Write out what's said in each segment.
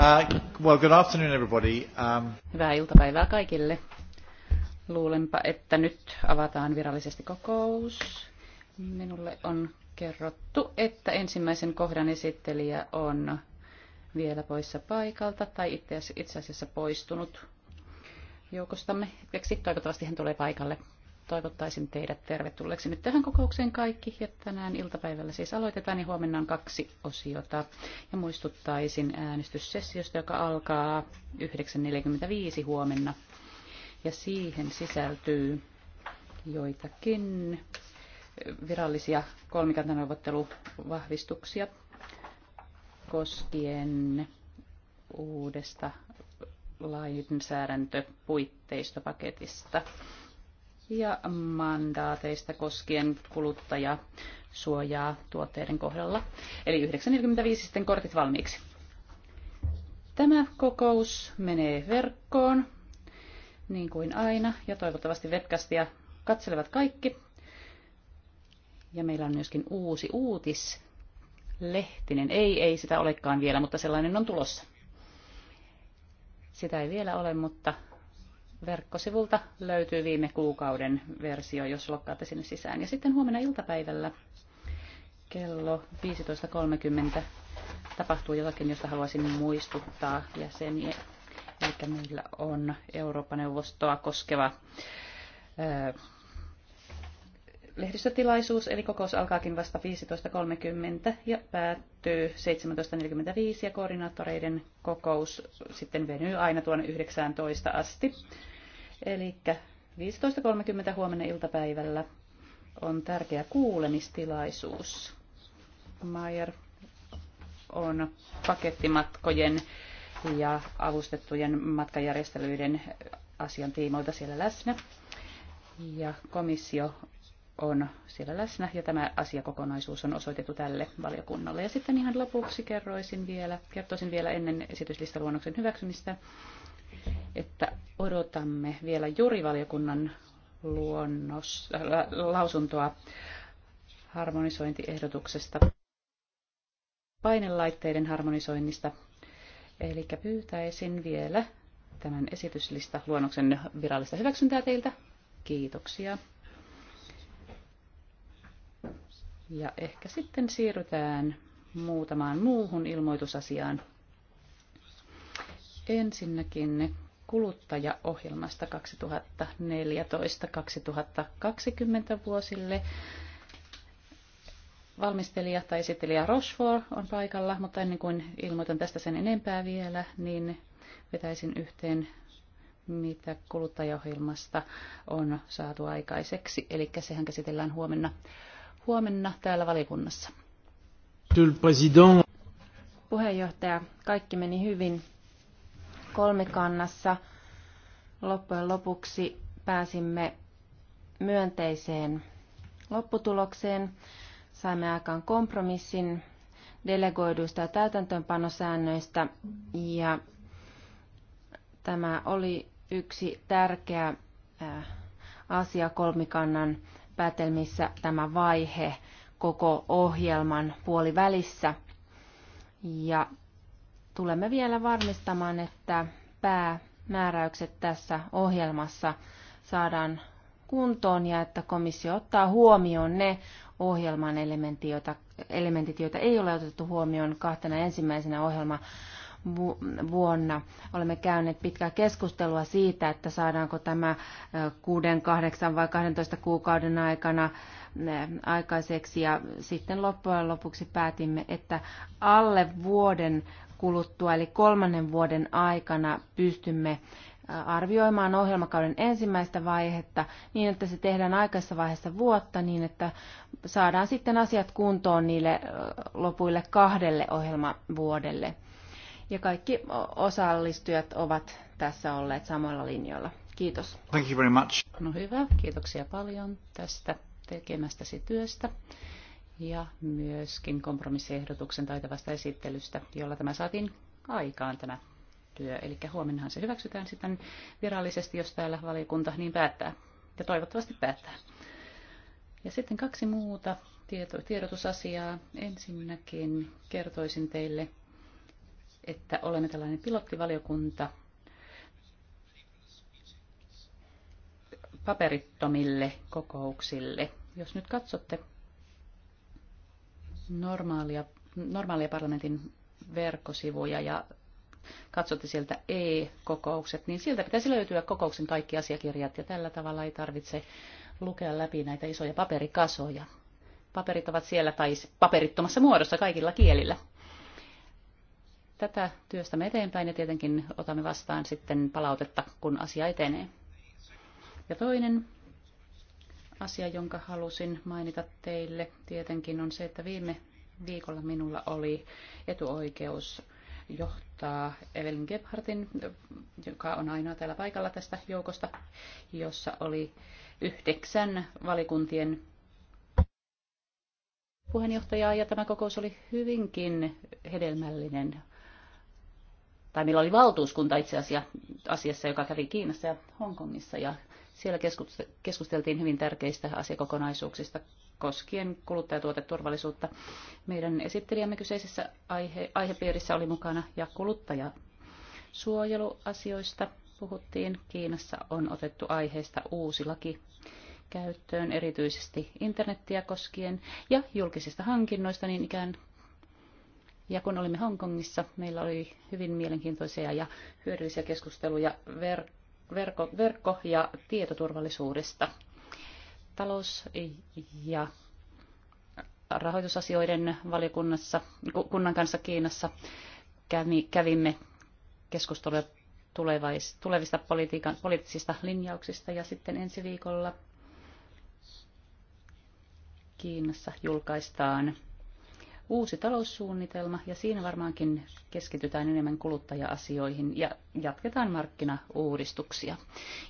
Uh, well, good afternoon everybody. Um... Hyvää iltapäivää kaikille. Luulenpa, että nyt avataan virallisesti kokous. Minulle on kerrottu, että ensimmäisen kohdan esittelijä on vielä poissa paikalta tai itse asiassa poistunut joukostamme hetkeksi. Toivottavasti hän tulee paikalle toivottaisin teidät tervetulleeksi nyt tähän kokoukseen kaikki. Ja tänään iltapäivällä siis aloitetaan ja niin huomenna on kaksi osiota. Ja muistuttaisin äänestyssessiosta, joka alkaa 9.45 huomenna. Ja siihen sisältyy joitakin virallisia kolmikantaneuvotteluvahvistuksia koskien uudesta lainsäädäntöpuitteistopaketista ja mandaateista koskien kuluttajasuojaa tuotteiden kohdalla. Eli 9.45 sitten kortit valmiiksi. Tämä kokous menee verkkoon, niin kuin aina, ja toivottavasti webcastia katselevat kaikki. Ja meillä on myöskin uusi uutis. Lehtinen. Ei, ei sitä olekaan vielä, mutta sellainen on tulossa. Sitä ei vielä ole, mutta verkkosivulta löytyy viime kuukauden versio, jos lokkaatte sinne sisään. Ja sitten huomenna iltapäivällä kello 15.30 tapahtuu jotakin, josta haluaisin muistuttaa jäseniä. Eli meillä on Eurooppa-neuvostoa koskeva lehdistötilaisuus, eli kokous alkaakin vasta 15.30 ja päättyy 17.45 ja koordinaattoreiden kokous sitten venyy aina tuonne 19 asti. Eli 15.30 huomenna iltapäivällä on tärkeä kuulemistilaisuus. Mayer on pakettimatkojen ja avustettujen matkajärjestelyiden asian tiimoilta siellä läsnä. Ja komissio on siellä läsnä ja tämä asiakokonaisuus on osoitettu tälle valiokunnalle. Ja sitten ihan lopuksi kerroisin vielä, kertoisin vielä ennen esityslistaluonnoksen hyväksymistä, että odotamme vielä jurivaliokunnan luonnos, äh, lausuntoa harmonisointiehdotuksesta, painelaitteiden harmonisoinnista. Eli pyytäisin vielä tämän esityslista luonnoksen virallista hyväksyntää teiltä. Kiitoksia. Ja ehkä sitten siirrytään muutamaan muuhun ilmoitusasiaan. Ensinnäkin kuluttajaohjelmasta 2014-2020 vuosille. Valmistelija tai esittelijä Rochefort on paikalla, mutta ennen kuin ilmoitan tästä sen enempää vielä, niin vetäisin yhteen, mitä kuluttajaohjelmasta on saatu aikaiseksi. Eli sehän käsitellään huomenna huomenna täällä valiokunnassa. Puheenjohtaja, kaikki meni hyvin kolmikannassa. Loppujen lopuksi pääsimme myönteiseen lopputulokseen. Saimme aikaan kompromissin delegoiduista ja täytäntöönpanosäännöistä ja tämä oli yksi tärkeä asia kolmikannan päätelmissä tämä vaihe koko ohjelman puolivälissä. Ja tulemme vielä varmistamaan, että päämääräykset tässä ohjelmassa saadaan kuntoon ja että komissio ottaa huomioon ne ohjelman elementit, joita, elementit, ei ole otettu huomioon kahtena ensimmäisenä ohjelma vuonna. Olemme käyneet pitkää keskustelua siitä, että saadaanko tämä 6, 8 vai 12 kuukauden aikana aikaiseksi. Ja sitten loppujen lopuksi päätimme, että alle vuoden kuluttua, eli kolmannen vuoden aikana pystymme arvioimaan ohjelmakauden ensimmäistä vaihetta niin, että se tehdään aikaisessa vaiheessa vuotta niin, että saadaan sitten asiat kuntoon niille lopuille kahdelle ohjelmavuodelle ja kaikki osallistujat ovat tässä olleet samalla linjalla. Kiitos. Thank you very much. No hyvä, kiitoksia paljon tästä tekemästäsi työstä ja myöskin kompromissiehdotuksen taitavasta esittelystä, jolla tämä saatiin aikaan tämä työ. Eli huomennahan se hyväksytään sitten virallisesti, jos täällä valiokunta niin päättää. Ja toivottavasti päättää. Ja sitten kaksi muuta tieto, tiedotusasiaa. Ensinnäkin kertoisin teille että olemme tällainen pilottivaliokunta paperittomille kokouksille. Jos nyt katsotte normaalia, normaalia parlamentin verkkosivuja ja katsotte sieltä e-kokoukset, niin sieltä pitäisi löytyä kokouksen kaikki asiakirjat ja tällä tavalla ei tarvitse lukea läpi näitä isoja paperikasoja. Paperit ovat siellä tai paperittomassa muodossa kaikilla kielillä. Tätä työstämme eteenpäin ja tietenkin otamme vastaan sitten palautetta, kun asia etenee. Ja toinen asia, jonka halusin mainita teille tietenkin on se, että viime viikolla minulla oli etuoikeus johtaa Evelyn Gebhardin, joka on ainoa täällä paikalla tästä joukosta, jossa oli yhdeksän valikuntien puheenjohtajaa ja tämä kokous oli hyvinkin hedelmällinen tai meillä oli valtuuskunta itse asiassa, joka kävi Kiinassa ja Hongkongissa, ja siellä keskusteltiin hyvin tärkeistä asiakokonaisuuksista koskien kuluttajatuoteturvallisuutta. Meidän esittelijämme kyseisessä aihe, aihepiirissä oli mukana ja kuluttajasuojeluasioista puhuttiin. Kiinassa on otettu aiheesta uusi laki käyttöön erityisesti internettiä koskien ja julkisista hankinnoista niin ikään ja kun olimme Hongkongissa, meillä oli hyvin mielenkiintoisia ja hyödyllisiä keskusteluja ver- verko-, verkko- ja tietoturvallisuudesta. Talous- ja rahoitusasioiden valiokunnassa, kunnan kanssa Kiinassa kävimme keskustelua tulevista politiikan, poliittisista linjauksista ja sitten ensi viikolla Kiinassa julkaistaan uusi taloussuunnitelma ja siinä varmaankin keskitytään enemmän kuluttaja-asioihin ja jatketaan markkinauudistuksia.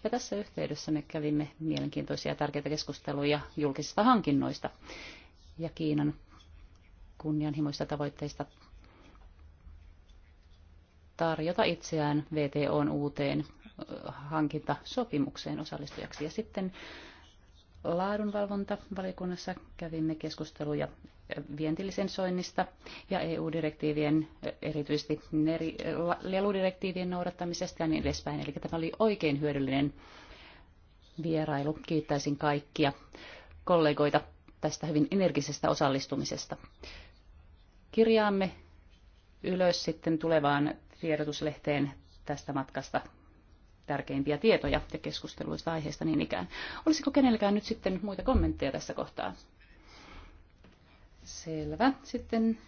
Ja tässä yhteydessä me kävimme mielenkiintoisia ja tärkeitä keskusteluja julkisista hankinnoista ja Kiinan kunnianhimoista tavoitteista tarjota itseään VTOn uuteen hankintasopimukseen osallistujaksi. Ja sitten laadunvalvonta valiokunnassa kävimme keskusteluja vientilisensoinnista ja EU-direktiivien, erityisesti leludirektiivien noudattamisesta ja niin edespäin. Eli tämä oli oikein hyödyllinen vierailu. Kiittäisin kaikkia kollegoita tästä hyvin energisestä osallistumisesta. Kirjaamme ylös sitten tulevaan tiedotuslehteen tästä matkasta tärkeimpiä tietoja ja keskusteluista aiheesta niin ikään. Olisiko kenelläkään nyt sitten muita kommentteja tässä kohtaa? Selvä. Sitten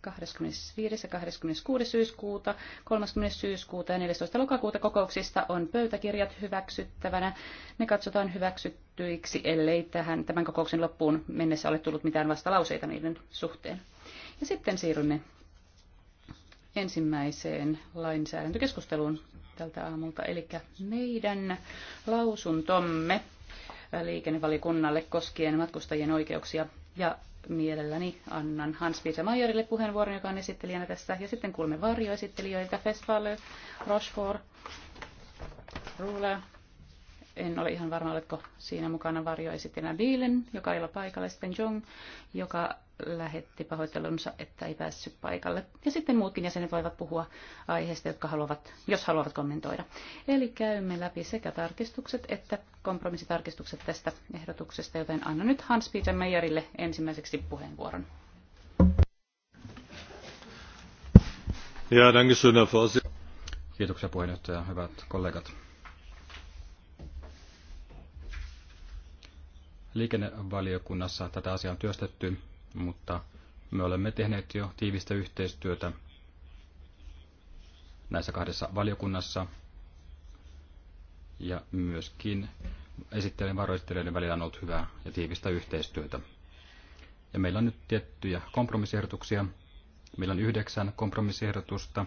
25. ja 26. syyskuuta, 30. syyskuuta ja 14. lokakuuta kokouksista on pöytäkirjat hyväksyttävänä. Ne katsotaan hyväksyttyiksi, ellei tähän tämän kokouksen loppuun mennessä ole tullut mitään vastalauseita niiden suhteen. Ja sitten siirrymme ensimmäiseen lainsäädäntökeskusteluun tältä aamulta, eli meidän lausuntomme liikennevalikunnalle koskien matkustajien oikeuksia ja mielelläni annan Hans-Peter Majorille puheenvuoron, joka on esittelijänä tässä. Ja sitten kuulemme varjoesittelijöiltä Festival, Rochefort, Rula, en ole ihan varma, oletko siinä mukana varjoesitinä Biilen, joka ei ole paikalla, sitten Jong, joka lähetti pahoittelunsa, että ei päässyt paikalle. Ja sitten muutkin jäsenet voivat puhua aiheesta, jotka haluavat, jos haluavat kommentoida. Eli käymme läpi sekä tarkistukset että kompromissitarkistukset tästä ehdotuksesta, joten anna nyt Hans-Peter Meijerille ensimmäiseksi puheenvuoron. Ja, Kiitoksia puheenjohtaja, hyvät kollegat. Liikennevaliokunnassa tätä asiaa on työstetty, mutta me olemme tehneet jo tiivistä yhteistyötä näissä kahdessa valiokunnassa ja myöskin esittelijän varoittelijoiden välillä on ollut hyvää ja tiivistä yhteistyötä. Ja meillä on nyt tiettyjä kompromissiehdotuksia. Meillä on yhdeksän kompromissiehdotusta.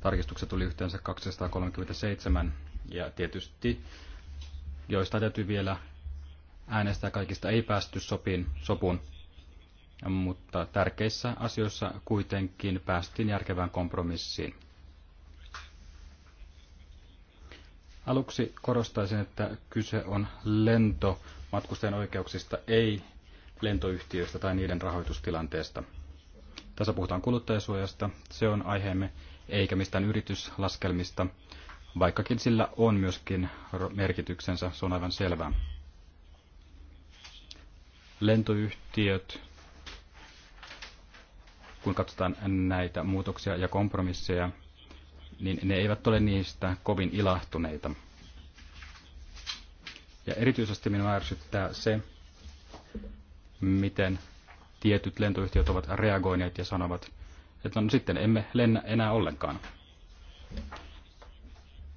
Tarkistukset tuli yhteensä 237 ja tietysti joista täytyy vielä äänestää kaikista ei päästy sopiin, sopuun, mutta tärkeissä asioissa kuitenkin päästiin järkevään kompromissiin. Aluksi korostaisin, että kyse on lentomatkustajan oikeuksista, ei lentoyhtiöistä tai niiden rahoitustilanteesta. Tässä puhutaan kuluttajasuojasta, se on aiheemme, eikä mistään yrityslaskelmista – vaikkakin sillä on myöskin merkityksensä, se on aivan selvää. Lentoyhtiöt, kun katsotaan näitä muutoksia ja kompromisseja, niin ne eivät ole niistä kovin ilahtuneita. Ja erityisesti minua ärsyttää se, miten tietyt lentoyhtiöt ovat reagoineet ja sanovat, että no sitten emme lennä enää ollenkaan.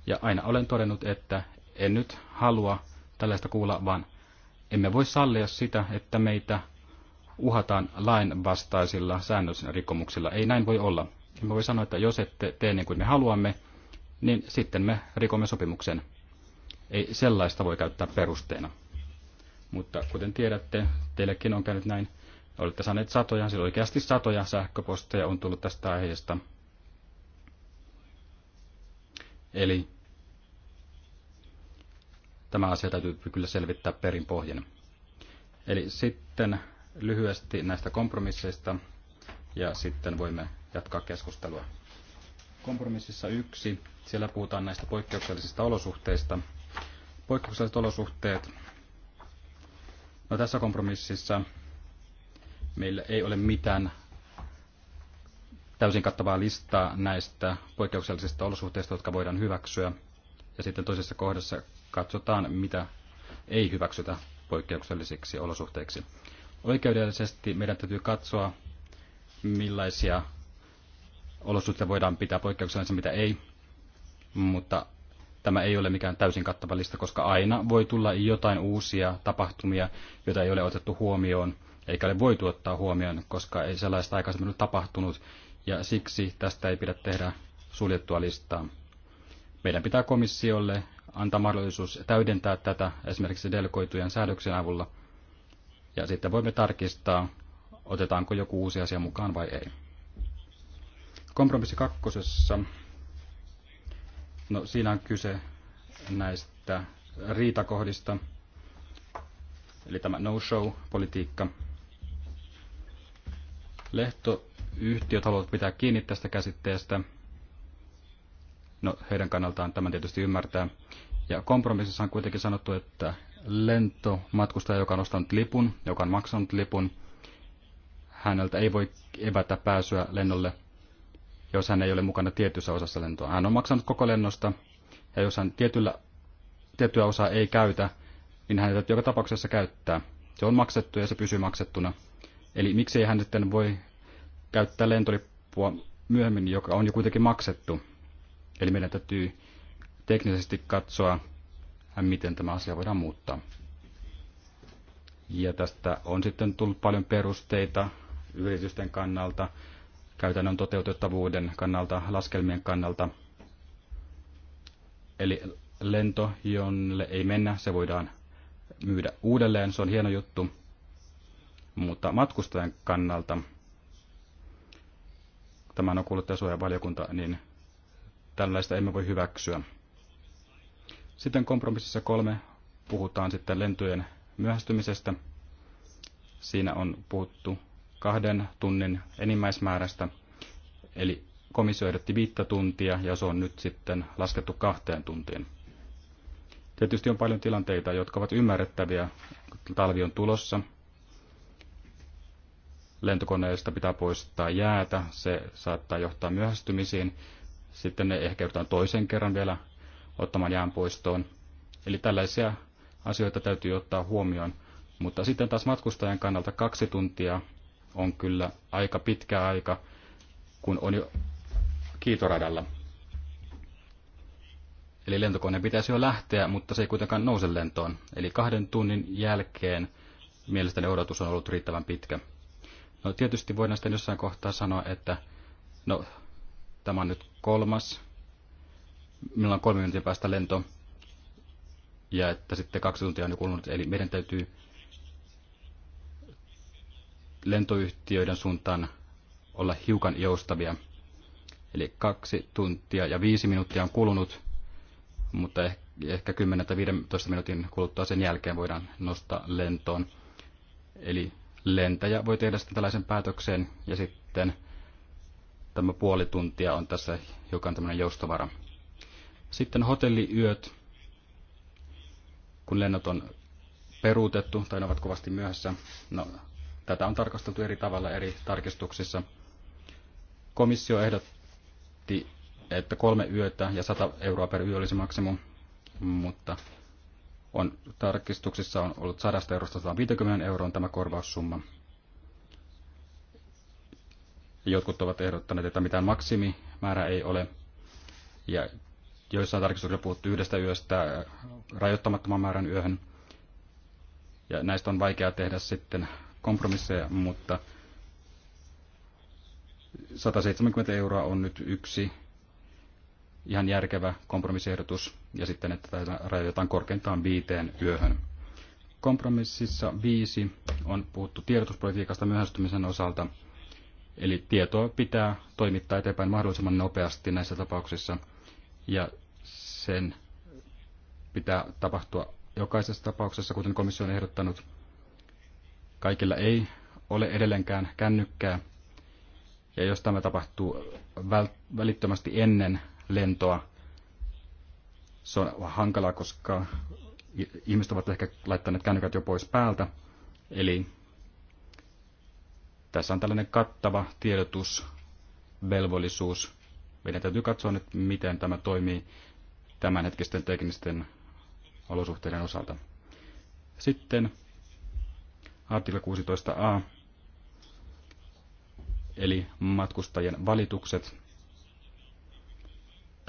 Ja aina olen todennut, että en nyt halua tällaista kuulla, vaan emme voi sallia sitä, että meitä uhataan lainvastaisilla säännösrikkomuksilla. Ei näin voi olla. Emme voi sanoa, että jos ette tee niin kuin me haluamme, niin sitten me rikomme sopimuksen. Ei sellaista voi käyttää perusteena. Mutta kuten tiedätte, teillekin on käynyt näin. Olette saaneet satoja, siis oikeasti satoja sähköposteja on tullut tästä aiheesta Eli tämä asia täytyy kyllä selvittää perin pohjan. Eli sitten lyhyesti näistä kompromisseista ja sitten voimme jatkaa keskustelua. Kompromississa yksi, siellä puhutaan näistä poikkeuksellisista olosuhteista. Poikkeukselliset olosuhteet, no tässä kompromississa meillä ei ole mitään täysin kattavaa listaa näistä poikkeuksellisista olosuhteista, jotka voidaan hyväksyä. Ja sitten toisessa kohdassa katsotaan, mitä ei hyväksytä poikkeuksellisiksi olosuhteiksi. Oikeudellisesti meidän täytyy katsoa, millaisia olosuhteita voidaan pitää poikkeuksellisia, mitä ei. Mutta tämä ei ole mikään täysin kattava lista, koska aina voi tulla jotain uusia tapahtumia, joita ei ole otettu huomioon, eikä ole voitu ottaa huomioon, koska ei sellaista aikaisemmin ole tapahtunut, ja siksi tästä ei pidä tehdä suljettua listaa. Meidän pitää komissiolle antaa mahdollisuus täydentää tätä esimerkiksi delkoitujen säädöksen avulla, ja sitten voimme tarkistaa, otetaanko joku uusi asia mukaan vai ei. Kompromissi kakkosessa, no siinä on kyse näistä riitakohdista, eli tämä no-show-politiikka. Lehto yhtiöt haluavat pitää kiinni tästä käsitteestä. No, heidän kannaltaan tämän tietysti ymmärtää. Ja kompromississa on kuitenkin sanottu, että lentomatkustaja, joka on ostanut lipun, joka on maksanut lipun, häneltä ei voi evätä pääsyä lennolle, jos hän ei ole mukana tietyssä osassa lentoa. Hän on maksanut koko lennosta, ja jos hän tietyllä, tiettyä osaa ei käytä, niin hänet täytyy joka tapauksessa käyttää. Se on maksettu ja se pysyy maksettuna. Eli miksi ei hän sitten voi käyttää lentolippua myöhemmin, joka on jo kuitenkin maksettu. Eli meidän täytyy teknisesti katsoa, miten tämä asia voidaan muuttaa. Ja tästä on sitten tullut paljon perusteita yritysten kannalta, käytännön toteutettavuuden kannalta, laskelmien kannalta. Eli lento, jonne ei mennä, se voidaan myydä uudelleen, se on hieno juttu. Mutta matkustajan kannalta tämän on kuluttajasuojavaliokunta, niin tällaista emme voi hyväksyä. Sitten kompromississa kolme puhutaan sitten lentojen myöhästymisestä. Siinä on puhuttu kahden tunnin enimmäismäärästä, eli komissio ehdotti viittä tuntia ja se on nyt sitten laskettu kahteen tuntiin. Tietysti on paljon tilanteita, jotka ovat ymmärrettäviä. Talvi on tulossa, Lentokoneesta pitää poistaa jäätä, se saattaa johtaa myöhästymisiin. Sitten ne ehkä joudutaan toisen kerran vielä ottamaan jään poistoon. Eli tällaisia asioita täytyy ottaa huomioon. Mutta sitten taas matkustajan kannalta kaksi tuntia on kyllä aika pitkä aika, kun on jo kiitoradalla. Eli lentokone pitäisi jo lähteä, mutta se ei kuitenkaan nouse lentoon. Eli kahden tunnin jälkeen mielestäni odotus on ollut riittävän pitkä. No tietysti voidaan sitten jossain kohtaa sanoa, että no tämä on nyt kolmas, meillä on kolme minuutin päästä lento, ja että sitten kaksi tuntia on jo kulunut, eli meidän täytyy lentoyhtiöiden suuntaan olla hiukan joustavia. Eli kaksi tuntia ja viisi minuuttia on kulunut, mutta ehkä 10-15 minuutin kuluttua sen jälkeen voidaan nostaa lentoon. Eli lentäjä voi tehdä sitten tällaisen päätöksen ja sitten tämä puoli tuntia on tässä hiukan tämmöinen joustovara. Sitten hotelliyöt, kun lennot on peruutettu tai ne ovat kovasti myöhässä. No, tätä on tarkasteltu eri tavalla eri tarkistuksissa. Komissio ehdotti, että kolme yötä ja 100 euroa per yö olisi maksimum, mutta on, tarkistuksissa on ollut 100 eurosta 150 euroon tämä korvaussumma. Jotkut ovat ehdottaneet, että mitään maksimimäärä ei ole. Ja joissain tarkistuksissa puhuttu yhdestä yöstä rajoittamattoman määrän yöhön. Ja näistä on vaikea tehdä sitten kompromisseja, mutta 170 euroa on nyt yksi ihan järkevä kompromissiehdotus ja sitten, että tätä rajoitetaan korkeintaan viiteen yöhön. Kompromississa viisi on puhuttu tiedotuspolitiikasta myöhästymisen osalta, eli tietoa pitää toimittaa eteenpäin mahdollisimman nopeasti näissä tapauksissa, ja sen pitää tapahtua jokaisessa tapauksessa, kuten komissio on ehdottanut. Kaikilla ei ole edelleenkään kännykkää, ja jos tämä tapahtuu välittömästi ennen lentoa. Se on hankalaa, koska ihmiset ovat ehkä laittaneet kännykät jo pois päältä. Eli tässä on tällainen kattava tiedotusvelvollisuus. Meidän täytyy katsoa nyt, miten tämä toimii tämänhetkisten teknisten olosuhteiden osalta. Sitten artikla 16a, eli matkustajien valitukset.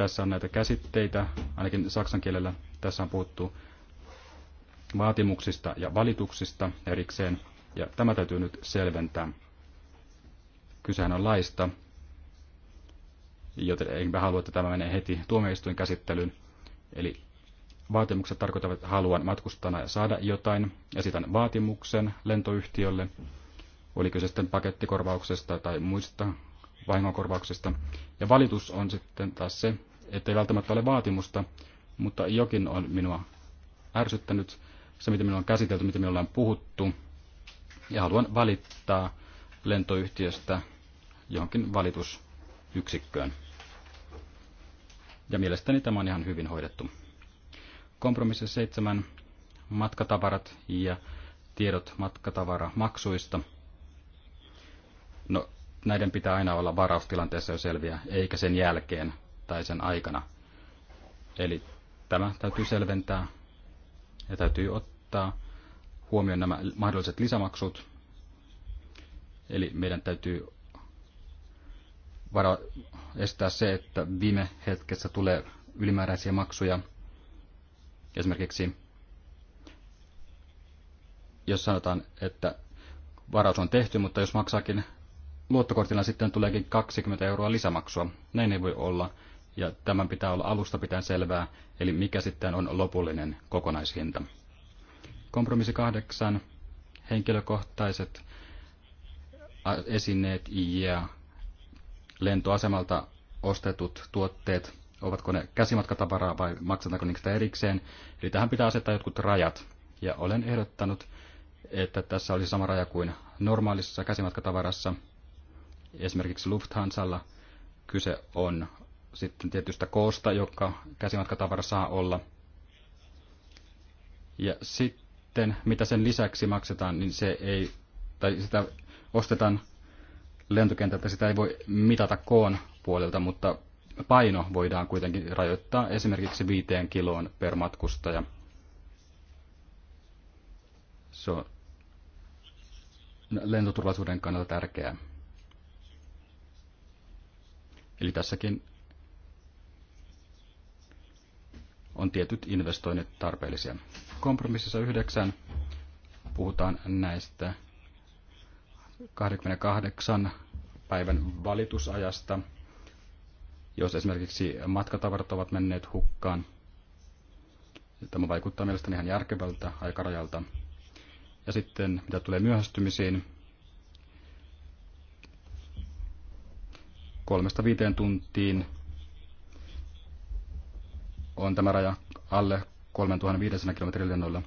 Tässä on näitä käsitteitä, ainakin saksan kielellä tässä on puhuttu vaatimuksista ja valituksista erikseen, ja tämä täytyy nyt selventää. Kysehän on laista, joten enpä halua, että tämä menee heti tuomioistuin käsittelyyn. Eli vaatimukset tarkoittavat, että haluan matkustana ja saada jotain, esitän vaatimuksen lentoyhtiölle, oli kyse sitten pakettikorvauksesta tai muista vahingonkorvauksesta. Ja valitus on sitten taas se, ettei välttämättä ole vaatimusta, mutta jokin on minua ärsyttänyt, se mitä minulla on käsitelty, mitä minulla on puhuttu, ja haluan valittaa lentoyhtiöstä johonkin valitusyksikköön. Ja mielestäni tämä on ihan hyvin hoidettu. Kompromissi 7. Matkatavarat ja tiedot matkatavaramaksuista. No, näiden pitää aina olla varaustilanteessa jo selviä, eikä sen jälkeen, tai sen aikana. Eli tämä täytyy selventää ja täytyy ottaa huomioon nämä mahdolliset lisämaksut. Eli meidän täytyy varo estää se, että viime hetkessä tulee ylimääräisiä maksuja. Esimerkiksi jos sanotaan, että varaus on tehty, mutta jos maksaakin luottokortilla sitten tuleekin 20 euroa lisämaksua. Näin ei voi olla, ja tämän pitää olla alusta pitäen selvää, eli mikä sitten on lopullinen kokonaishinta. Kompromissi kahdeksan, henkilökohtaiset esineet ja lentoasemalta ostetut tuotteet, ovatko ne käsimatkatavaraa vai maksetaanko niistä erikseen. Eli tähän pitää asettaa jotkut rajat, ja olen ehdottanut, että tässä olisi sama raja kuin normaalissa käsimatkatavarassa. Esimerkiksi Lufthansalla kyse on sitten tietystä koosta, joka käsimatkatavara saa olla. Ja sitten, mitä sen lisäksi maksetaan, niin se ei, tai sitä ostetaan lentokentältä, sitä ei voi mitata koon puolelta, mutta paino voidaan kuitenkin rajoittaa esimerkiksi viiteen kiloon per matkustaja. Se on lentoturvallisuuden kannalta tärkeää. Eli tässäkin on tietyt investoinnit tarpeellisia. Kompromississa yhdeksän puhutaan näistä 28 päivän valitusajasta, jos esimerkiksi matkatavarat ovat menneet hukkaan. Tämä vaikuttaa mielestäni ihan järkevältä aikarajalta. Ja sitten mitä tulee myöhästymisiin, kolmesta viiteen tuntiin on tämä raja alle 3500 kilometrin lennoilla.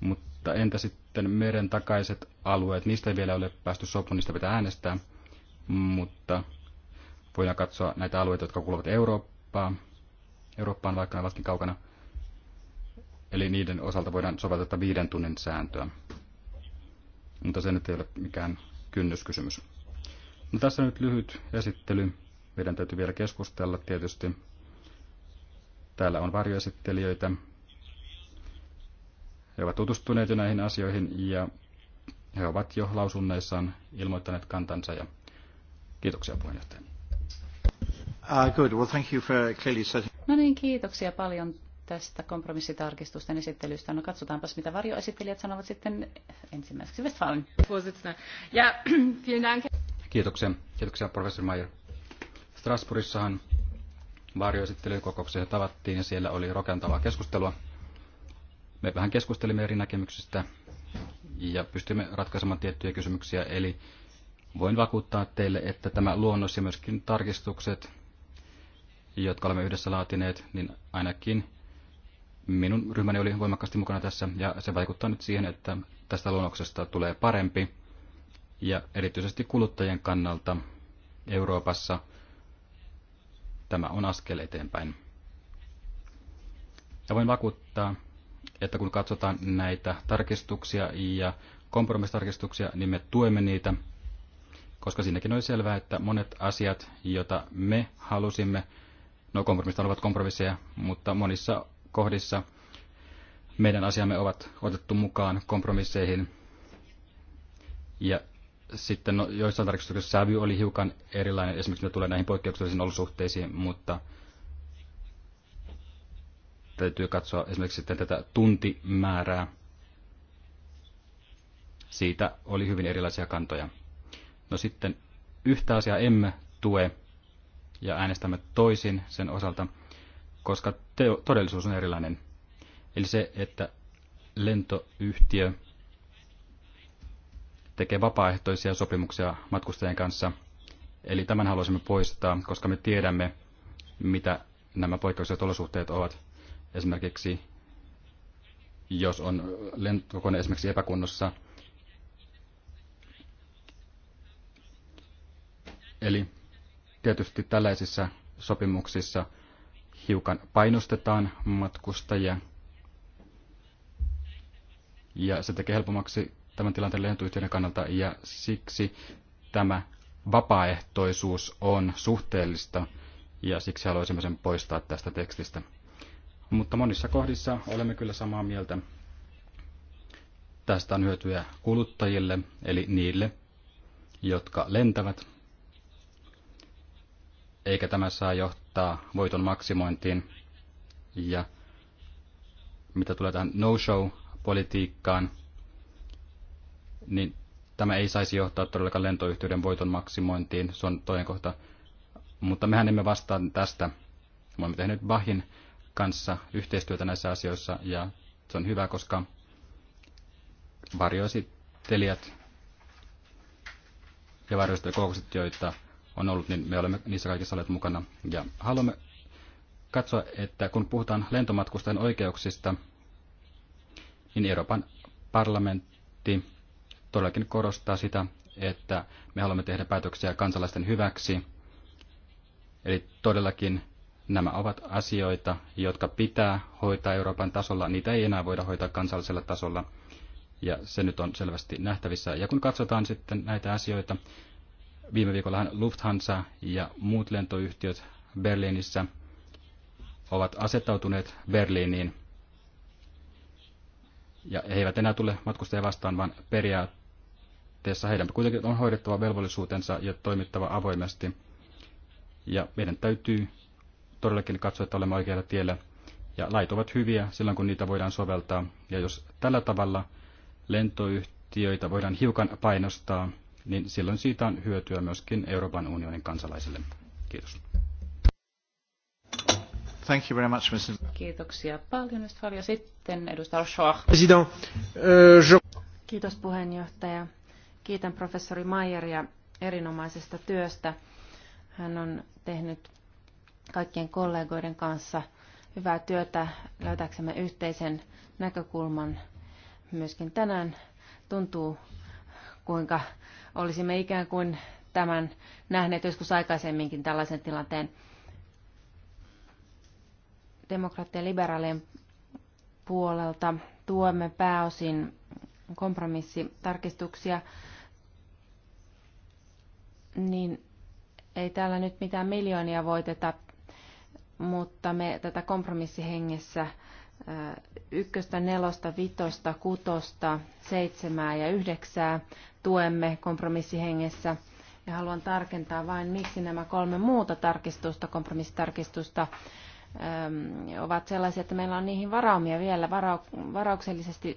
Mutta entä sitten meren takaiset alueet? Niistä ei vielä ole päästy sopuun, niistä pitää äänestää. Mutta voidaan katsoa näitä alueita, jotka kuuluvat Eurooppaan, Eurooppaan vaikka ne ovatkin kaukana. Eli niiden osalta voidaan soveltaa tätä viiden tunnin sääntöä. Mutta se nyt ei ole mikään kynnyskysymys. No tässä nyt lyhyt esittely. Meidän täytyy vielä keskustella tietysti Täällä on varjoesittelijöitä. He ovat tutustuneet jo näihin asioihin ja he ovat jo lausunneissaan ilmoittaneet kantansa. Ja kiitoksia puheenjohtaja. Uh, good. Well, thank you for clearly No niin, kiitoksia paljon tästä kompromissitarkistusten esittelystä. No katsotaanpas, mitä varjoesittelijät sanovat sitten ensimmäiseksi Westfalen. Ja, Kiitoksia. Kiitoksia professori Mayer. Strasbourgissahan varjoesittelykokouksessa tavattiin ja siellä oli rakentavaa keskustelua. Me vähän keskustelimme eri näkemyksistä ja pystymme ratkaisemaan tiettyjä kysymyksiä. Eli voin vakuuttaa teille, että tämä luonnos ja myöskin tarkistukset, jotka olemme yhdessä laatineet, niin ainakin minun ryhmäni oli voimakkaasti mukana tässä ja se vaikuttaa nyt siihen, että tästä luonnoksesta tulee parempi ja erityisesti kuluttajien kannalta Euroopassa – Tämä on askel eteenpäin. Ja voin vakuuttaa, että kun katsotaan näitä tarkistuksia ja kompromistarkistuksia, niin me tuemme niitä, koska siinäkin oli selvää, että monet asiat, joita me halusimme, no kompromissit ovat kompromisseja, mutta monissa kohdissa meidän asiamme ovat otettu mukaan kompromisseihin. Ja sitten no, joissain tarkistuksissa sävy oli hiukan erilainen, esimerkiksi mitä tulee näihin poikkeuksellisiin olosuhteisiin, mutta täytyy katsoa esimerkiksi sitten tätä tuntimäärää. Siitä oli hyvin erilaisia kantoja. No sitten yhtä asiaa emme tue ja äänestämme toisin sen osalta, koska teo, todellisuus on erilainen. Eli se, että lentoyhtiö tekee vapaaehtoisia sopimuksia matkustajien kanssa. Eli tämän haluaisimme poistaa, koska me tiedämme, mitä nämä poikkeukset olosuhteet ovat. Esimerkiksi jos on lentokone esimerkiksi epäkunnossa. Eli tietysti tällaisissa sopimuksissa hiukan painostetaan matkustajia. Ja se tekee helpommaksi tämän tilanteen lentoyhtiöiden kannalta ja siksi tämä vapaaehtoisuus on suhteellista ja siksi haluaisimme sen poistaa tästä tekstistä. Mutta monissa kohdissa olemme kyllä samaa mieltä. Tästä on hyötyä kuluttajille, eli niille, jotka lentävät, eikä tämä saa johtaa voiton maksimointiin. Ja mitä tulee tähän no-show-politiikkaan, niin tämä ei saisi johtaa todellakaan lentoyhtiöiden voiton maksimointiin, se on toinen kohta. Mutta mehän emme vastaa tästä. Me olemme tehneet Bahin kanssa yhteistyötä näissä asioissa ja se on hyvä, koska varjoesittelijät ja varjoesittelikokoukset, joita on ollut, niin me olemme niissä kaikissa olleet mukana. Ja haluamme katsoa, että kun puhutaan lentomatkustajan oikeuksista, niin Euroopan parlamentti todellakin korostaa sitä, että me haluamme tehdä päätöksiä kansalaisten hyväksi. Eli todellakin nämä ovat asioita, jotka pitää hoitaa Euroopan tasolla. Niitä ei enää voida hoitaa kansallisella tasolla. Ja se nyt on selvästi nähtävissä. Ja kun katsotaan sitten näitä asioita, viime viikollahan Lufthansa ja muut lentoyhtiöt Berliinissä ovat asettautuneet Berliiniin. Ja he eivät enää tule matkustajia vastaan, vaan periaatteessa periaatteessa heidän kuitenkin on hoidettava velvollisuutensa ja toimittava avoimesti. Ja meidän täytyy todellakin katsoa, että olemme oikealla tiellä. Ja lait ovat hyviä silloin, kun niitä voidaan soveltaa. Ja jos tällä tavalla lentoyhtiöitä voidaan hiukan painostaa, niin silloin siitä on hyötyä myöskin Euroopan unionin kansalaisille. Kiitos. Thank you very much, Mr. Kiitoksia paljon, Mr. Ja sitten edustaja Schoach. Euh, Kiitos puheenjohtaja. Kiitän professori Mayeria erinomaisesta työstä. Hän on tehnyt kaikkien kollegoiden kanssa hyvää työtä löytääksemme yhteisen näkökulman myöskin tänään. Tuntuu, kuinka olisimme ikään kuin tämän nähneet joskus aikaisemminkin tällaisen tilanteen. Demokraattien liberaalien puolelta tuemme pääosin kompromissitarkistuksia. tarkistuksia niin ei täällä nyt mitään miljoonia voiteta, mutta me tätä kompromissihengessä ykköstä, nelosta, vitosta, kutosta, seitsemää ja yhdeksää tuemme kompromissihengessä. Ja haluan tarkentaa vain, miksi nämä kolme muuta tarkistusta, kompromissitarkistusta, ovat sellaisia, että meillä on niihin varaumia vielä varauksellisesti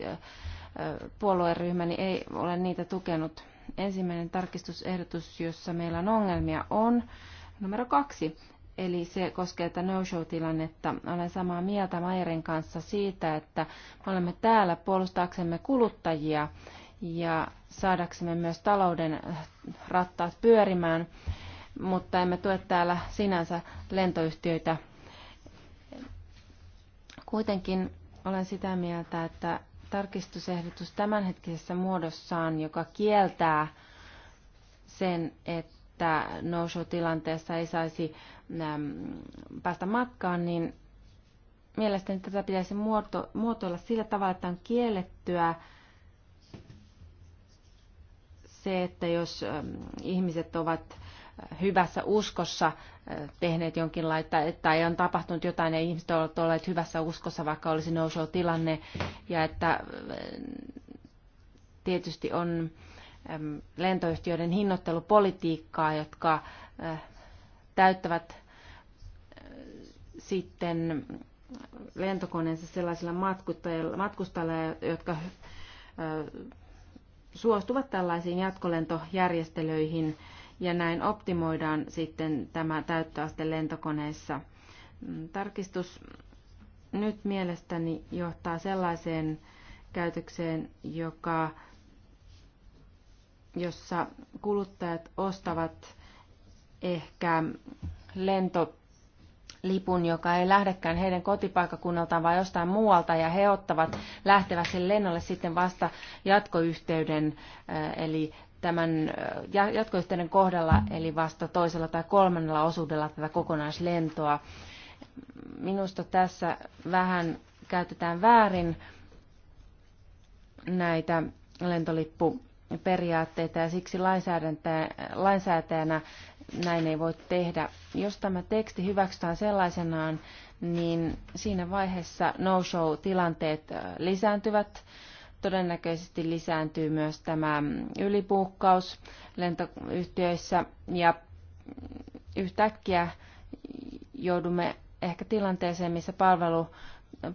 puolueryhmäni ei ole niitä tukenut. Ensimmäinen tarkistusehdotus, jossa meillä on ongelmia, on numero kaksi. Eli se koskee tätä no-show-tilannetta. Olen samaa mieltä Mairen kanssa siitä, että me olemme täällä puolustaaksemme kuluttajia ja saadaksemme myös talouden rattaat pyörimään, mutta emme tue täällä sinänsä lentoyhtiöitä. Kuitenkin olen sitä mieltä, että tarkistusehdotus tämänhetkisessä muodossaan, joka kieltää sen, että no-show-tilanteessa ei saisi päästä matkaan, niin mielestäni tätä pitäisi muoto, muotoilla sillä tavalla, että on kiellettyä se, että jos ihmiset ovat hyvässä uskossa äh, tehneet jonkinlaista, ei on tapahtunut jotain ja ihmiset ovat olleet hyvässä uskossa, vaikka olisi nousua tilanne ja että äh, tietysti on ähm, lentoyhtiöiden hinnoittelupolitiikkaa, jotka äh, täyttävät sitten lentokoneensa sellaisilla matkustajilla, jotka suostuvat tällaisiin jatkolentojärjestelyihin ja näin optimoidaan sitten tämä täyttöaste lentokoneessa. Mm, tarkistus nyt mielestäni johtaa sellaiseen käytökseen, joka, jossa kuluttajat ostavat ehkä lentolipun, joka ei lähdekään heidän kotipaikkakunnaltaan vaan jostain muualta, ja he ottavat, lähtevät sen lennolle sitten vasta jatkoyhteyden, eli tämän äh, jatkoyhteyden kohdalla, eli vasta toisella tai kolmannella osuudella tätä kokonaislentoa. Minusta tässä vähän käytetään väärin näitä lentolippuperiaatteita ja siksi lainsäätäjänä näin ei voi tehdä. Jos tämä teksti hyväksytään sellaisenaan, niin siinä vaiheessa no-show-tilanteet äh, lisääntyvät todennäköisesti lisääntyy myös tämä ylipuhkaus lentoyhtiöissä ja yhtäkkiä joudumme ehkä tilanteeseen, missä palvelu,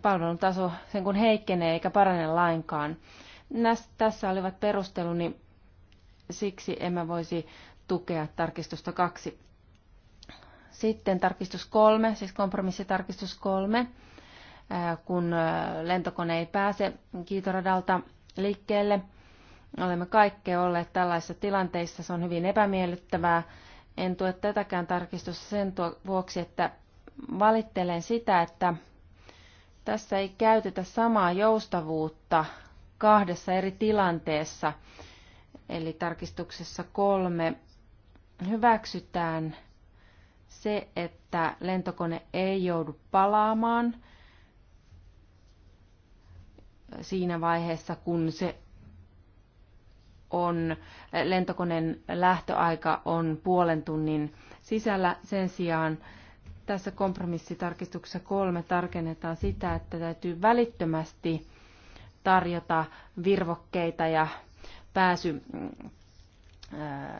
palvelun taso sen kun heikkenee eikä parane lainkaan. Näs, tässä olivat perusteluni, siksi emme voisi tukea tarkistusta kaksi. Sitten tarkistus kolme, siis kompromissitarkistus kolme Äh, kun äh, lentokone ei pääse kiitoradalta liikkeelle. Olemme kaikki olleet tällaisissa tilanteissa, se on hyvin epämiellyttävää. En tue tätäkään tarkistusta sen vuoksi, että valittelen sitä, että tässä ei käytetä samaa joustavuutta kahdessa eri tilanteessa. Eli tarkistuksessa kolme hyväksytään se, että lentokone ei joudu palaamaan – siinä vaiheessa, kun se on, lentokoneen lähtöaika on puolen tunnin sisällä. Sen sijaan tässä kompromissitarkistuksessa kolme tarkennetaan sitä, että täytyy välittömästi tarjota virvokkeita ja pääsy äh,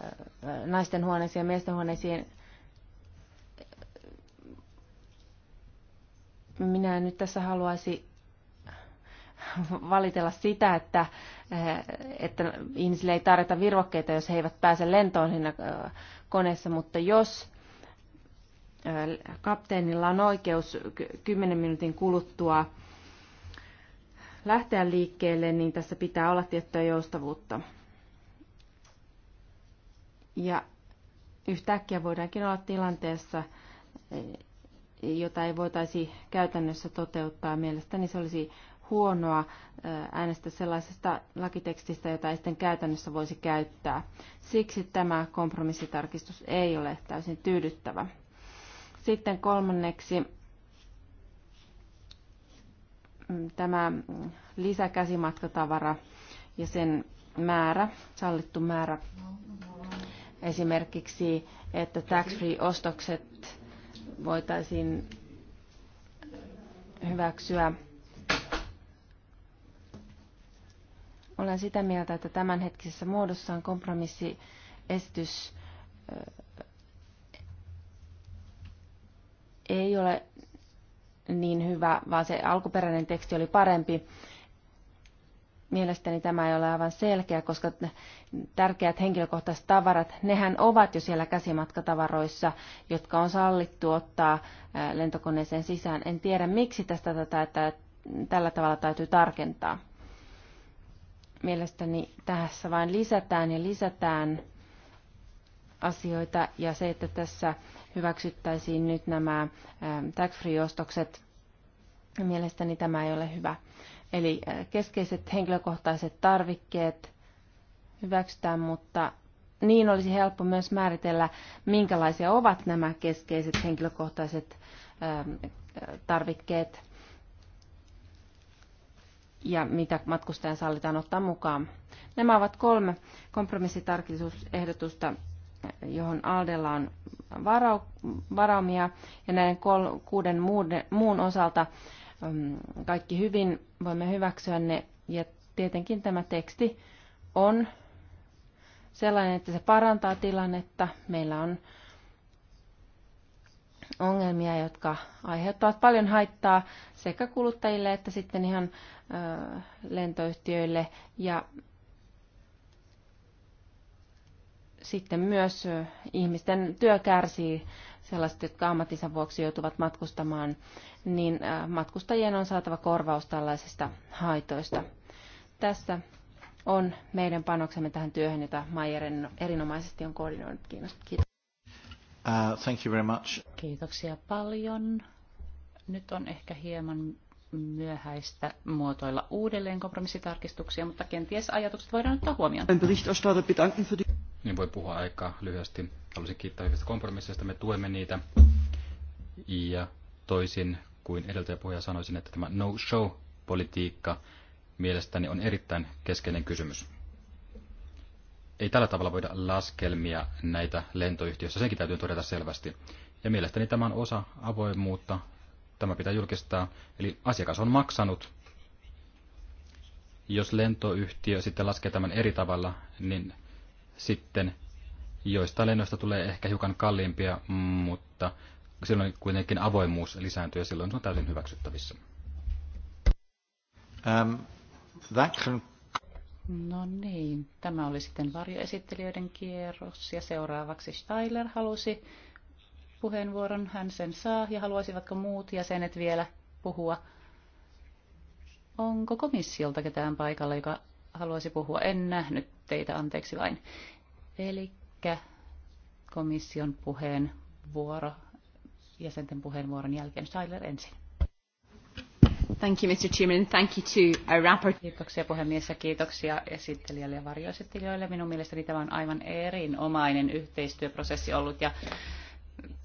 naisten huoneisiin ja miesten huoneisiin. Minä en nyt tässä haluaisi valitella sitä, että, eh, että ihmisille ei tarjota virvokkeita, jos he eivät pääse lentoon siinä eh, koneessa, mutta jos eh, kapteenilla on oikeus 10 minuutin kuluttua lähteä liikkeelle, niin tässä pitää olla tiettyä joustavuutta. Ja yhtäkkiä voidaankin olla tilanteessa, jota ei voitaisi käytännössä toteuttaa. Mielestäni se olisi huonoa äänestä sellaisesta lakitekstistä, jota ei sitten käytännössä voisi käyttää. Siksi tämä kompromissitarkistus ei ole täysin tyydyttävä. Sitten kolmanneksi mm, tämä lisäkäsimatkatavara ja sen määrä, sallittu määrä. Esimerkiksi, että tax-free-ostokset voitaisiin hyväksyä Olen sitä mieltä, että tämänhetkisessä muodossaan kompromissiesitys ei ole niin hyvä, vaan se alkuperäinen teksti oli parempi. Mielestäni tämä ei ole aivan selkeä, koska tärkeät henkilökohtaiset tavarat, nehän ovat jo siellä käsimatkatavaroissa, jotka on sallittu ottaa lentokoneeseen sisään. En tiedä, miksi tästä tätä, että tällä tavalla täytyy tarkentaa. Mielestäni tässä vain lisätään ja lisätään asioita ja se, että tässä hyväksyttäisiin nyt nämä tax-free-ostokset, mielestäni tämä ei ole hyvä. Eli keskeiset henkilökohtaiset tarvikkeet hyväksytään, mutta niin olisi helppo myös määritellä, minkälaisia ovat nämä keskeiset henkilökohtaiset tarvikkeet ja mitä matkustajan sallitaan ottaa mukaan. Nämä ovat kolme kompromissitarkistusehdotusta, johon Aldella on varau, varaumia ja näiden kol, kuuden muun osalta mm, kaikki hyvin, voimme hyväksyä ne ja tietenkin tämä teksti on sellainen, että se parantaa tilannetta. Meillä on ongelmia, jotka aiheuttavat paljon haittaa sekä kuluttajille että sitten ihan lentoyhtiöille ja sitten myös ihmisten työ kärsii sellaiset, jotka ammatinsa vuoksi joutuvat matkustamaan, niin matkustajien on saatava korvaus tällaisista haitoista. Tässä on meidän panoksemme tähän työhön, jota Maija erinomaisesti on koordinoinut. Kiitos. Uh, thank you very much. Kiitoksia paljon. Nyt on ehkä hieman myöhäistä muotoilla uudelleen kompromissitarkistuksia, mutta kenties ajatukset voidaan ottaa huomioon. Niin voi puhua aika lyhyesti. Haluaisin kiittää hyvistä kompromisseista. Me tuemme niitä. Ja toisin kuin edeltäjäpuhuja sanoisin, että tämä no-show-politiikka mielestäni on erittäin keskeinen kysymys ei tällä tavalla voida laskelmia näitä lentoyhtiöissä, senkin täytyy todeta selvästi. Ja mielestäni tämä on osa avoimuutta, tämä pitää julkistaa. Eli asiakas on maksanut. Jos lentoyhtiö sitten laskee tämän eri tavalla, niin sitten joista lennoista tulee ehkä hiukan kalliimpia, mutta silloin kuitenkin avoimuus lisääntyy ja silloin se on täysin hyväksyttävissä. Um, that can No niin, tämä oli sitten varjoesittelijöiden kierros ja seuraavaksi Steiler halusi puheenvuoron, hän sen saa ja haluaisivatko muut jäsenet vielä puhua? Onko komissiolta ketään paikalla, joka haluaisi puhua? En nähnyt teitä, anteeksi vain. Eli komission puheenvuoro jäsenten puheenvuoron jälkeen Steiler ensin. Thank you, Mr. Chairman. Thank you to our rapport. Kiitoksia puhemies ja kiitoksia esittelijälle ja varjoesittelijöille. Minun mielestäni tämä on aivan erinomainen yhteistyöprosessi ollut ja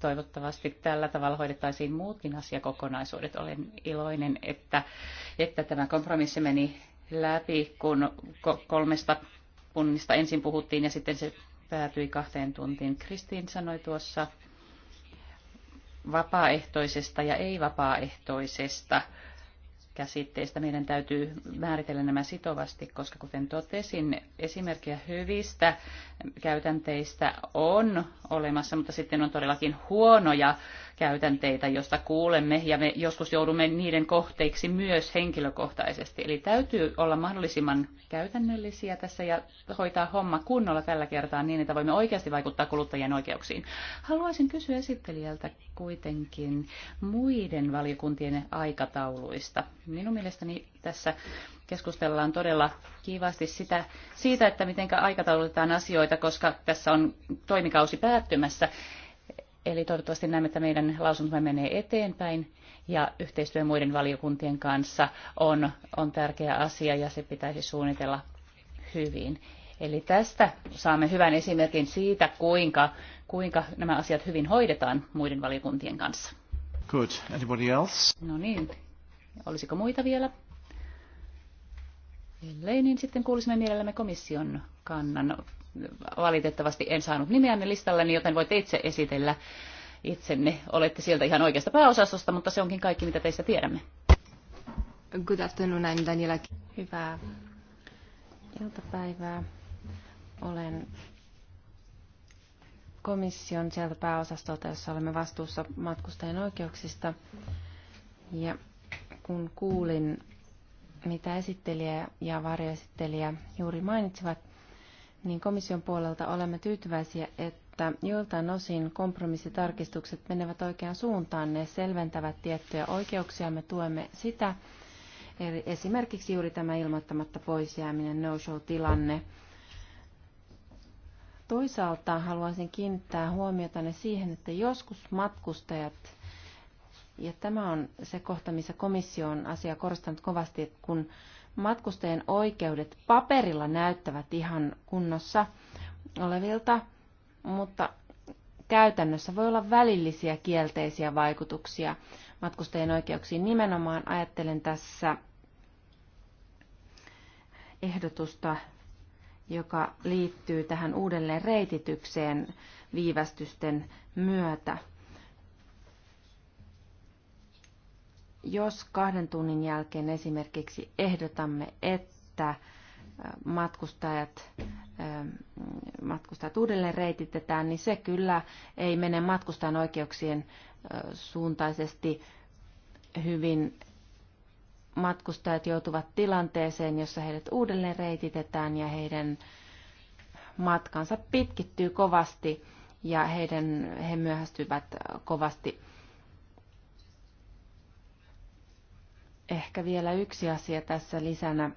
toivottavasti tällä tavalla hoidettaisiin muutkin asiakokonaisuudet. Olen iloinen, että, että tämä kompromissi meni läpi, kun kolmesta punnista ensin puhuttiin ja sitten se päätyi kahteen tuntiin. Kristiin sanoi tuossa vapaaehtoisesta ja ei-vapaaehtoisesta käsitteistä. Meidän täytyy määritellä nämä sitovasti, koska kuten totesin, esimerkkejä hyvistä käytänteistä on olemassa, mutta sitten on todellakin huonoja käytänteitä, joista kuulemme, ja me joskus joudumme niiden kohteiksi myös henkilökohtaisesti. Eli täytyy olla mahdollisimman käytännöllisiä tässä ja hoitaa homma kunnolla tällä kertaa niin, että voimme oikeasti vaikuttaa kuluttajien oikeuksiin. Haluaisin kysyä esittelijältä kuitenkin muiden valiokuntien aikatauluista. Minun mielestäni tässä keskustellaan todella kivasti sitä, siitä, että miten aikataulutetaan asioita, koska tässä on toimikausi päättymässä. Eli toivottavasti näemme, että meidän lausuntomme menee eteenpäin ja yhteistyö muiden valiokuntien kanssa on, on tärkeä asia ja se pitäisi suunnitella hyvin. Eli tästä saamme hyvän esimerkin siitä, kuinka, kuinka nämä asiat hyvin hoidetaan muiden valiokuntien kanssa. Good. Anybody else? No niin. Olisiko muita vielä? Ellei, niin sitten kuulisimme mielellämme komission kannan. Valitettavasti en saanut nimeänne listalleni, joten voitte itse esitellä itsenne. Olette sieltä ihan oikeasta pääosastosta, mutta se onkin kaikki, mitä teistä tiedämme. Good afternoon, I'm Daniela. Hyvää iltapäivää. Olen komission sieltä pääosastolta, jossa olemme vastuussa matkustajien oikeuksista. Ja kun kuulin, mitä esittelijä ja varjoesittelijä juuri mainitsivat, niin komission puolelta olemme tyytyväisiä, että joiltain osin kompromissitarkistukset menevät oikeaan suuntaan. Ne selventävät tiettyjä oikeuksia. Me tuemme sitä. Eli esimerkiksi juuri tämä ilmoittamatta poisjääminen, no-show-tilanne. Toisaalta haluaisin kiinnittää huomiota siihen, että joskus matkustajat, ja tämä on se kohta, missä komissio on asiaa korostanut kovasti, että kun matkustajien oikeudet paperilla näyttävät ihan kunnossa olevilta, mutta käytännössä voi olla välillisiä kielteisiä vaikutuksia matkustajien oikeuksiin. Nimenomaan ajattelen tässä ehdotusta, joka liittyy tähän uudelleen reititykseen viivästysten myötä. Jos kahden tunnin jälkeen esimerkiksi ehdotamme, että matkustajat, matkustajat uudelleen reititetään, niin se kyllä ei mene matkustajan oikeuksien suuntaisesti hyvin. Matkustajat joutuvat tilanteeseen, jossa heidät uudelleen reititetään ja heidän matkansa pitkittyy kovasti ja heidän, he myöhästyvät kovasti Ehkä vielä yksi asia tässä lisänä.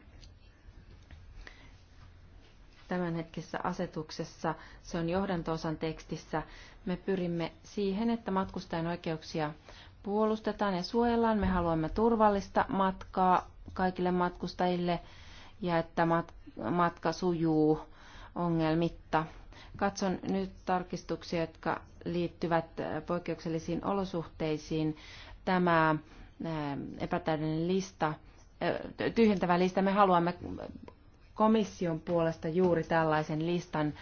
Tämänhetkisessä asetuksessa, se on johdantoosan tekstissä, me pyrimme siihen, että matkustajan oikeuksia puolustetaan ja suojellaan. Me haluamme turvallista matkaa kaikille matkustajille ja että matka sujuu ongelmitta. Katson nyt tarkistuksia, jotka liittyvät poikkeuksellisiin olosuhteisiin. Tämä Äh, epätäydellinen lista, äh, tyhjentävä lista. Me haluamme komission puolesta juuri tällaisen listan.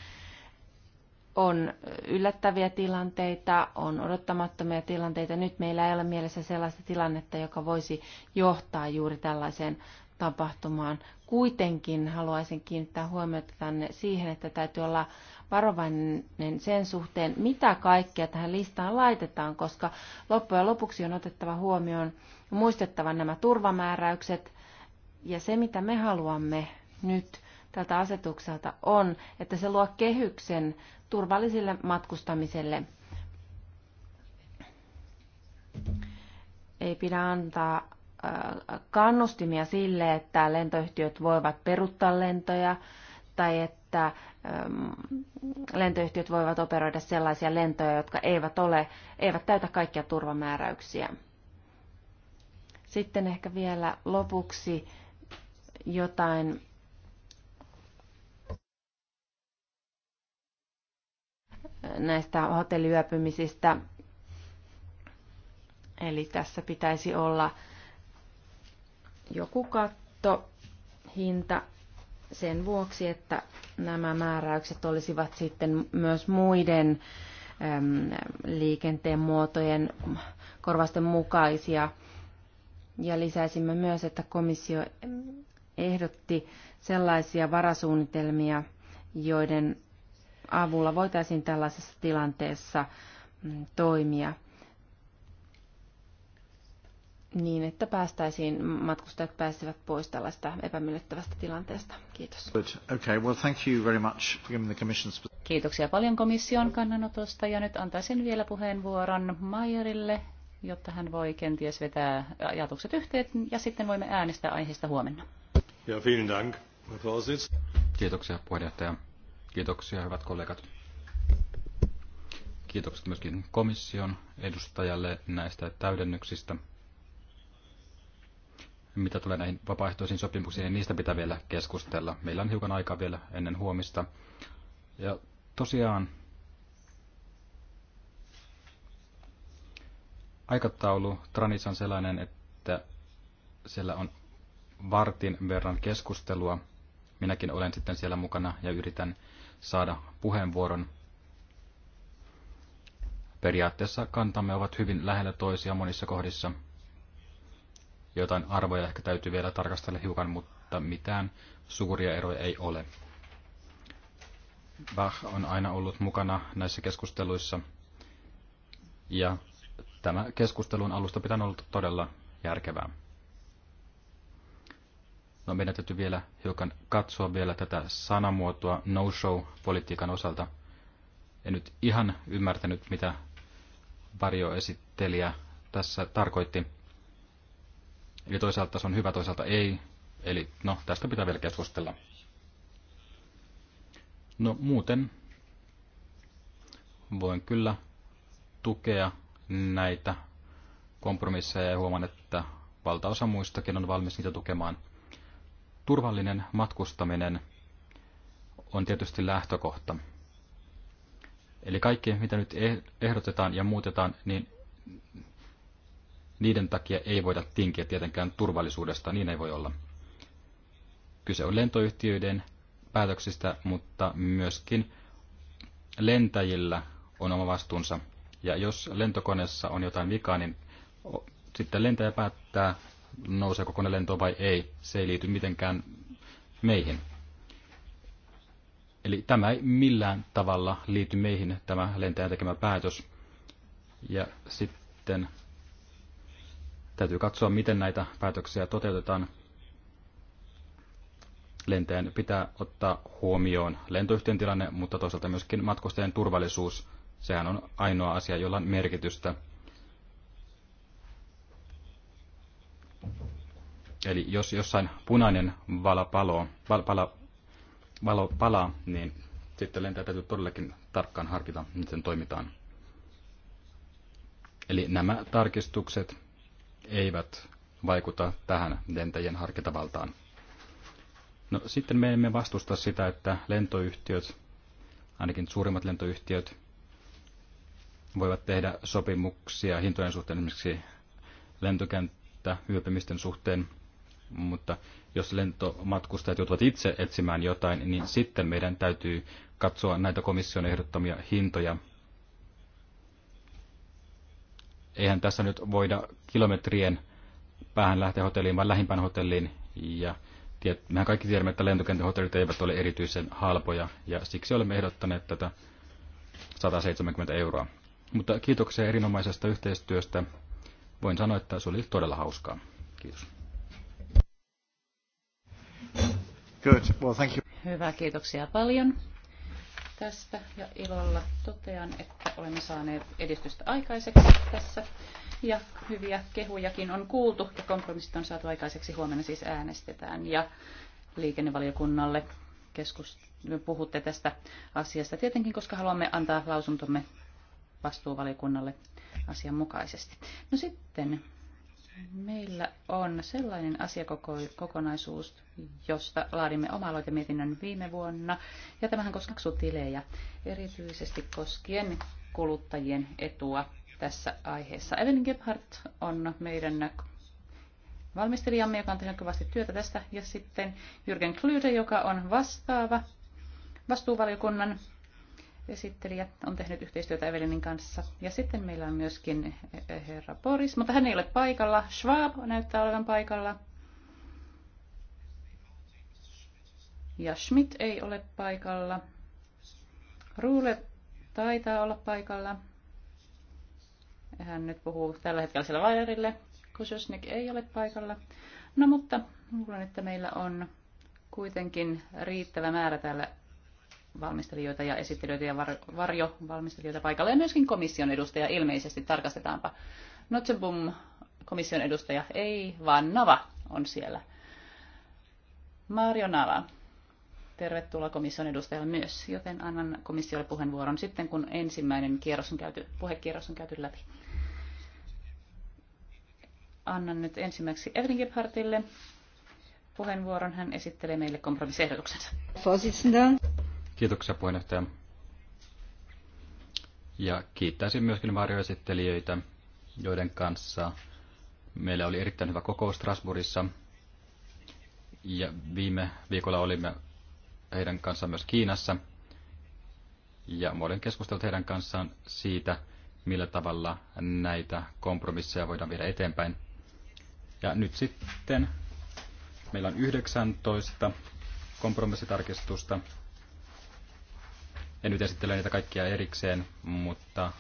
On yllättäviä tilanteita, on odottamattomia tilanteita. Nyt meillä ei ole mielessä sellaista tilannetta, joka voisi johtaa juuri tällaiseen tapahtumaan. Kuitenkin haluaisin kiinnittää huomiota tänne siihen, että täytyy olla varovainen sen suhteen, mitä kaikkea tähän listaan laitetaan, koska loppujen lopuksi on otettava huomioon ja muistettava nämä turvamääräykset. Ja se, mitä me haluamme nyt tältä asetukselta on, että se luo kehyksen turvalliselle matkustamiselle. Ei pidä antaa kannustimia sille, että lentoyhtiöt voivat peruttaa lentoja tai että lentoyhtiöt voivat operoida sellaisia lentoja, jotka eivät, ole, eivät täytä kaikkia turvamääräyksiä. Sitten ehkä vielä lopuksi jotain näistä hotelliyöpymisistä. Eli tässä pitäisi olla joku katto hinta sen vuoksi, että nämä määräykset olisivat sitten myös muiden liikenteen muotojen korvasten mukaisia. Ja lisäisimme myös, että komissio ehdotti sellaisia varasuunnitelmia, joiden avulla voitaisiin tällaisessa tilanteessa mm, toimia niin, että päästäisiin, matkustajat pääsevät pois tällaista epämiellyttävästä tilanteesta. Kiitos. Okay, well, thank you very much for the Kiitoksia paljon komission kannanotosta ja nyt antaisin vielä puheenvuoron Mayerille, jotta hän voi kenties vetää ajatukset yhteen ja sitten voimme äänestää aiheesta huomenna. Ja vielen dank, Kiitoksia puheenjohtaja. Kiitoksia hyvät kollegat. Kiitokset myöskin komission edustajalle näistä täydennyksistä mitä tulee näihin vapaaehtoisiin sopimuksiin, niin niistä pitää vielä keskustella. Meillä on hiukan aikaa vielä ennen huomista. Ja tosiaan aikataulu Tranissa on sellainen, että siellä on vartin verran keskustelua. Minäkin olen sitten siellä mukana ja yritän saada puheenvuoron. Periaatteessa kantamme ovat hyvin lähellä toisia monissa kohdissa – jotain arvoja ehkä täytyy vielä tarkastella hiukan, mutta mitään suuria eroja ei ole. Bach on aina ollut mukana näissä keskusteluissa. Ja tämä keskustelun alusta pitää olla todella järkevää. No, meidän täytyy vielä hiukan katsoa vielä tätä sanamuotoa no-show-politiikan osalta. En nyt ihan ymmärtänyt, mitä varjoesittelijä tässä tarkoitti. Eli toisaalta se on hyvä, toisaalta ei. Eli no, tästä pitää vielä keskustella. No muuten voin kyllä tukea näitä kompromisseja ja huomaan, että valtaosa muistakin on valmis niitä tukemaan. Turvallinen matkustaminen on tietysti lähtökohta. Eli kaikki, mitä nyt eh- ehdotetaan ja muutetaan, niin niiden takia ei voida tinkiä tietenkään turvallisuudesta, niin ei voi olla. Kyse on lentoyhtiöiden päätöksistä, mutta myöskin lentäjillä on oma vastuunsa. Ja jos lentokoneessa on jotain vikaa, niin sitten lentäjä päättää, nouseeko kone lentoon vai ei. Se ei liity mitenkään meihin. Eli tämä ei millään tavalla liity meihin, tämä lentäjän tekemä päätös. Ja sitten Täytyy katsoa, miten näitä päätöksiä toteutetaan. Lentäjän pitää ottaa huomioon lentoyhtiön tilanne, mutta toisaalta myöskin matkustajien turvallisuus. Sehän on ainoa asia, jolla on merkitystä. Eli jos jossain punainen vala palo val, pala, valo palaa, niin sitten lentää täytyy todellakin tarkkaan harkita, miten toimitaan. Eli nämä tarkistukset eivät vaikuta tähän lentäjien harkintavaltaan. No, sitten me emme vastusta sitä, että lentoyhtiöt, ainakin suurimmat lentoyhtiöt, voivat tehdä sopimuksia hintojen suhteen, esimerkiksi lentokenttä yöpymisten suhteen, mutta jos lentomatkustajat joutuvat itse etsimään jotain, niin sitten meidän täytyy katsoa näitä komission ehdottamia hintoja eihän tässä nyt voida kilometrien päähän lähteä hotelliin, vaan lähimpään hotelliin. Ja tiet, mehän kaikki tiedämme, että lentokentän hotellit eivät ole erityisen halpoja, ja siksi olemme ehdottaneet tätä 170 euroa. Mutta kiitoksia erinomaisesta yhteistyöstä. Voin sanoa, että se oli todella hauskaa. Kiitos. Good. Well, thank you. Hyvä, kiitoksia paljon tästä ja ilolla totean, että olemme saaneet edistystä aikaiseksi tässä ja hyviä kehujakin on kuultu ja kompromissit on saatu aikaiseksi. Huomenna siis äänestetään ja liikennevaliokunnalle keskus, puhutte tästä asiasta tietenkin, koska haluamme antaa lausuntomme vastuuvaliokunnalle asianmukaisesti. No sitten Meillä on sellainen asiakokonaisuus, josta laadimme oma aloitemietinnön viime vuonna, ja tämähän koskee maksutilejä, erityisesti koskien kuluttajien etua tässä aiheessa. Evelyn Gebhardt on meidän valmistelijamme, joka on tehnyt kovasti työtä tästä, ja sitten Jürgen Klyde, joka on vastaava vastuuvaliokunnan esittelijä on tehnyt yhteistyötä Evelinin kanssa. Ja sitten meillä on myöskin eh, eh, herra Boris, mutta hän ei ole paikalla. Schwab näyttää olevan paikalla. Ja Schmidt ei ole paikalla. Ruule taitaa olla paikalla. Hän nyt puhuu tällä hetkellä siellä vailarille. Kososnik ei ole paikalla. No mutta luulen, että meillä on kuitenkin riittävä määrä täällä valmistelijoita ja esittelijöitä ja var, varjovalmistelijoita paikalla ja myöskin komission edustaja ilmeisesti. Tarkastetaanpa. Notsebum komission edustaja ei, vaan Nava on siellä. Mario Nava, tervetuloa komission edustajalle myös, joten annan komissiolle puheenvuoron sitten, kun ensimmäinen kierros on käyty, puhekierros on käyty läpi. Annan nyt ensimmäiseksi Evelyn Gebhardtille puheenvuoron. Hän esittelee meille kompromissehdotuksensa. Vorsitzender. Kiitoksia puheenjohtaja. Ja kiittäisin myöskin varjoesittelijöitä, joiden kanssa meillä oli erittäin hyvä kokous Strasbourgissa. Ja viime viikolla olimme heidän kanssaan myös Kiinassa. Ja olen keskustellut heidän kanssaan siitä, millä tavalla näitä kompromisseja voidaan viedä eteenpäin. Ja nyt sitten meillä on 19 kompromissitarkistusta en nyt esittele niitä kaikkia erikseen, mutta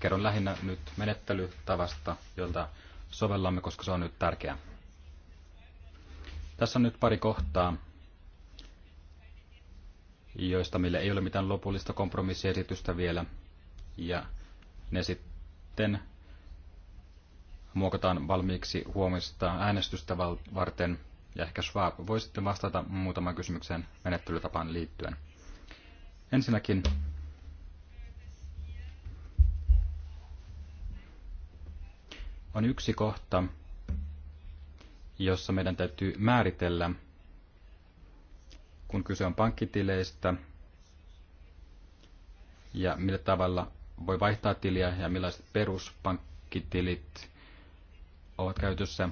kerron lähinnä nyt menettelytavasta, jolta sovellamme, koska se on nyt tärkeää. Tässä on nyt pari kohtaa, joista meillä ei ole mitään lopullista kompromissiesitystä vielä, ja ne sitten muokataan valmiiksi huomista äänestystä varten, ja ehkä Schwab voi sitten vastata muutamaan kysymykseen menettelytapaan liittyen. Ensinnäkin on yksi kohta, jossa meidän täytyy määritellä, kun kyse on pankkitileistä ja millä tavalla voi vaihtaa tiliä ja millaiset peruspankkitilit ovat käytössä.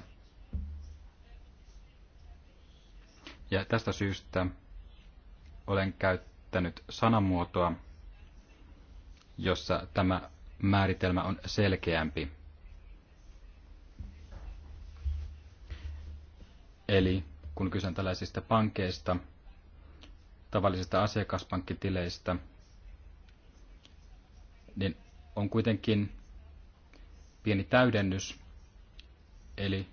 Ja tästä syystä olen käyttänyt käyttänyt sanamuotoa, jossa tämä määritelmä on selkeämpi. Eli kun kyse on tällaisista pankeista, tavallisista asiakaspankkitileistä, niin on kuitenkin pieni täydennys, eli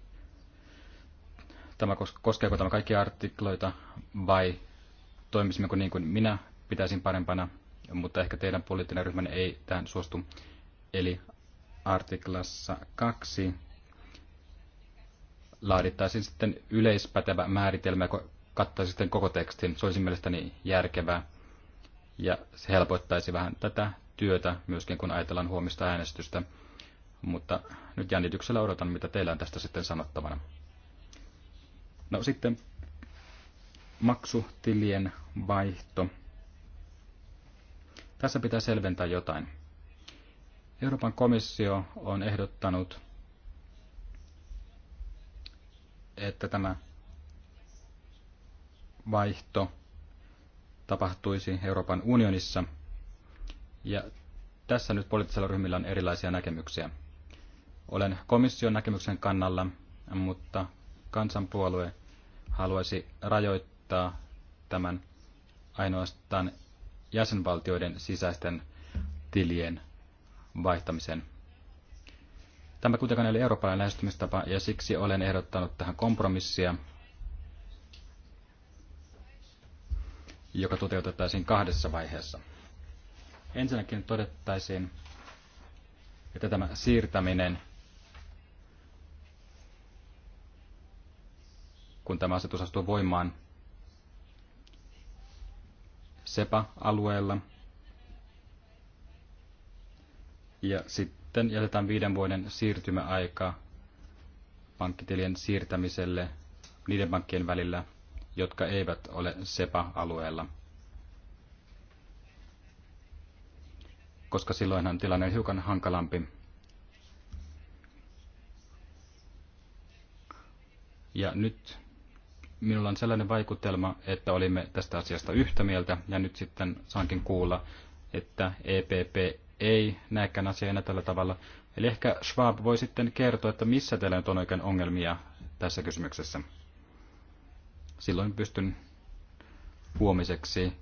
tämä koskeeko tämä kaikki artikloita vai toimisimmeko niin kuin minä pitäisin parempana, mutta ehkä teidän poliittinen ryhmänne ei tähän suostu. Eli artiklassa 2 laadittaisiin sitten yleispätevä määritelmä, joka kattaisi sitten koko tekstin. Se olisi mielestäni järkevää ja se helpoittaisi vähän tätä työtä myöskin, kun ajatellaan huomista äänestystä. Mutta nyt jännityksellä odotan, mitä teillä on tästä sitten sanottavana. No sitten maksutilien vaihto. Tässä pitää selventää jotain. Euroopan komissio on ehdottanut, että tämä vaihto tapahtuisi Euroopan unionissa. Ja tässä nyt poliittisella ryhmillä on erilaisia näkemyksiä. Olen komission näkemyksen kannalla, mutta kansanpuolue haluaisi rajoittaa tämän ainoastaan jäsenvaltioiden sisäisten tilien vaihtamisen. Tämä kuitenkaan ei ole eurooppalainen lähestymistapa ja siksi olen ehdottanut tähän kompromissia, joka toteutettaisiin kahdessa vaiheessa. Ensinnäkin todettaisiin, että tämä siirtäminen, kun tämä asetus astuu voimaan, SEPA-alueella. Ja sitten jätetään viiden vuoden siirtymäaika pankkitilien siirtämiselle niiden pankkien välillä, jotka eivät ole SEPA-alueella. Koska silloinhan tilanne on hiukan hankalampi. Ja nyt minulla on sellainen vaikutelma, että olimme tästä asiasta yhtä mieltä, ja nyt sitten saankin kuulla, että EPP ei näekään asiaa enää tällä tavalla. Eli ehkä Schwab voi sitten kertoa, että missä teillä nyt on oikein ongelmia tässä kysymyksessä. Silloin pystyn huomiseksi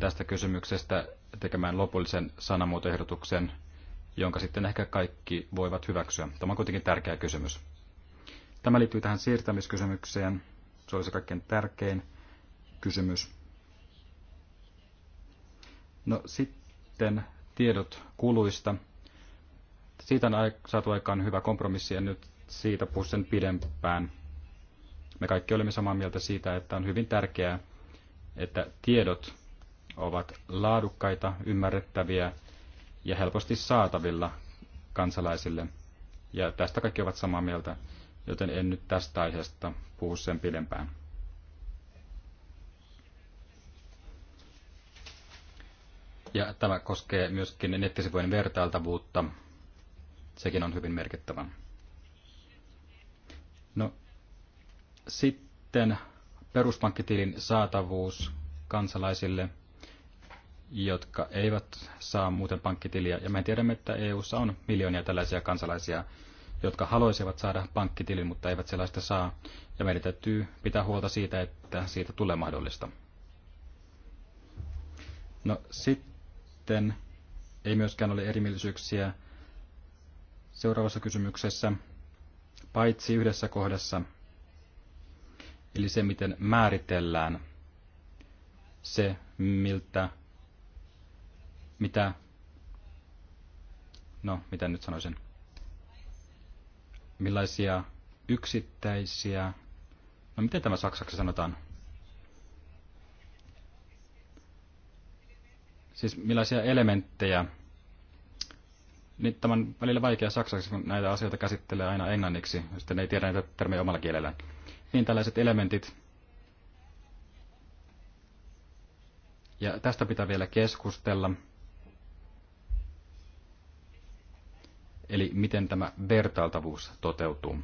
tästä kysymyksestä tekemään lopullisen sanamuotoehdotuksen, jonka sitten ehkä kaikki voivat hyväksyä. Tämä on kuitenkin tärkeä kysymys. Tämä liittyy tähän siirtämiskysymykseen. Se oli se kaikkein tärkein kysymys. No sitten tiedot kuluista. Siitä on saatu aikaan hyvä kompromissi, ja nyt siitä puhu sen pidempään. Me kaikki olemme samaa mieltä siitä, että on hyvin tärkeää, että tiedot ovat laadukkaita, ymmärrettäviä ja helposti saatavilla kansalaisille. Ja tästä kaikki ovat samaa mieltä joten en nyt tästä aiheesta puhu sen pidempään. Ja tämä koskee myöskin nettisivujen vertailtavuutta. Sekin on hyvin merkittävä. No, sitten peruspankkitilin saatavuus kansalaisille, jotka eivät saa muuten pankkitiliä. Ja me tiedämme, että EU:ssa on miljoonia tällaisia kansalaisia, jotka haluaisivat saada pankkitilin, mutta eivät sellaista saa. Ja meidän täytyy pitää huolta siitä, että siitä tulee mahdollista. No sitten ei myöskään ole erimielisyyksiä seuraavassa kysymyksessä, paitsi yhdessä kohdassa, eli se miten määritellään se, miltä, mitä, no mitä nyt sanoisin, millaisia yksittäisiä, no miten tämä saksaksi sanotaan? Siis millaisia elementtejä, niin tämän välillä vaikea saksaksi, kun näitä asioita käsittelee aina englanniksi, sitten ei tiedä näitä termejä omalla kielellään. Niin tällaiset elementit, ja tästä pitää vielä keskustella. eli miten tämä vertailtavuus toteutuu.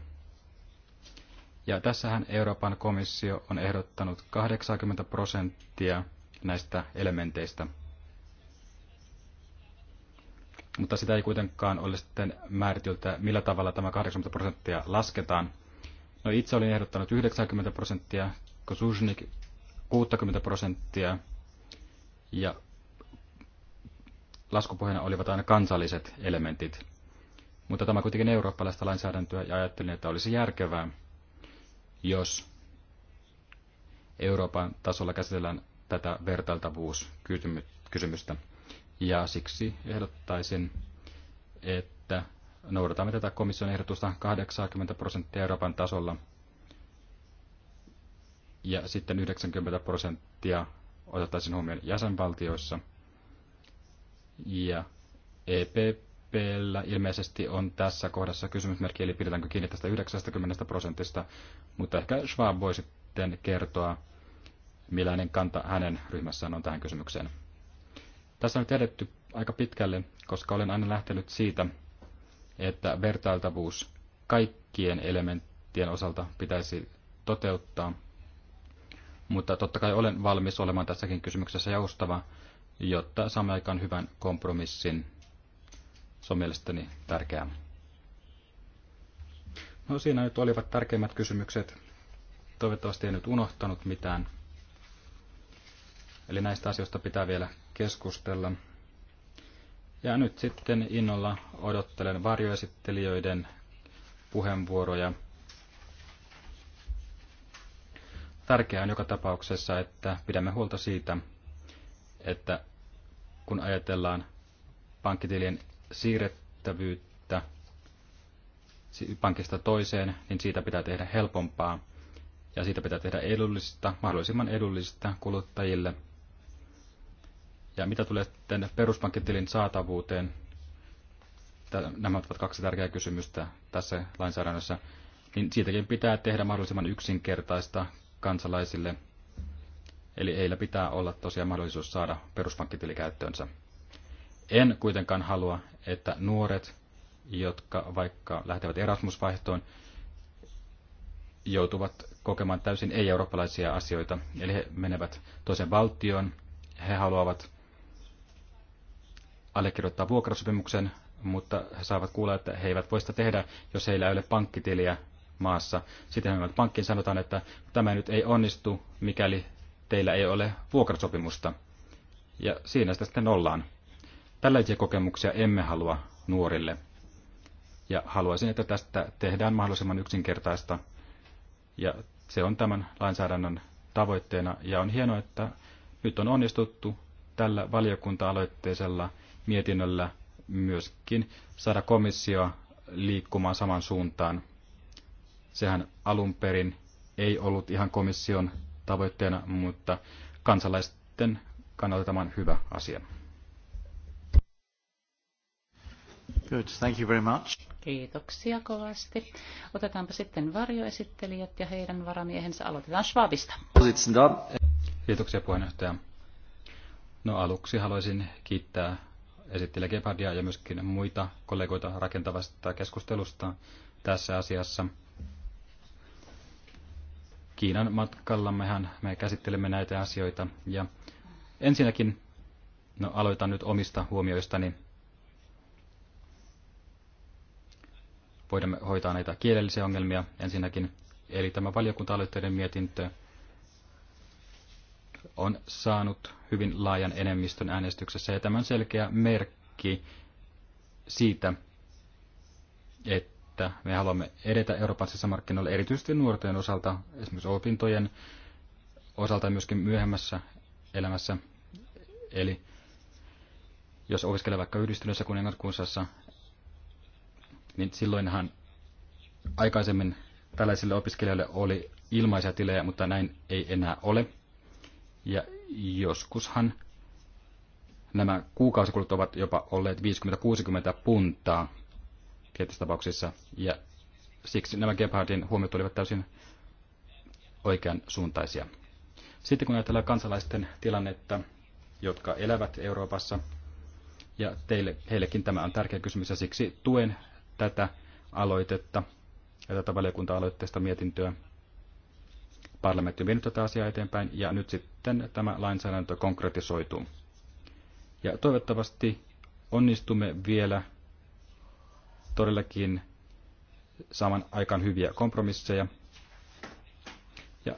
Ja tässähän Euroopan komissio on ehdottanut 80 prosenttia näistä elementeistä. Mutta sitä ei kuitenkaan ole sitten määritelty, millä tavalla tämä 80 prosenttia lasketaan. No itse olin ehdottanut 90 prosenttia, Kosuznik 60 prosenttia ja laskupohjana olivat aina kansalliset elementit. Mutta tämä kuitenkin eurooppalaista lainsäädäntöä ja ajattelin, että olisi järkevää, jos Euroopan tasolla käsitellään tätä vertailtavuuskysymystä. Ja siksi ehdottaisin, että noudatamme tätä komission ehdotusta 80 prosenttia Euroopan tasolla ja sitten 90 prosenttia otettaisiin huomioon jäsenvaltioissa. Ja EPP EPllä ilmeisesti on tässä kohdassa kysymysmerkki, eli pidetäänkö kiinni tästä 90 prosentista, mutta ehkä Schwab voi sitten kertoa, millainen kanta hänen ryhmässään on tähän kysymykseen. Tässä on nyt edetty aika pitkälle, koska olen aina lähtenyt siitä, että vertailtavuus kaikkien elementtien osalta pitäisi toteuttaa. Mutta totta kai olen valmis olemaan tässäkin kysymyksessä joustava, jotta saamme aikaan hyvän kompromissin se on mielestäni tärkeää. No siinä nyt olivat tärkeimmät kysymykset. Toivottavasti en nyt unohtanut mitään. Eli näistä asioista pitää vielä keskustella. Ja nyt sitten innolla odottelen varjoesittelijöiden puheenvuoroja. Tärkeää on joka tapauksessa, että pidämme huolta siitä, että kun ajatellaan pankkitilien siirrettävyyttä pankista toiseen, niin siitä pitää tehdä helpompaa ja siitä pitää tehdä edullista, mahdollisimman edullista kuluttajille. Ja mitä tulee sitten peruspankkitilin saatavuuteen, nämä ovat kaksi tärkeää kysymystä tässä lainsäädännössä, niin siitäkin pitää tehdä mahdollisimman yksinkertaista kansalaisille. Eli heillä pitää olla tosiaan mahdollisuus saada peruspankkitili käyttöönsä. En kuitenkaan halua, että nuoret, jotka vaikka lähtevät Erasmus-vaihtoon, joutuvat kokemaan täysin ei-eurooppalaisia asioita. Eli he menevät toiseen valtioon, he haluavat allekirjoittaa vuokrasopimuksen, mutta he saavat kuulla, että he eivät voi sitä tehdä, jos heillä ei ole pankkitiliä maassa. Sitten he pankkiin sanotaan, että tämä nyt ei onnistu, mikäli teillä ei ole vuokrasopimusta. Ja siinä sitä sitten ollaan. Tällaisia kokemuksia emme halua nuorille. Ja haluaisin, että tästä tehdään mahdollisimman yksinkertaista. Ja se on tämän lainsäädännön tavoitteena. Ja on hienoa, että nyt on onnistuttu tällä valiokunta-aloitteisella mietinnöllä myöskin saada komissio liikkumaan saman suuntaan. Sehän alun perin ei ollut ihan komission tavoitteena, mutta kansalaisten kannalta tämä on hyvä asia. Good, thank you very much. Kiitoksia kovasti. Otetaanpa sitten varjoesittelijät ja heidän varamiehensä. Aloitetaan Schwabista. Kiitoksia puheenjohtaja. No aluksi haluaisin kiittää esittelijä Gebhardia ja myöskin muita kollegoita rakentavasta keskustelusta tässä asiassa. Kiinan matkallammehan me käsittelemme näitä asioita. Ja ensinnäkin, no aloitan nyt omista huomioistani. voidaan hoitaa näitä kielellisiä ongelmia ensinnäkin. Eli tämä valiokunta-aloitteiden mietintö on saanut hyvin laajan enemmistön äänestyksessä, ja tämä on selkeä merkki siitä, että me haluamme edetä Euroopan sisämarkkinoilla erityisesti nuorten osalta, esimerkiksi opintojen osalta ja myöskin myöhemmässä elämässä. Eli jos opiskelee vaikka yhdistyneessä kuningaskunnassa, niin silloinhan aikaisemmin tällaisille opiskelijoille oli ilmaisia tilejä, mutta näin ei enää ole. Ja joskushan nämä kuukausikulut ovat jopa olleet 50-60 puntaa tietyissä tapauksissa, ja siksi nämä Gebhardin huomiot olivat täysin oikean suuntaisia. Sitten kun ajatellaan kansalaisten tilannetta, jotka elävät Euroopassa, ja teille, heillekin tämä on tärkeä kysymys, ja siksi tuen tätä aloitetta ja tätä valiokunta-aloitteesta mietintöä. Parlamentti on vienyt tätä asiaa eteenpäin ja nyt sitten tämä lainsäädäntö konkretisoituu. Ja toivottavasti onnistumme vielä todellakin saman aikaan hyviä kompromisseja. Ja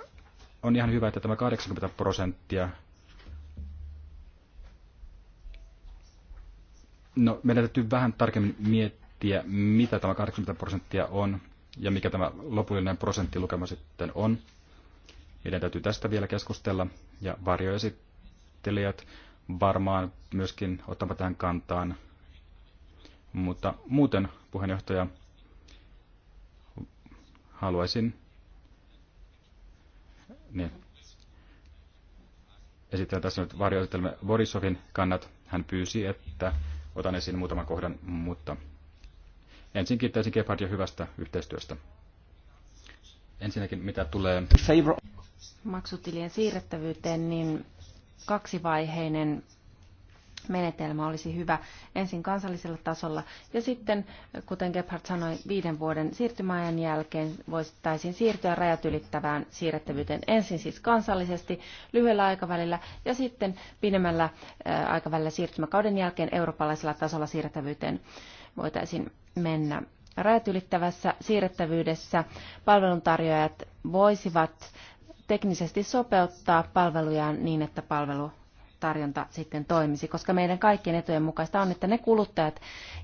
on ihan hyvä, että tämä 80 prosenttia No, meidän täytyy vähän tarkemmin miet- miettiä, mitä tämä 80 prosenttia on ja mikä tämä lopullinen prosenttilukema sitten on. Meidän täytyy tästä vielä keskustella ja varjoesittelijät varmaan myöskin ottavat tähän kantaan. Mutta muuten, puheenjohtaja, haluaisin niin, esittää tässä nyt varjoesittelemme Borisovin kannat. Hän pyysi, että otan esiin muutaman kohdan, mutta Ensin kiittäisin Gebhardia hyvästä yhteistyöstä. Ensinnäkin mitä tulee maksutilien siirrettävyyteen, niin kaksivaiheinen menetelmä olisi hyvä ensin kansallisella tasolla ja sitten, kuten Gebhardt sanoi, viiden vuoden siirtymäajan jälkeen voisittaisiin siirtyä rajat ylittävään siirrettävyyteen ensin siis kansallisesti lyhyellä aikavälillä ja sitten pidemmällä aikavälillä siirtymäkauden jälkeen eurooppalaisella tasolla siirrettävyyteen voitaisiin mennä. Rajat ylittävässä siirrettävyydessä palveluntarjoajat voisivat teknisesti sopeuttaa palvelujaan niin, että palvelu tarjonta sitten toimisi, koska meidän kaikkien etujen mukaista on, että ne kuluttajat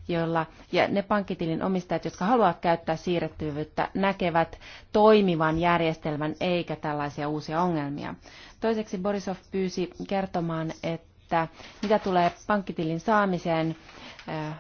joilla, ja ne pankkitilin omistajat, jotka haluavat käyttää siirrettyvyyttä, näkevät toimivan järjestelmän eikä tällaisia uusia ongelmia. Toiseksi Borisov pyysi kertomaan, että mitä tulee pankkitilin saamiseen,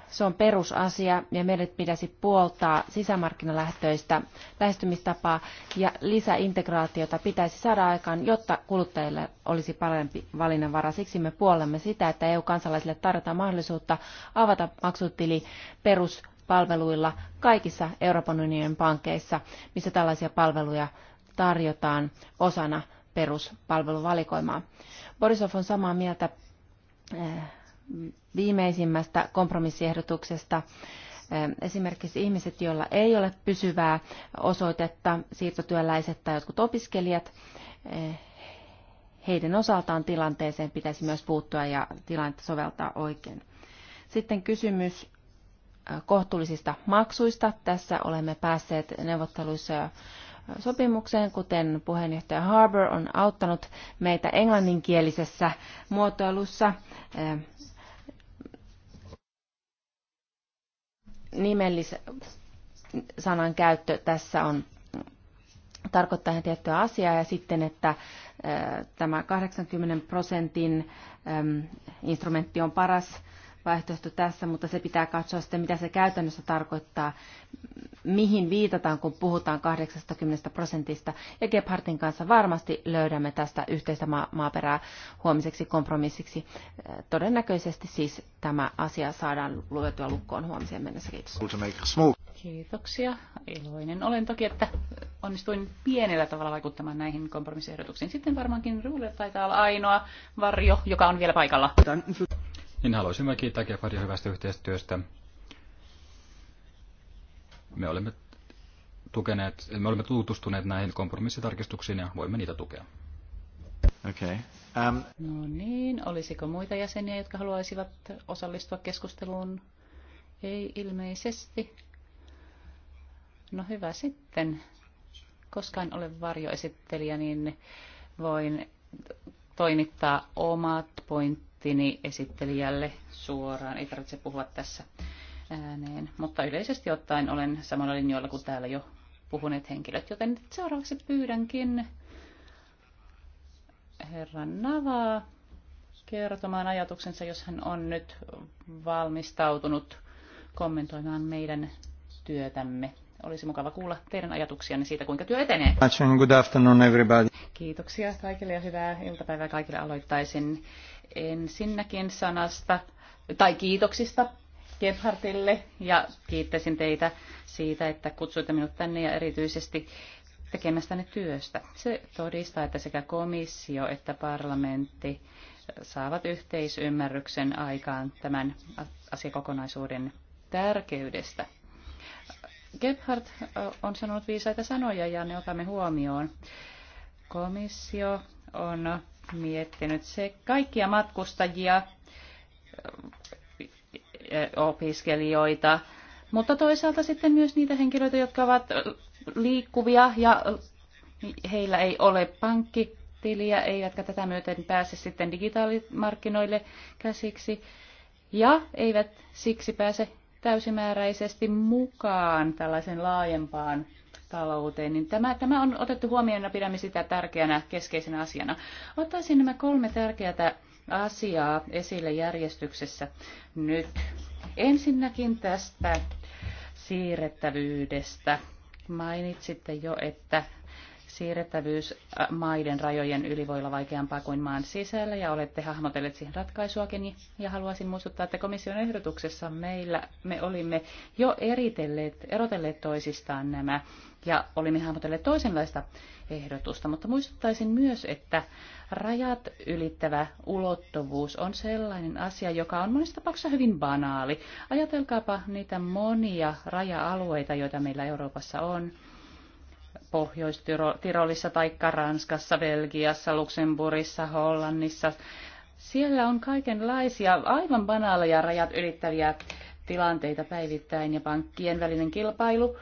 se on perusasia ja meidän pitäisi puoltaa sisämarkkinalähtöistä lähestymistapaa ja lisäintegraatiota pitäisi saada aikaan, jotta kuluttajille olisi parempi valinnanvara. Siksi me puolemme sitä, että EU-kansalaisille tarjotaan mahdollisuutta avata maksutili peruspalveluilla kaikissa Euroopan unionin pankeissa, missä tällaisia palveluja tarjotaan osana peruspalveluvalikoimaa. Borisov on samaa mieltä viimeisimmästä kompromissiehdotuksesta. Esimerkiksi ihmiset, joilla ei ole pysyvää osoitetta, siirtotyöläiset tai jotkut opiskelijat, eh, heidän osaltaan tilanteeseen pitäisi myös puuttua ja tilannetta soveltaa oikein. Sitten kysymys eh, kohtuullisista maksuista. Tässä olemme päässeet neuvotteluissa eh, sopimukseen, kuten puheenjohtaja Harbour on auttanut meitä englanninkielisessä muotoilussa Nimellis sanan käyttö tässä on tarkoittaa tiettyä asiaa ja sitten, että tämä 80 prosentin instrumentti on paras vaihtoehto tässä, mutta se pitää katsoa sitten, mitä se käytännössä tarkoittaa, mihin viitataan, kun puhutaan 80 prosentista. Ja Gebhardin kanssa varmasti löydämme tästä yhteistä ma- maaperää huomiseksi kompromissiksi. Äh, todennäköisesti siis tämä asia saadaan luetua lukkoon huomiseen mennessä. Kiitos. Kiitoksia. Iloinen olen toki, että onnistuin pienellä tavalla vaikuttamaan näihin kompromissiehdotuksiin. Sitten varmaankin ruulet taitaa olla ainoa varjo, joka on vielä paikalla niin haluaisimme kiittää Gefardia hyvästä yhteistyöstä. Me olemme tukeneet, me olemme tutustuneet näihin kompromissitarkistuksiin ja voimme niitä tukea. Okay. Um... No niin, olisiko muita jäseniä, jotka haluaisivat osallistua keskusteluun? Ei ilmeisesti. No hyvä sitten. Koska en ole varjoesittelijä, niin voin toimittaa omat point Martini esittelijälle suoraan. Ei tarvitse puhua tässä ääneen, mutta yleisesti ottaen olen samalla linjoilla kuin täällä jo puhuneet henkilöt. Joten seuraavaksi pyydänkin herran Navaa kertomaan ajatuksensa, jos hän on nyt valmistautunut kommentoimaan meidän työtämme. Olisi mukava kuulla teidän ajatuksianne siitä, kuinka työ etenee. Good afternoon everybody. Kiitoksia kaikille ja hyvää iltapäivää kaikille. Aloittaisin ensinnäkin sanasta tai kiitoksista Gebhardille ja kiittäisin teitä siitä, että kutsuitte minut tänne ja erityisesti tekemästäni työstä. Se todistaa, että sekä komissio että parlamentti saavat yhteisymmärryksen aikaan tämän asiakokonaisuuden tärkeydestä. Gebhardt on sanonut viisaita sanoja ja ne otamme huomioon. Komissio on miettinyt se kaikkia matkustajia, opiskelijoita, mutta toisaalta sitten myös niitä henkilöitä, jotka ovat liikkuvia ja heillä ei ole pankkitiliä, eivätkä tätä myöten pääse sitten digitaalimarkkinoille käsiksi ja eivät siksi pääse täysimääräisesti mukaan tällaisen laajempaan talouteen, niin tämä, tämä on otettu huomioon ja pidämme sitä tärkeänä keskeisenä asiana. Ottaisin nämä kolme tärkeää asiaa esille järjestyksessä nyt. Ensinnäkin tästä siirrettävyydestä. Mainitsitte jo, että siirrettävyys äh, maiden rajojen yli voi olla vaikeampaa kuin maan sisällä ja olette hahmotelleet siihen ratkaisuakin. Ja haluaisin muistuttaa, että komission ehdotuksessa meillä me olimme jo eritelleet, erotelleet toisistaan nämä ja olimme hahmotelleet toisenlaista ehdotusta, mutta muistuttaisin myös, että rajat ylittävä ulottuvuus on sellainen asia, joka on monissa tapauksissa hyvin banaali. Ajatelkaapa niitä monia raja-alueita, joita meillä Euroopassa on Pohjois-Tirolissa tai Ranskassa, Belgiassa, Luxemburgissa, Hollannissa. Siellä on kaikenlaisia aivan banaaleja rajat ylittäviä tilanteita päivittäin ja pankkien välinen kilpailu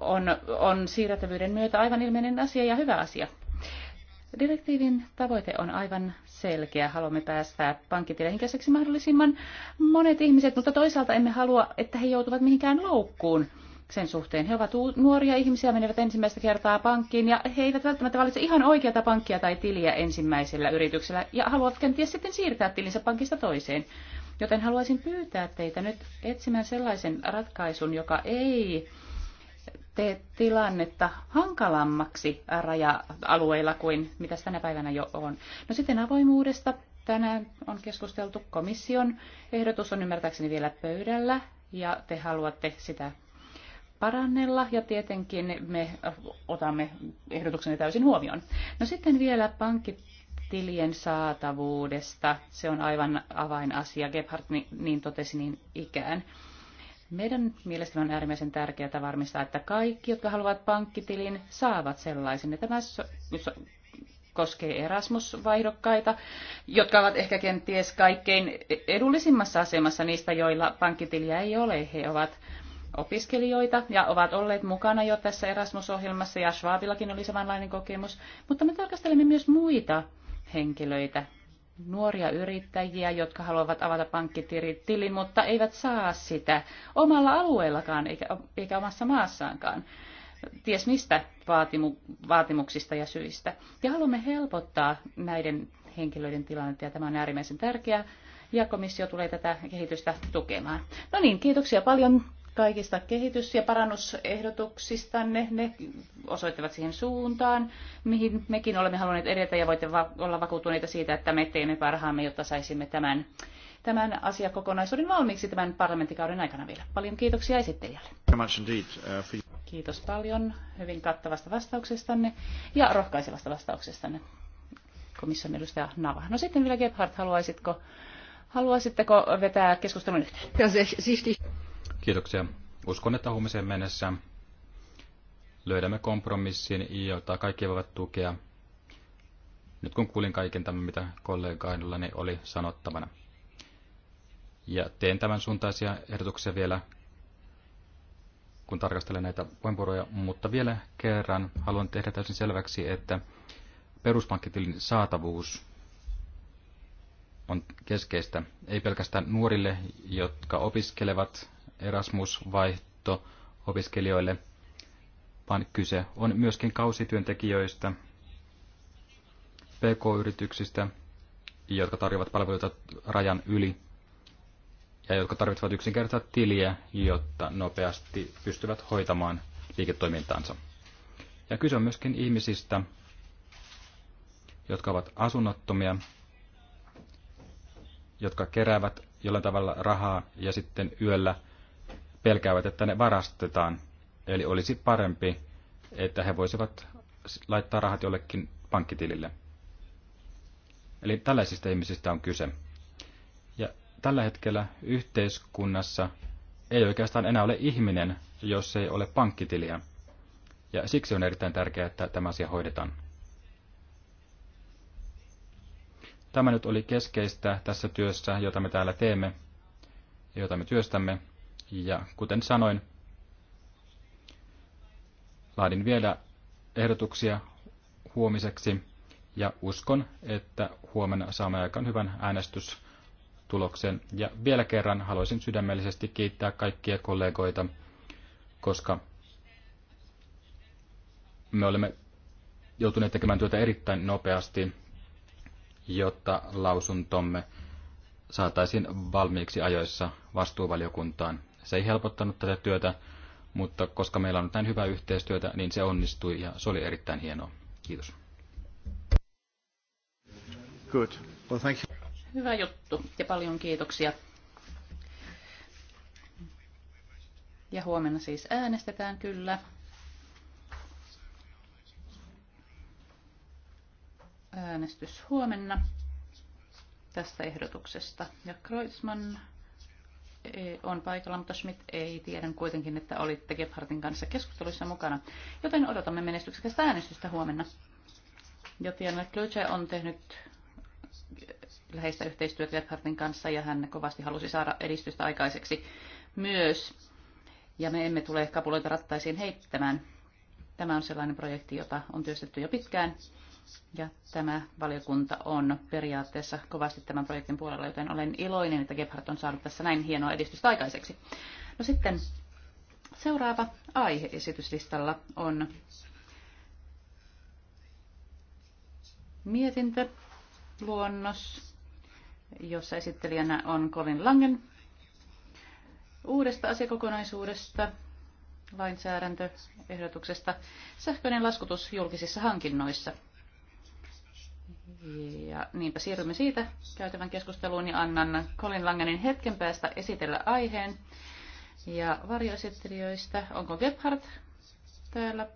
on, on siirrettävyyden myötä aivan ilmeinen asia ja hyvä asia. Direktiivin tavoite on aivan selkeä. Haluamme päästää pankkitileihin käsiksi mahdollisimman monet ihmiset, mutta toisaalta emme halua, että he joutuvat mihinkään loukkuun sen suhteen. He ovat nuoria ihmisiä, menevät ensimmäistä kertaa pankkiin ja he eivät välttämättä valitse ihan oikeata pankkia tai tiliä ensimmäisellä yrityksellä ja haluavat kenties sitten siirtää tilinsä pankista toiseen. Joten haluaisin pyytää teitä nyt etsimään sellaisen ratkaisun, joka ei tee tilannetta hankalammaksi raja-alueilla kuin mitä tänä päivänä jo on. No sitten avoimuudesta. Tänään on keskusteltu komission. Ehdotus on ymmärtääkseni vielä pöydällä ja te haluatte sitä parannella ja tietenkin me otamme ehdotuksen täysin huomioon. No sitten vielä pankkitilien saatavuudesta. Se on aivan avainasia. Gebhardt niin totesi niin ikään. Meidän mielestämme on äärimmäisen tärkeää varmistaa, että kaikki, jotka haluavat pankkitilin, saavat sellaisen. Ja tämä so- so- koskee Erasmus-vaihdokkaita, jotka ovat ehkä kenties kaikkein edullisimmassa asemassa niistä, joilla pankkitiliä ei ole. He ovat opiskelijoita ja ovat olleet mukana jo tässä Erasmus-ohjelmassa ja Schwabillakin oli samanlainen kokemus, mutta me tarkastelemme myös muita henkilöitä, nuoria yrittäjiä, jotka haluavat avata pankkitilin, mutta eivät saa sitä omalla alueellakaan eikä, eikä omassa maassaankaan. Ties mistä vaatimu, vaatimuksista ja syistä. Ja haluamme helpottaa näiden henkilöiden tilannetta ja tämä on äärimmäisen tärkeää ja komissio tulee tätä kehitystä tukemaan. No niin, kiitoksia paljon kaikista kehitys- ja parannusehdotuksistanne. Ne osoittavat siihen suuntaan, mihin mekin olemme halunneet edetä ja voitte va- olla vakuuttuneita siitä, että me teemme parhaamme, jotta saisimme tämän, tämän asiakokonaisuuden valmiiksi tämän parlamenttikauden aikana vielä. Paljon kiitoksia esittelijälle. Uh, Kiitos paljon hyvin kattavasta vastauksestanne ja rohkaisevasta vastauksestanne komission edustaja Nava. No sitten vielä Gebhardt, haluaisitko Haluaisitteko vetää keskustelun yhteen? Kiitoksia. Uskon, että huomiseen mennessä löydämme kompromissin, jota kaikki voivat tukea. Nyt kun kuulin kaiken tämän, mitä kollegaillani oli sanottavana. Ja teen tämän suuntaisia ehdotuksia vielä, kun tarkastelen näitä puheenvuoroja, mutta vielä kerran haluan tehdä täysin selväksi, että peruspankkitilin saatavuus on keskeistä, ei pelkästään nuorille, jotka opiskelevat Erasmus-vaihto opiskelijoille, vaan kyse on myöskin kausityöntekijöistä, pk-yrityksistä, jotka tarjoavat palveluita rajan yli ja jotka tarvitsevat yksinkertaista tiliä, jotta nopeasti pystyvät hoitamaan liiketoimintaansa. Ja kyse on myöskin ihmisistä, jotka ovat asunnottomia, jotka keräävät jollain tavalla rahaa ja sitten yöllä pelkäävät, että ne varastetaan. Eli olisi parempi, että he voisivat laittaa rahat jollekin pankkitilille. Eli tällaisista ihmisistä on kyse. Ja tällä hetkellä yhteiskunnassa ei oikeastaan enää ole ihminen, jos ei ole pankkitiliä. Ja siksi on erittäin tärkeää, että tämä asia hoidetaan. Tämä nyt oli keskeistä tässä työssä, jota me täällä teemme, jota me työstämme. Ja kuten sanoin, laadin vielä ehdotuksia huomiseksi ja uskon, että huomenna saamme aikaan hyvän äänestystuloksen. Ja vielä kerran haluaisin sydämellisesti kiittää kaikkia kollegoita, koska me olemme joutuneet tekemään työtä erittäin nopeasti, jotta lausuntomme saataisiin valmiiksi ajoissa vastuuvaliokuntaan. Se ei helpottanut tätä työtä, mutta koska meillä on näin hyvää yhteistyötä, niin se onnistui ja se oli erittäin hienoa. Kiitos. Good. Well, thank you. Hyvä juttu ja paljon kiitoksia. Ja huomenna siis äänestetään kyllä. Äänestys huomenna tästä ehdotuksesta. Ja Kreutzmann on paikalla, mutta Schmidt ei. tiedä kuitenkin, että olitte Gebhardin kanssa keskusteluissa mukana. Joten odotamme menestyksekästä äänestystä huomenna. Ja tiedän, että Klöche on tehnyt läheistä yhteistyötä Gebhardin kanssa ja hän kovasti halusi saada edistystä aikaiseksi myös. Ja me emme tule kapuloita rattaisiin heittämään. Tämä on sellainen projekti, jota on työstetty jo pitkään ja tämä valiokunta on periaatteessa kovasti tämän projektin puolella, joten olen iloinen, että Gebhardt on saanut tässä näin hienoa edistystä aikaiseksi. No sitten seuraava aihe esityslistalla on mietintö, luonnos, jossa esittelijänä on Colin Langen uudesta asiakokonaisuudesta, lainsäädäntöehdotuksesta, sähköinen laskutus julkisissa hankinnoissa – ja niinpä siirrymme siitä käytävän keskusteluun ja annan Colin Langenin hetken päästä esitellä aiheen. Ja varjoesittelijöistä, onko Gebhardt täällä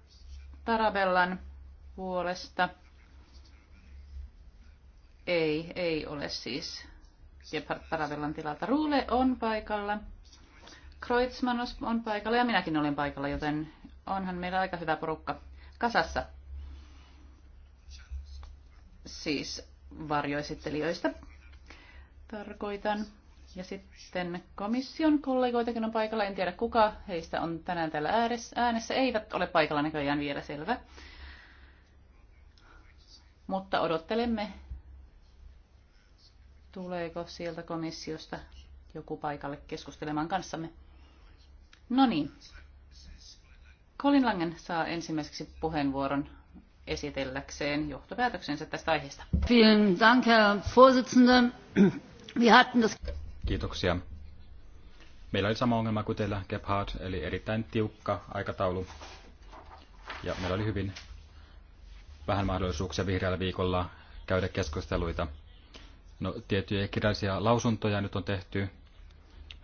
Tarabellan puolesta? Ei, ei ole siis Gebhardt Taravellan tilalta. Ruule on paikalla, Kreutzmann on paikalla ja minäkin olen paikalla, joten onhan meillä aika hyvä porukka kasassa siis varjoesittelijöistä tarkoitan. Ja sitten komission kollegoitakin on paikalla. En tiedä kuka heistä on tänään täällä äänessä. Eivät ole paikalla näköjään vielä selvä. Mutta odottelemme, tuleeko sieltä komissiosta joku paikalle keskustelemaan kanssamme. No niin. Colin Langen saa ensimmäiseksi puheenvuoron esitelläkseen johtopäätöksensä tästä aiheesta. Kiitoksia. Meillä oli sama ongelma kuin teillä Gebhard, eli erittäin tiukka aikataulu. Ja meillä oli hyvin vähän mahdollisuuksia vihreällä viikolla käydä keskusteluita. No, tiettyjä kirjallisia lausuntoja nyt on tehty.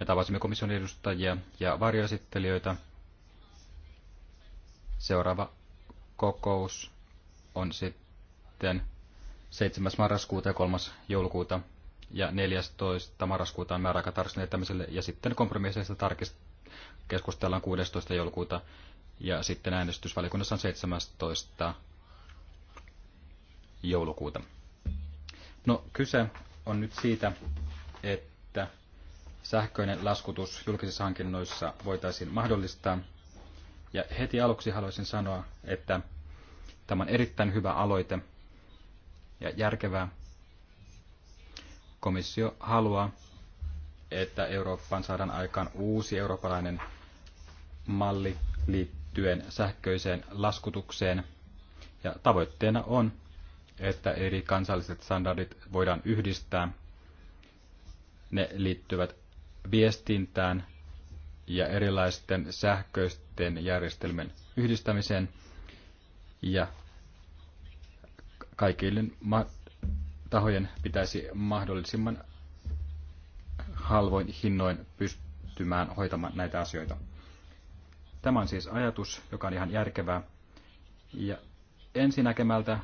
Me tavasimme komission edustajia ja varjoesittelijöitä. Seuraava kokous on sitten 7. marraskuuta ja 3. joulukuuta ja 14. marraskuuta on määräaika tarkistamiselle ja sitten kompromisseista tarkist- keskustellaan 16. joulukuuta ja sitten äänestysvalikunnassa on 17. joulukuuta. No kyse on nyt siitä, että sähköinen laskutus julkisissa hankinnoissa voitaisiin mahdollistaa. Ja heti aluksi haluaisin sanoa, että Tämä on erittäin hyvä aloite ja järkevää. Komissio haluaa, että Eurooppaan saadaan aikaan uusi eurooppalainen malli liittyen sähköiseen laskutukseen. Ja tavoitteena on, että eri kansalliset standardit voidaan yhdistää. Ne liittyvät viestintään ja erilaisten sähköisten järjestelmien yhdistämiseen – ja kaikille tahojen pitäisi mahdollisimman halvoin hinnoin pystymään hoitamaan näitä asioita. Tämä on siis ajatus, joka on ihan järkevää. Ja ensinäkemältä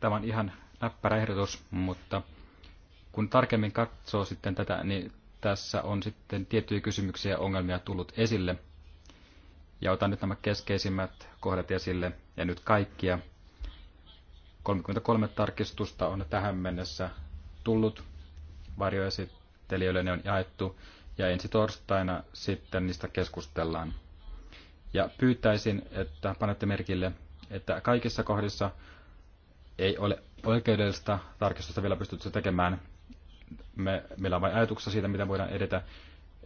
tämä on ihan näppärä ehdotus, mutta kun tarkemmin katsoo sitten tätä, niin tässä on sitten tiettyjä kysymyksiä ja ongelmia tullut esille – ja otan nyt nämä keskeisimmät kohdat esille, ja nyt kaikkia. 33 tarkistusta on tähän mennessä tullut varjoesittelijöille, ne on jaettu, ja ensi torstaina sitten niistä keskustellaan. Ja pyytäisin, että panette merkille, että kaikissa kohdissa ei ole oikeudellista tarkistusta vielä pystytty tekemään. Me, meillä on vain ajatuksia siitä, miten voidaan edetä,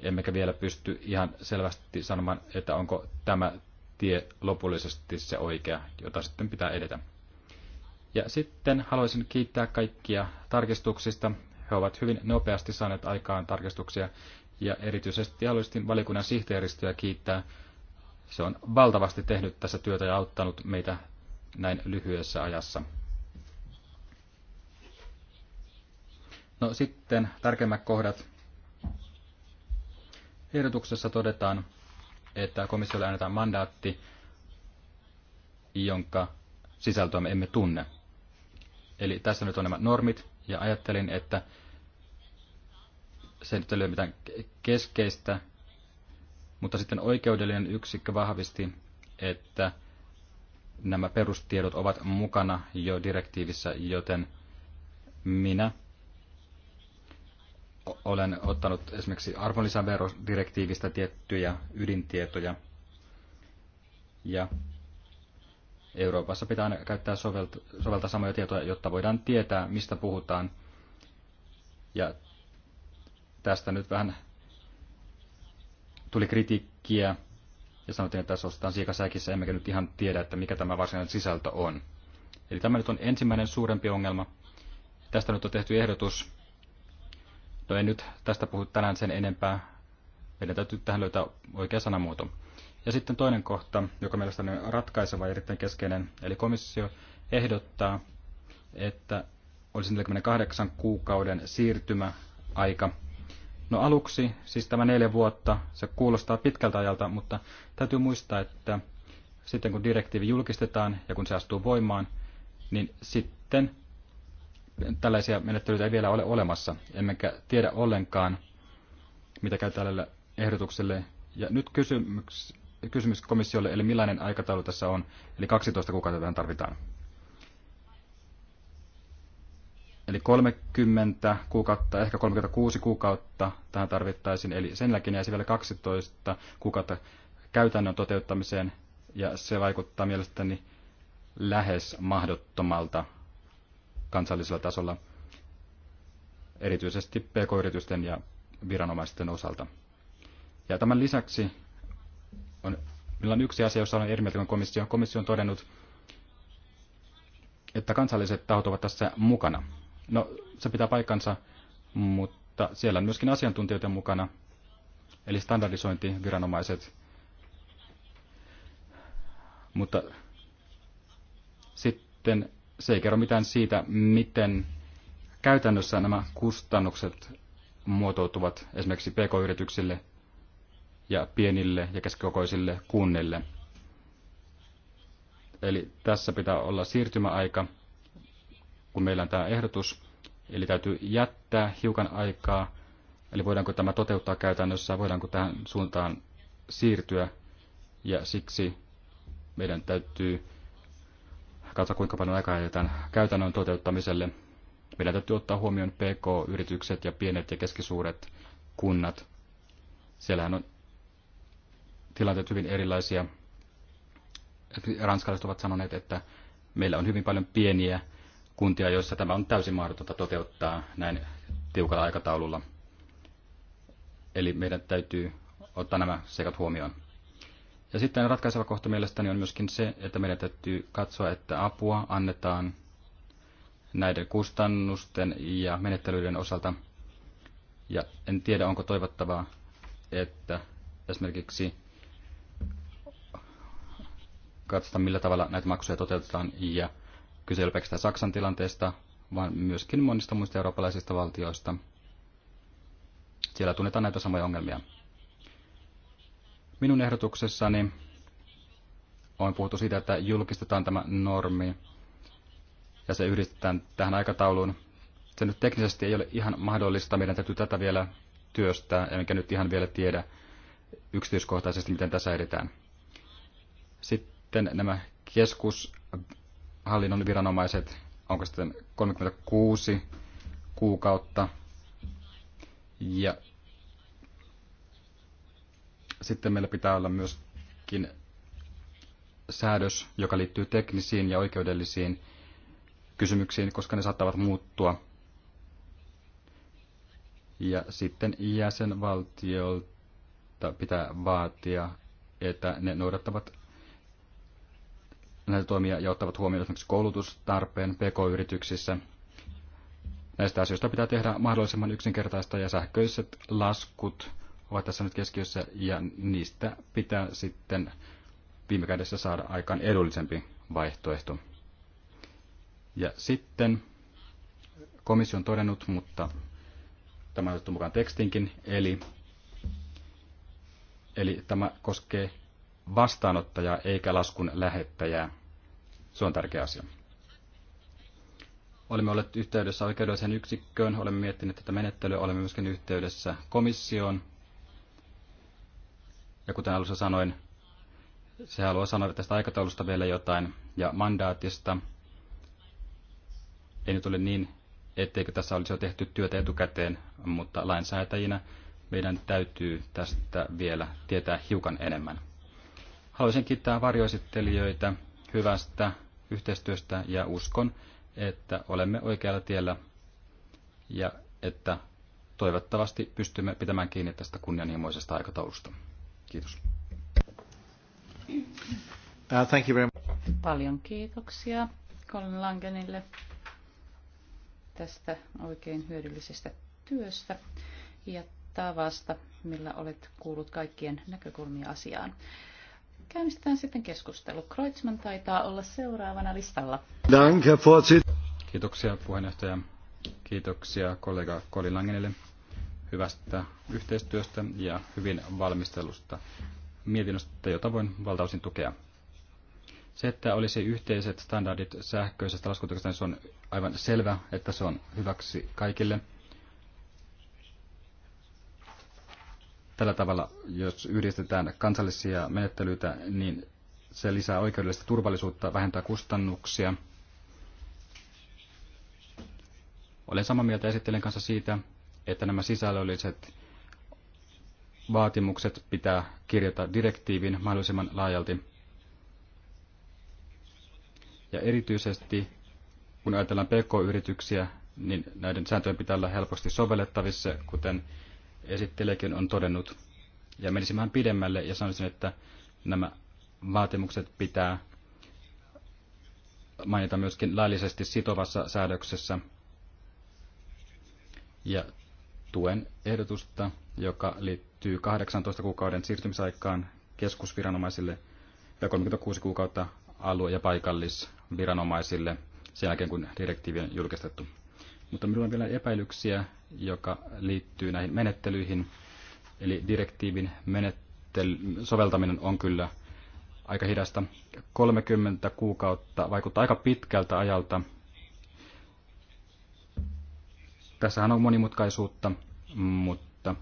emmekä vielä pysty ihan selvästi sanomaan, että onko tämä tie lopullisesti se oikea, jota sitten pitää edetä. Ja sitten haluaisin kiittää kaikkia tarkistuksista. He ovat hyvin nopeasti saaneet aikaan tarkistuksia ja erityisesti haluaisin valikunnan sihteeristöä kiittää. Se on valtavasti tehnyt tässä työtä ja auttanut meitä näin lyhyessä ajassa. No sitten tärkeimmät kohdat. Ehdotuksessa todetaan, että komissiolle annetaan mandaatti, jonka sisältöä me emme tunne. Eli tässä nyt on nämä normit, ja ajattelin, että se nyt ei ole mitään keskeistä, mutta sitten oikeudellinen yksikkö vahvisti, että nämä perustiedot ovat mukana jo direktiivissä, joten minä olen ottanut esimerkiksi arvonlisäverodirektiivistä tiettyjä ydintietoja. Ja Euroopassa pitää käyttää sovelta, sovelta samoja tietoja, jotta voidaan tietää, mistä puhutaan. Ja tästä nyt vähän tuli kritiikkiä ja sanottiin, että tässä ostetaan siikasäkissä, emmekä nyt ihan tiedä, että mikä tämä varsinainen sisältö on. Eli tämä nyt on ensimmäinen suurempi ongelma. Tästä nyt on tehty ehdotus No en nyt tästä puhu tänään sen enempää. Meidän täytyy tähän löytää oikea sanamuoto. Ja sitten toinen kohta, joka mielestäni on ratkaiseva ja erittäin keskeinen, eli komissio ehdottaa, että olisi 48 kuukauden siirtymäaika. No aluksi, siis tämä neljä vuotta, se kuulostaa pitkältä ajalta, mutta täytyy muistaa, että sitten kun direktiivi julkistetaan ja kun se astuu voimaan, niin sitten tällaisia menettelyitä ei vielä ole olemassa, emmekä tiedä ollenkaan, mitä käy tälle ehdotukselle. Ja nyt kysymys, kysymys komissiolle, eli millainen aikataulu tässä on, eli 12 kuukautta tähän tarvitaan. Eli 30 kuukautta, ehkä 36 kuukautta tähän tarvittaisiin, eli sen jälkeen jäisi vielä 12 kuukautta käytännön toteuttamiseen, ja se vaikuttaa mielestäni lähes mahdottomalta kansallisella tasolla, erityisesti pk-yritysten ja viranomaisten osalta. Ja tämän lisäksi on, meillä on yksi asia, jossa on eri mieltä kuin komissio. Komissio on todennut, että kansalliset tahot ovat tässä mukana. No, se pitää paikkansa, mutta siellä on myöskin asiantuntijoita mukana, eli standardisointiviranomaiset. Mutta sitten se ei kerro mitään siitä, miten käytännössä nämä kustannukset muotoutuvat esimerkiksi pk-yrityksille ja pienille ja keskikokoisille kunnille. Eli tässä pitää olla siirtymäaika, kun meillä on tämä ehdotus. Eli täytyy jättää hiukan aikaa, eli voidaanko tämä toteuttaa käytännössä, voidaanko tähän suuntaan siirtyä. Ja siksi meidän täytyy katsoa kuinka paljon aikaa jätetään käytännön toteuttamiselle. Meidän täytyy ottaa huomioon PK-yritykset ja pienet ja keskisuuret kunnat. Siellähän on tilanteet hyvin erilaisia. Ranskalaiset ovat sanoneet, että meillä on hyvin paljon pieniä kuntia, joissa tämä on täysin mahdotonta toteuttaa näin tiukalla aikataululla. Eli meidän täytyy ottaa nämä sekat huomioon. Ja sitten ratkaiseva kohta mielestäni on myöskin se, että meidän täytyy katsoa, että apua annetaan näiden kustannusten ja menettelyiden osalta. Ja en tiedä, onko toivottavaa, että esimerkiksi katsotaan, millä tavalla näitä maksuja toteutetaan. Ja kyse ei ole pelkästään Saksan tilanteesta, vaan myöskin monista muista eurooppalaisista valtioista. Siellä tunnetaan näitä samoja ongelmia. Minun ehdotuksessani on puhuttu siitä, että julkistetaan tämä normi ja se yhdistetään tähän aikatauluun. Se nyt teknisesti ei ole ihan mahdollista. Meidän täytyy tätä vielä työstää, enkä nyt ihan vielä tiedä yksityiskohtaisesti, miten tässä edetään. Sitten nämä keskushallinnon viranomaiset, onko sitten 36 kuukautta. Ja sitten meillä pitää olla myöskin säädös, joka liittyy teknisiin ja oikeudellisiin kysymyksiin, koska ne saattavat muuttua. Ja sitten jäsenvaltiolta pitää vaatia, että ne noudattavat näitä toimia ja ottavat huomioon esimerkiksi koulutustarpeen PK-yrityksissä. Näistä asioista pitää tehdä mahdollisimman yksinkertaista ja sähköiset laskut ovat tässä nyt keskiössä ja niistä pitää sitten viime kädessä saada aikaan edullisempi vaihtoehto. Ja sitten komissio on todennut, mutta tämä on otettu mukaan tekstinkin, eli, eli tämä koskee vastaanottajaa eikä laskun lähettäjää. Se on tärkeä asia. Olemme olleet yhteydessä oikeudelliseen yksikköön, olemme miettineet tätä menettelyä, olemme myöskin yhteydessä komissioon ja kuten alussa sanoin, se haluaa sanoa tästä aikataulusta vielä jotain ja mandaatista. Ei nyt ole niin, etteikö tässä olisi jo tehty työtä etukäteen, mutta lainsäätäjinä meidän täytyy tästä vielä tietää hiukan enemmän. Haluaisin kiittää varjoesittelijöitä hyvästä yhteistyöstä ja uskon, että olemme oikealla tiellä ja että toivottavasti pystymme pitämään kiinni tästä kunnianhimoisesta aikataulusta. Kiitos. Uh, thank you very much. Paljon kiitoksia Colin Langenille tästä oikein hyödyllisestä työstä ja tavasta, millä olet kuullut kaikkien näkökulmia asiaan. Käynnistetään sitten keskustelu. Kreutzmann taitaa olla seuraavana listalla. Danke, Kiitoksia puheenjohtaja. Kiitoksia kollega Colin Langenille hyvästä yhteistyöstä ja hyvin valmistelusta mietinnöstä, jota voin valtaosin tukea. Se, että olisi yhteiset standardit sähköisestä laskutuksesta, niin se on aivan selvä, että se on hyväksi kaikille. Tällä tavalla, jos yhdistetään kansallisia menettelyitä, niin se lisää oikeudellista turvallisuutta, vähentää kustannuksia. Olen samaa mieltä esittelen kanssa siitä, että nämä sisällölliset vaatimukset pitää kirjata direktiivin mahdollisimman laajalti. Ja erityisesti kun ajatellaan pk-yrityksiä, niin näiden sääntöjen pitää olla helposti sovellettavissa, kuten esittelijäkin on todennut. Ja menisin vähän pidemmälle ja sanoisin, että nämä vaatimukset pitää mainita myöskin laillisesti sitovassa säädöksessä. Ja tuen ehdotusta, joka liittyy 18 kuukauden siirtymisaikaan keskusviranomaisille ja 36 kuukautta alue- ja paikallisviranomaisille sen jälkeen, kun direktiivi on julkistettu. Mutta minulla on vielä epäilyksiä, joka liittyy näihin menettelyihin. Eli direktiivin menettel- soveltaminen on kyllä aika hidasta. 30 kuukautta vaikuttaa aika pitkältä ajalta Tässähän on monimutkaisuutta, mutta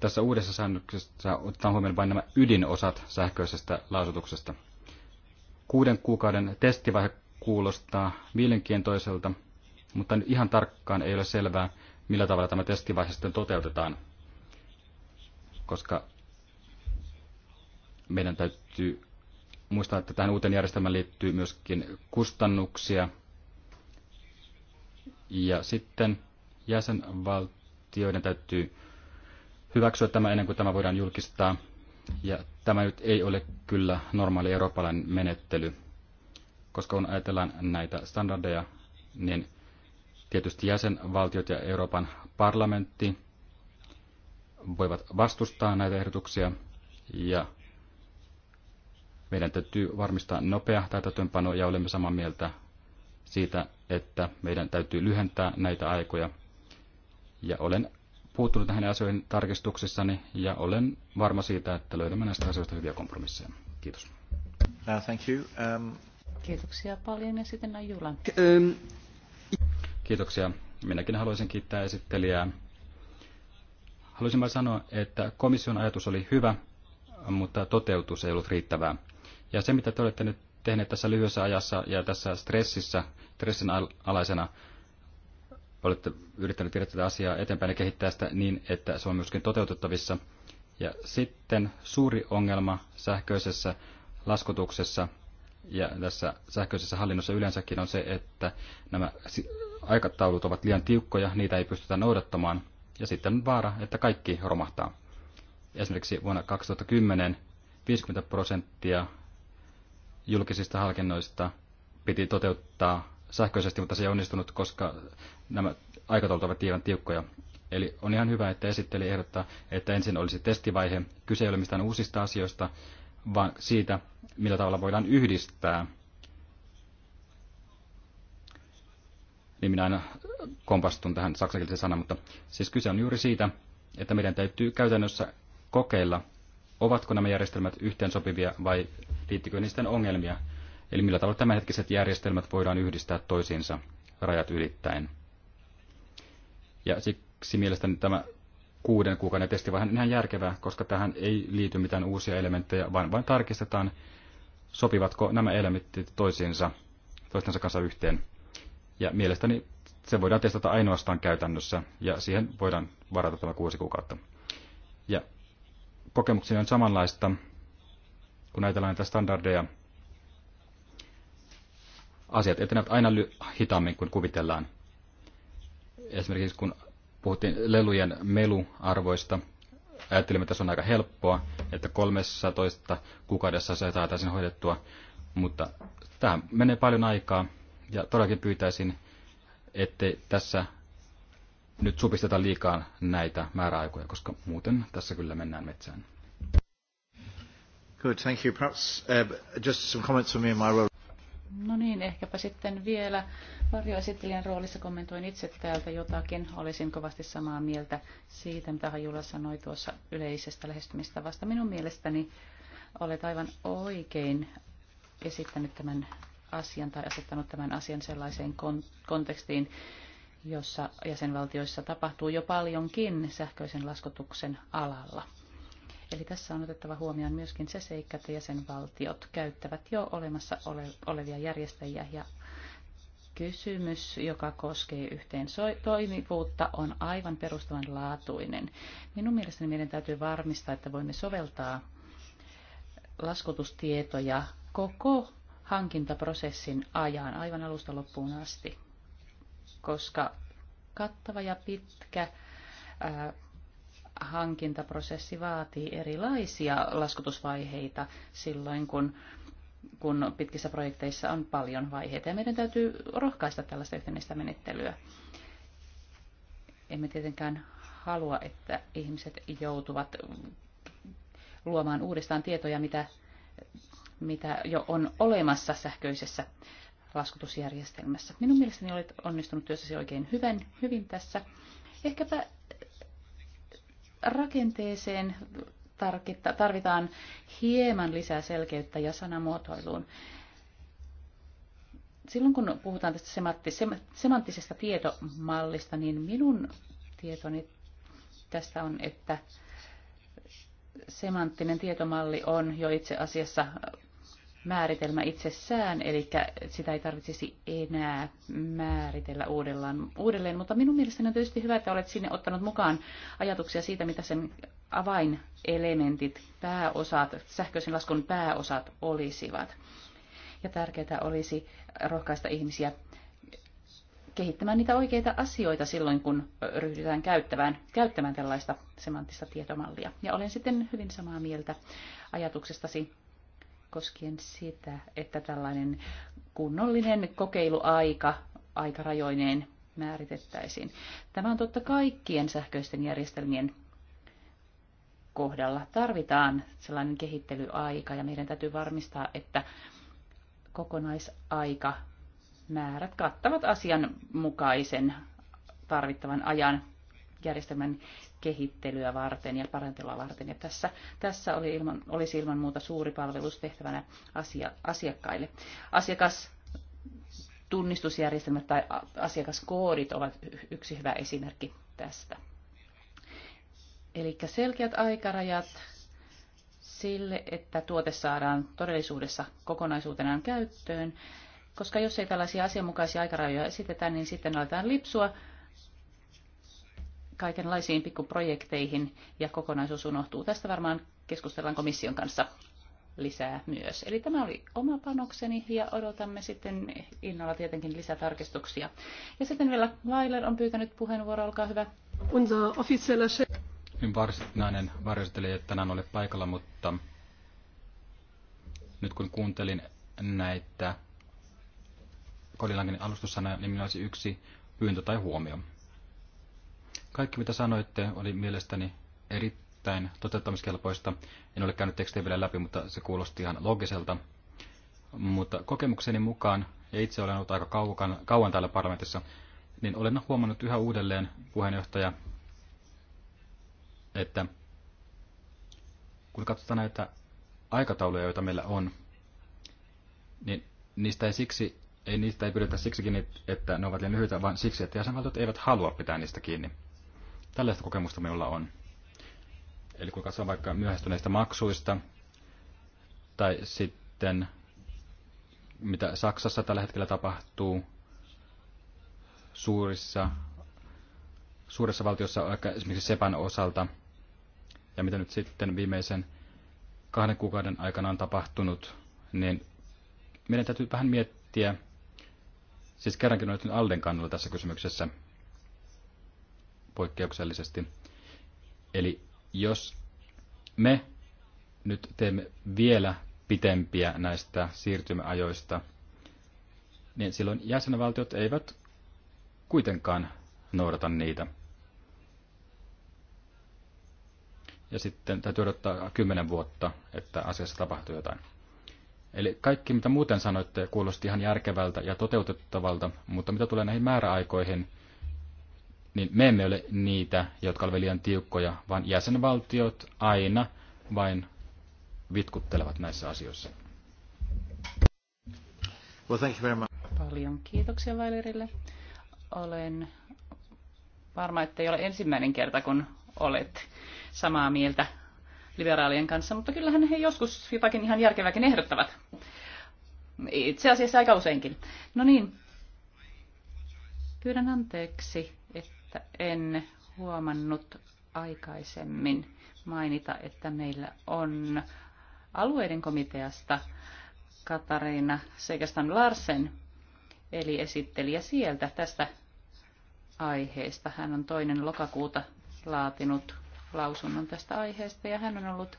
tässä uudessa säännöksessä otetaan huomioon vain nämä ydinosat sähköisestä lausutuksesta. Kuuden kuukauden testivaihe kuulostaa mielenkiintoiselta, mutta ihan tarkkaan ei ole selvää, millä tavalla tämä testivaihe sitten toteutetaan, koska meidän täytyy muistaa, että tähän uuteen järjestelmään liittyy myöskin kustannuksia. Ja sitten jäsenvaltioiden täytyy hyväksyä tämä ennen kuin tämä voidaan julkistaa. Ja tämä nyt ei ole kyllä normaali eurooppalainen menettely, koska kun ajatellaan näitä standardeja, niin tietysti jäsenvaltiot ja Euroopan parlamentti voivat vastustaa näitä ehdotuksia ja meidän täytyy varmistaa nopea täytäntöönpano ja olemme samaa mieltä siitä, että meidän täytyy lyhentää näitä aikoja – ja olen puuttunut näihin asioihin tarkistuksissani ja olen varma siitä, että löydämme näistä asioista hyviä kompromisseja. Kiitos. Uh, thank you. Um... Kiitoksia paljon ja sitten Najula. Um... Kiitoksia. Minäkin haluaisin kiittää esittelijää. Haluaisin vain sanoa, että komission ajatus oli hyvä, mutta toteutus ei ollut riittävää. Ja se, mitä te olette nyt tehneet tässä lyhyessä ajassa ja tässä stressissä, stressin alaisena, olette yrittäneet viedä tätä asiaa eteenpäin ja kehittää sitä niin, että se on myöskin toteutettavissa. Ja sitten suuri ongelma sähköisessä laskutuksessa ja tässä sähköisessä hallinnossa yleensäkin on se, että nämä aikataulut ovat liian tiukkoja, niitä ei pystytä noudattamaan, ja sitten on vaara, että kaikki romahtaa. Esimerkiksi vuonna 2010 50 prosenttia julkisista halkinnoista piti toteuttaa sähköisesti, mutta se ei onnistunut, koska nämä aikataulut ovat liian tiukkoja. Eli on ihan hyvä, että esitteli ehdottaa, että ensin olisi testivaihe. Kyse ei ole mistään uusista asioista, vaan siitä, millä tavalla voidaan yhdistää. Niin minä aina kompastun tähän saksankieliseen sanan, mutta siis kyse on juuri siitä, että meidän täytyy käytännössä kokeilla, ovatko nämä järjestelmät yhteensopivia vai liittyykö niistä ongelmia. Eli millä tavalla tämänhetkiset järjestelmät voidaan yhdistää toisiinsa rajat ylittäen. Ja siksi mielestäni tämä kuuden kuukauden testi vähän ihan järkevää, koska tähän ei liity mitään uusia elementtejä, vaan vain tarkistetaan, sopivatko nämä elementit toisiinsa, toistensa kanssa yhteen. Ja mielestäni se voidaan testata ainoastaan käytännössä, ja siihen voidaan varata tämä kuusi kuukautta. Ja kokemukseni on samanlaista, kun ajatellaan näitä standardeja. Asiat etenevät aina hitaammin kuin kuvitellaan esimerkiksi kun puhuttiin lelujen meluarvoista, ajattelimme, että se on aika helppoa, että 13 kuukaudessa se saataisiin hoidettua, mutta tähän menee paljon aikaa ja todellakin pyytäisin, ettei tässä nyt supisteta liikaa näitä määräaikoja, koska muuten tässä kyllä mennään metsään. Good, thank you. Perhaps uh, just some comments from me in my role. No niin, ehkäpä sitten vielä varjoesittelijän roolissa kommentoin itse täältä jotakin. Olisin kovasti samaa mieltä siitä, mitä Hajula sanoi tuossa yleisestä lähestymistavasta. Minun mielestäni olet aivan oikein esittänyt tämän asian tai asettanut tämän asian sellaiseen kon- kontekstiin, jossa jäsenvaltioissa tapahtuu jo paljonkin sähköisen laskutuksen alalla. Eli tässä on otettava huomioon myöskin se seikka, että jäsenvaltiot käyttävät jo olemassa ole- olevia järjestäjiä ja kysymys, joka koskee yhteen toimivuutta, on aivan perustavanlaatuinen. Minun mielestäni meidän täytyy varmistaa, että voimme soveltaa laskutustietoja koko hankintaprosessin ajan, aivan alusta loppuun asti, koska kattava ja pitkä ää, hankintaprosessi vaatii erilaisia laskutusvaiheita silloin, kun kun pitkissä projekteissa on paljon vaiheita. Ja meidän täytyy rohkaista tällaista yhtenäistä menettelyä. Emme tietenkään halua, että ihmiset joutuvat luomaan uudestaan tietoja, mitä, mitä jo on olemassa sähköisessä laskutusjärjestelmässä. Minun mielestäni olet onnistunut työssäsi oikein hyvän hyvin tässä. Ehkäpä rakenteeseen tarvitaan hieman lisää selkeyttä ja sanamuotoiluun. Silloin kun puhutaan tästä semanttisesta tietomallista, niin minun tietoni tästä on, että semanttinen tietomalli on jo itse asiassa määritelmä itsessään, eli sitä ei tarvitsisi enää määritellä uudellaan, uudelleen. Mutta minun mielestäni on tietysti hyvä, että olet sinne ottanut mukaan ajatuksia siitä, mitä sen avainelementit, pääosat, sähköisen laskun pääosat olisivat. Ja tärkeää olisi rohkaista ihmisiä kehittämään niitä oikeita asioita silloin, kun ryhdytään käyttämään, käyttämään tällaista semanttista tietomallia. Ja olen sitten hyvin samaa mieltä ajatuksestasi koskien sitä, että tällainen kunnollinen kokeiluaika aikarajoineen määritettäisiin. Tämä on totta kaikkien sähköisten järjestelmien kohdalla. Tarvitaan sellainen kehittelyaika ja meidän täytyy varmistaa, että kokonaisaika määrät kattavat asianmukaisen tarvittavan ajan järjestelmän kehittelyä varten ja parantelua varten. Ja tässä, tässä oli ilman, olisi ilman muuta suuri palvelus tehtävänä asia, asiakkaille. Asiakas tunnistusjärjestelmät tai asiakaskoodit ovat yksi hyvä esimerkki tästä. Eli selkeät aikarajat sille, että tuote saadaan todellisuudessa kokonaisuutenaan käyttöön, koska jos ei tällaisia asianmukaisia aikarajoja esitetä, niin sitten aletaan lipsua kaikenlaisiin pikkuprojekteihin ja kokonaisuus unohtuu. Tästä varmaan keskustellaan komission kanssa lisää myös. Eli tämä oli oma panokseni ja odotamme sitten innolla tietenkin lisätarkistuksia. Ja sitten vielä Weiler on pyytänyt puheenvuoro, olkaa hyvä. Unser varsinainen varjosteli, että tänään ole paikalla, mutta nyt kun kuuntelin näitä Kodilankin alustussanoja, niin minulla olisi yksi pyyntö tai huomio. Kaikki mitä sanoitte oli mielestäni erittäin toteuttamiskelpoista. En ole käynyt tekstejä vielä läpi, mutta se kuulosti ihan logiselta. Mutta kokemukseni mukaan, ja itse olen ollut aika kauan, kauan täällä parlamentissa, niin olen huomannut yhä uudelleen, puheenjohtaja, että kun katsotaan näitä aikatauluja, joita meillä on, niin niistä ei siksi, ei niistä ei pidetä siksikin, että ne ovat liian lyhyitä, vaan siksi, että jäsenvaltiot eivät halua pitää niistä kiinni. Tällaista kokemusta meillä on. Eli kun katsotaan vaikka myöhästyneistä maksuista, tai sitten mitä Saksassa tällä hetkellä tapahtuu suurissa, suuressa valtiossa, esimerkiksi Sepan osalta, ja mitä nyt sitten viimeisen kahden kuukauden aikana on tapahtunut, niin meidän täytyy vähän miettiä, siis kerrankin olen nyt Alden kannalla tässä kysymyksessä, poikkeuksellisesti. Eli jos me nyt teemme vielä pitempiä näistä siirtymäajoista, niin silloin jäsenvaltiot eivät kuitenkaan noudata niitä. Ja sitten täytyy odottaa kymmenen vuotta, että asiassa tapahtuu jotain. Eli kaikki, mitä muuten sanoitte, kuulosti ihan järkevältä ja toteutettavalta, mutta mitä tulee näihin määräaikoihin, niin me emme ole niitä, jotka ovat liian tiukkoja, vaan jäsenvaltiot aina vain vitkuttelevat näissä asioissa. Well, thank you very much. Paljon kiitoksia Valerille. Olen varma, että ei ole ensimmäinen kerta, kun olet samaa mieltä liberaalien kanssa, mutta kyllähän he joskus jotakin ihan järkevääkin ehdottavat. Itse asiassa aika useinkin. No niin, pyydän anteeksi että en huomannut aikaisemmin mainita, että meillä on alueiden komiteasta Katariina Segestan Larsen, eli esittelijä sieltä tästä aiheesta. Hän on toinen lokakuuta laatinut lausunnon tästä aiheesta ja hän on ollut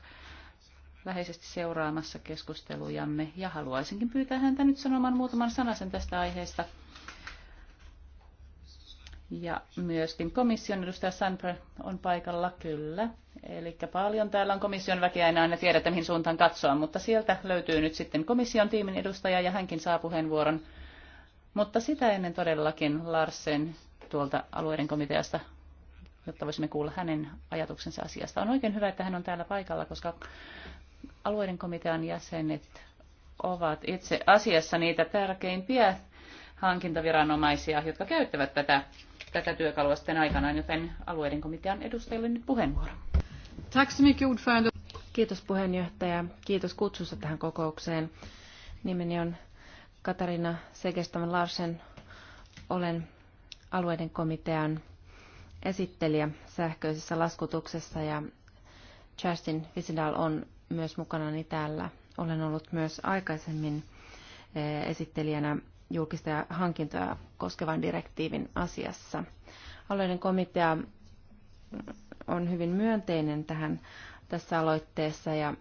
läheisesti seuraamassa keskustelujamme ja haluaisinkin pyytää häntä nyt sanomaan muutaman sanasen tästä aiheesta ja myöskin komission edustaja Sanper on paikalla, kyllä. Eli paljon täällä on komission väkeä, en aina tiedä, että mihin suuntaan katsoa, mutta sieltä löytyy nyt sitten komission tiimin edustaja ja hänkin saa puheenvuoron. Mutta sitä ennen todellakin Larsen tuolta alueiden komiteasta, jotta voisimme kuulla hänen ajatuksensa asiasta. On oikein hyvä, että hän on täällä paikalla, koska alueiden komitean jäsenet ovat itse asiassa niitä tärkeimpiä hankintaviranomaisia, jotka käyttävät tätä, tätä työkalua sitten aikanaan, joten alueiden komitean edustajille nyt puheenvuoro. Kiitos puheenjohtaja. Kiitos kutsusta tähän kokoukseen. Nimeni on Katarina Segestaman Larsen. Olen alueiden komitean esittelijä sähköisessä laskutuksessa ja Justin Visidal on myös mukana täällä. Olen ollut myös aikaisemmin eh, esittelijänä julkista hankintoja koskevan direktiivin asiassa. Alueiden komitea on hyvin myönteinen tähän tässä aloitteessa ja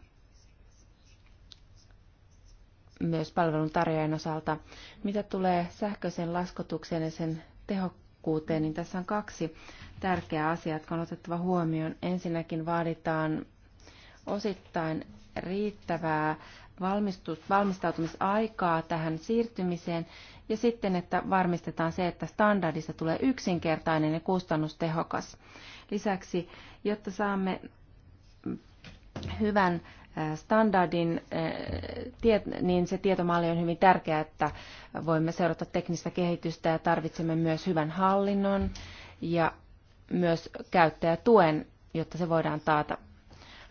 myös palvelun osalta. Mitä tulee sähköiseen laskutukseen ja sen tehokkuuteen, niin tässä on kaksi tärkeää asiaa, jotka on otettava huomioon. Ensinnäkin vaaditaan osittain riittävää valmistautumisaikaa tähän siirtymiseen ja sitten, että varmistetaan se, että standardista tulee yksinkertainen ja kustannustehokas. Lisäksi, jotta saamme hyvän äh, standardin, äh, niin se tietomalli on hyvin tärkeää, että voimme seurata teknistä kehitystä ja tarvitsemme myös hyvän hallinnon ja myös käyttäjätuen, jotta se voidaan taata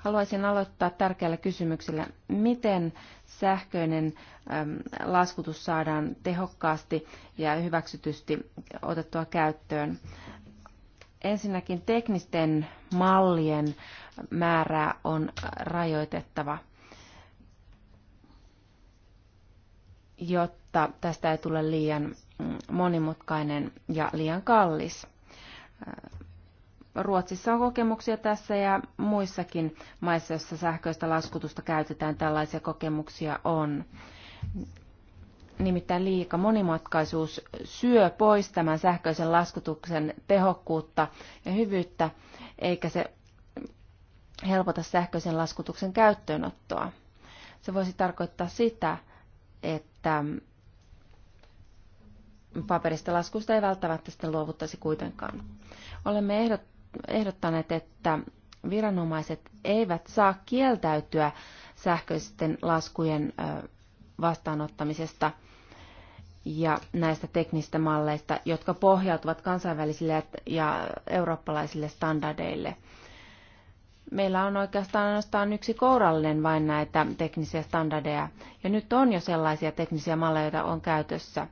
Haluaisin aloittaa tärkeällä kysymyksellä, miten sähköinen laskutus saadaan tehokkaasti ja hyväksytysti otettua käyttöön. Ensinnäkin teknisten mallien määrää on rajoitettava, jotta tästä ei tule liian mm, monimutkainen ja liian kallis Ruotsissa on kokemuksia tässä ja muissakin maissa, joissa sähköistä laskutusta käytetään, tällaisia kokemuksia on. Nimittäin liika monimutkaisuus syö pois tämän sähköisen laskutuksen tehokkuutta ja hyvyyttä, eikä se helpota sähköisen laskutuksen käyttöönottoa. Se voisi tarkoittaa sitä, että paperista laskusta ei välttämättä sitten luovuttaisi kuitenkaan. Olemme ehdot, ehdottaneet, että viranomaiset eivät saa kieltäytyä sähköisten laskujen vastaanottamisesta ja näistä teknistä malleista, jotka pohjautuvat kansainvälisille ja eurooppalaisille standardeille. Meillä on oikeastaan ainoastaan yksi kourallinen vain näitä teknisiä standardeja, ja nyt on jo sellaisia teknisiä malleja, joita on käytössä.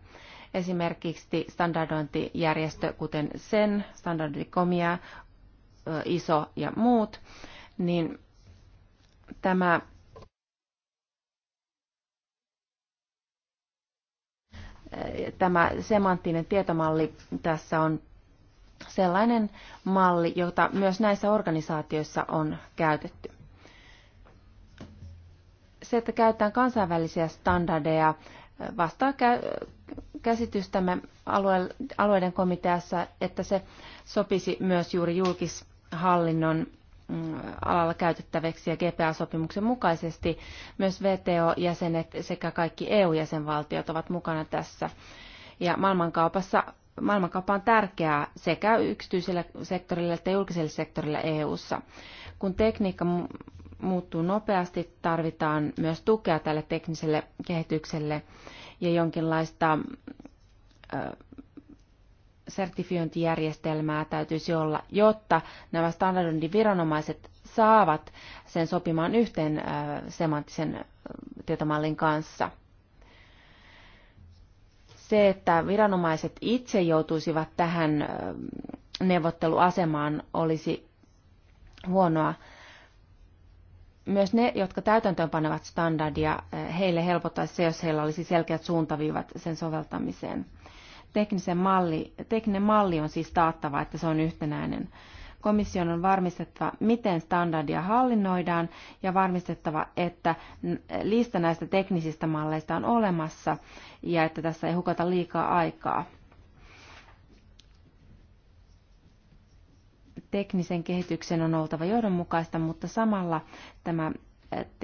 Esimerkiksi standardointijärjestö, kuten SEN, standardikomia, ISO ja muut, niin tämä tämä semanttinen tietomalli tässä on sellainen malli, jota myös näissä organisaatioissa on käytetty. Se, että käytetään kansainvälisiä standardeja, vastaa käsitystämme alueiden komiteassa, että se sopisi myös juuri julkis- hallinnon mm, alalla käytettäväksi ja GPA-sopimuksen mukaisesti. Myös VTO-jäsenet sekä kaikki EU-jäsenvaltiot ovat mukana tässä. Ja maailmankaupassa maailmankauppa on tärkeää sekä yksityisellä sektorilla että sektorille sektorilla EU:ssa. Kun tekniikka muuttuu nopeasti, tarvitaan myös tukea tälle tekniselle kehitykselle ja jonkinlaista sertifiointijärjestelmää täytyisi olla, jotta nämä standardointiviranomaiset saavat sen sopimaan yhteen äh, semanttisen äh, tietomallin kanssa. Se, että viranomaiset itse joutuisivat tähän äh, neuvotteluasemaan, olisi huonoa. Myös ne, jotka täytäntöön panevat standardia, heille helpottaisi se, jos heillä olisi selkeät suuntaviivat sen soveltamiseen – Teknisen malli, tekninen malli on siis taattava, että se on yhtenäinen. Komission on varmistettava, miten standardia hallinnoidaan ja varmistettava, että lista näistä teknisistä malleista on olemassa ja että tässä ei hukata liikaa aikaa. Teknisen kehityksen on oltava johdonmukaista, mutta samalla tämä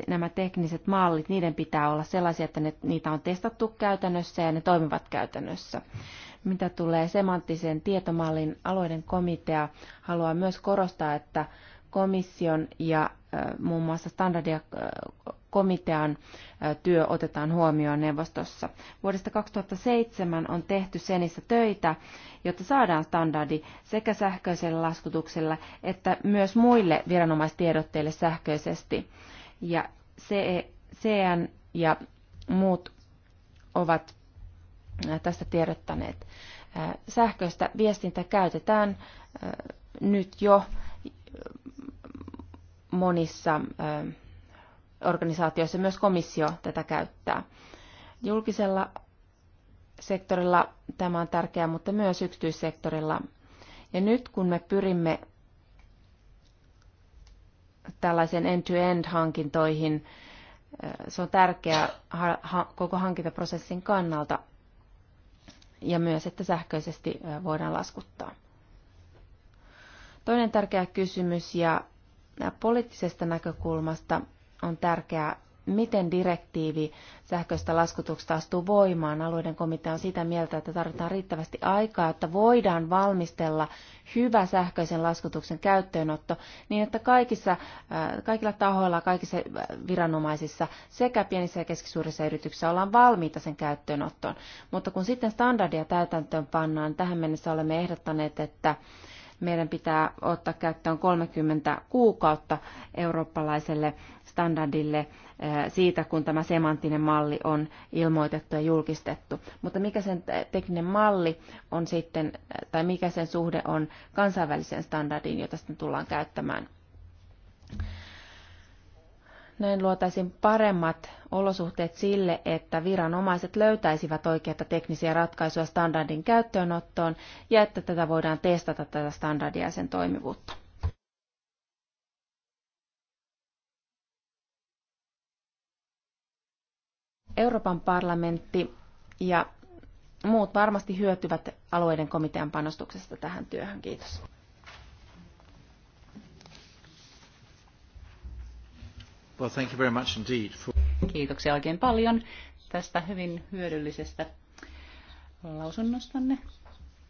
nämä tekniset mallit, niiden pitää olla sellaisia, että ne, niitä on testattu käytännössä ja ne toimivat käytännössä. Mitä tulee semanttisen tietomallin aloiden komitea, haluaa myös korostaa, että komission ja muun muassa standardia komitean työ otetaan huomioon neuvostossa. Vuodesta 2007 on tehty senissä töitä, jotta saadaan standardi sekä sähköisellä laskutuksella että myös muille viranomaistiedotteille sähköisesti ja CN ja muut ovat äh, tästä tiedottaneet. Äh, sähköistä viestintää käytetään äh, nyt jo monissa organisaatioissa, myös komissio tätä käyttää. Julkisella sektorilla tämä on tärkeää, mutta myös yksityissektorilla. Ja nyt kun me pyrimme tällaisen end-to-end-hankintoihin. Se on tärkeää koko hankintaprosessin kannalta ja myös, että sähköisesti voidaan laskuttaa. Toinen tärkeä kysymys ja poliittisesta näkökulmasta on tärkeää miten direktiivi sähköistä laskutuksesta astuu voimaan. Alueiden komitea on sitä mieltä, että tarvitaan riittävästi aikaa, että voidaan valmistella hyvä sähköisen laskutuksen käyttöönotto niin, että kaikissa, äh, kaikilla tahoilla, kaikissa viranomaisissa sekä pienissä ja keskisuurissa yrityksissä ollaan valmiita sen käyttöönottoon. Mutta kun sitten standardia täytäntöön pannaan, tähän mennessä olemme ehdottaneet, että meidän pitää ottaa käyttöön 30 kuukautta eurooppalaiselle standardille eh, siitä, kun tämä semanttinen malli on ilmoitettu ja julkistettu. Mutta mikä sen tekninen malli on sitten, eh, tai mikä sen suhde on kansainväliseen standardiin, jota sitten tullaan käyttämään. Näin luotaisiin paremmat olosuhteet sille, että viranomaiset löytäisivät oikeita teknisiä ratkaisuja standardin käyttöönottoon ja että tätä voidaan testata tätä standardia ja sen toimivuutta. Euroopan parlamentti ja muut varmasti hyötyvät alueiden komitean panostuksesta tähän työhön. Kiitos. Well, thank you very much indeed for... Kiitoksia oikein paljon tästä hyvin hyödyllisestä lausunnostanne.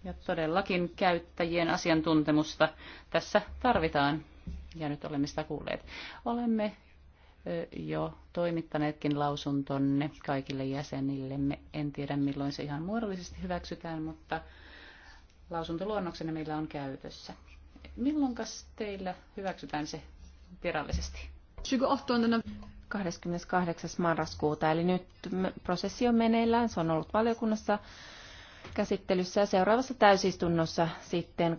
Ja todellakin käyttäjien asiantuntemusta tässä tarvitaan, ja nyt olemme sitä kuulleet. Olemme jo toimittaneetkin lausuntonne kaikille jäsenillemme. En tiedä milloin se ihan muodollisesti hyväksytään, mutta lausuntoluonnoksenne meillä on käytössä. Milloin teillä hyväksytään se virallisesti? 28. marraskuuta, eli nyt prosessi on meneillään, se on ollut valiokunnassa käsittelyssä ja seuraavassa täysistunnossa sitten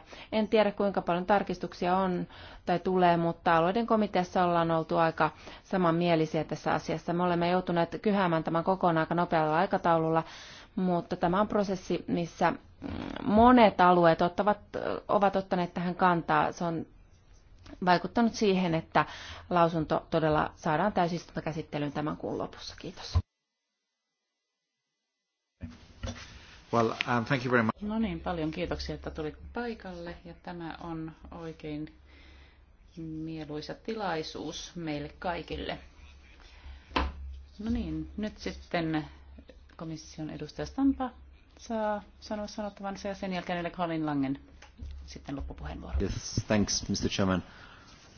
28.11. En tiedä kuinka paljon tarkistuksia on tai tulee, mutta alueiden komiteassa ollaan oltu aika samanmielisiä tässä asiassa. Me olemme joutuneet kyhäämään tämän kokonaan aika nopealla aikataululla, mutta tämä on prosessi, missä mm, monet alueet ottavat, ovat ottaneet tähän kantaa. Se on vaikuttanut siihen, että lausunto todella saadaan täysistuntokäsittelyyn tämän kuun lopussa. Kiitos. Well, um, thank you very much. No niin, paljon kiitoksia, että tulit paikalle ja tämä on oikein mieluisa tilaisuus meille kaikille. No niin, nyt sitten komission edustaja Stampa saa sanoa sanottavansa ja sen jälkeen Ele Colin Langen sitten loppupuheenvuoro. Yes, thanks, Mr. Chairman.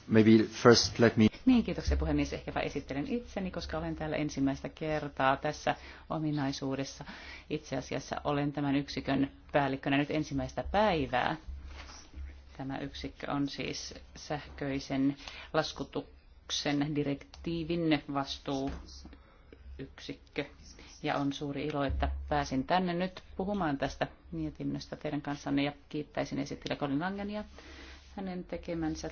Maybe first let me... Niin, kiitoksia puhemies. Ehkäpä esittelen itseni, koska olen täällä ensimmäistä kertaa tässä ominaisuudessa. Itse asiassa olen tämän yksikön päällikkönä nyt ensimmäistä päivää. Tämä yksikkö on siis sähköisen laskutuksen direktiivin vastuuyksikkö. Ja on suuri ilo, että pääsin tänne nyt puhumaan tästä mietinnöstä teidän kanssanne ja kiittäisin esittelijä Colin Langenia hänen tekemänsä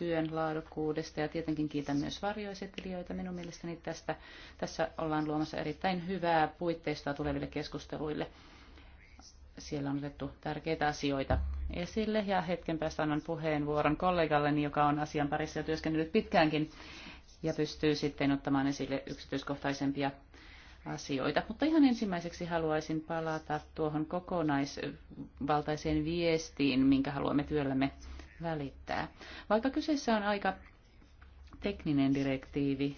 työn laadukkuudesta ja tietenkin kiitän myös varjoesittelijöitä. Minun mielestäni tästä, tässä ollaan luomassa erittäin hyvää puitteistoa tuleville keskusteluille. Siellä on otettu tärkeitä asioita esille ja hetken päästä annan puheenvuoron kollegalleni, joka on asian parissa jo työskennellyt pitkäänkin ja pystyy sitten ottamaan esille yksityiskohtaisempia asioita. Mutta ihan ensimmäiseksi haluaisin palata tuohon kokonaisvaltaiseen viestiin, minkä haluamme työllämme välittää. Vaikka kyseessä on aika tekninen direktiivi,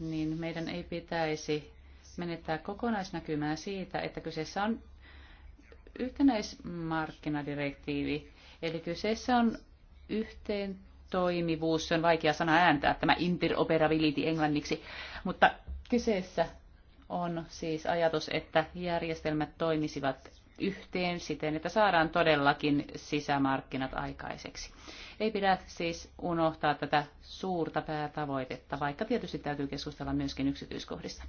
niin meidän ei pitäisi menettää kokonaisnäkymää siitä, että kyseessä on yhtenäismarkkinadirektiivi. Eli kyseessä on yhteen toimivuus, se on vaikea sana ääntää, tämä interoperability englanniksi, mutta kyseessä on siis ajatus, että järjestelmät toimisivat yhteen siten, että saadaan todellakin sisämarkkinat aikaiseksi. Ei pidä siis unohtaa tätä suurta päätavoitetta, vaikka tietysti täytyy keskustella myöskin yksityiskohdista.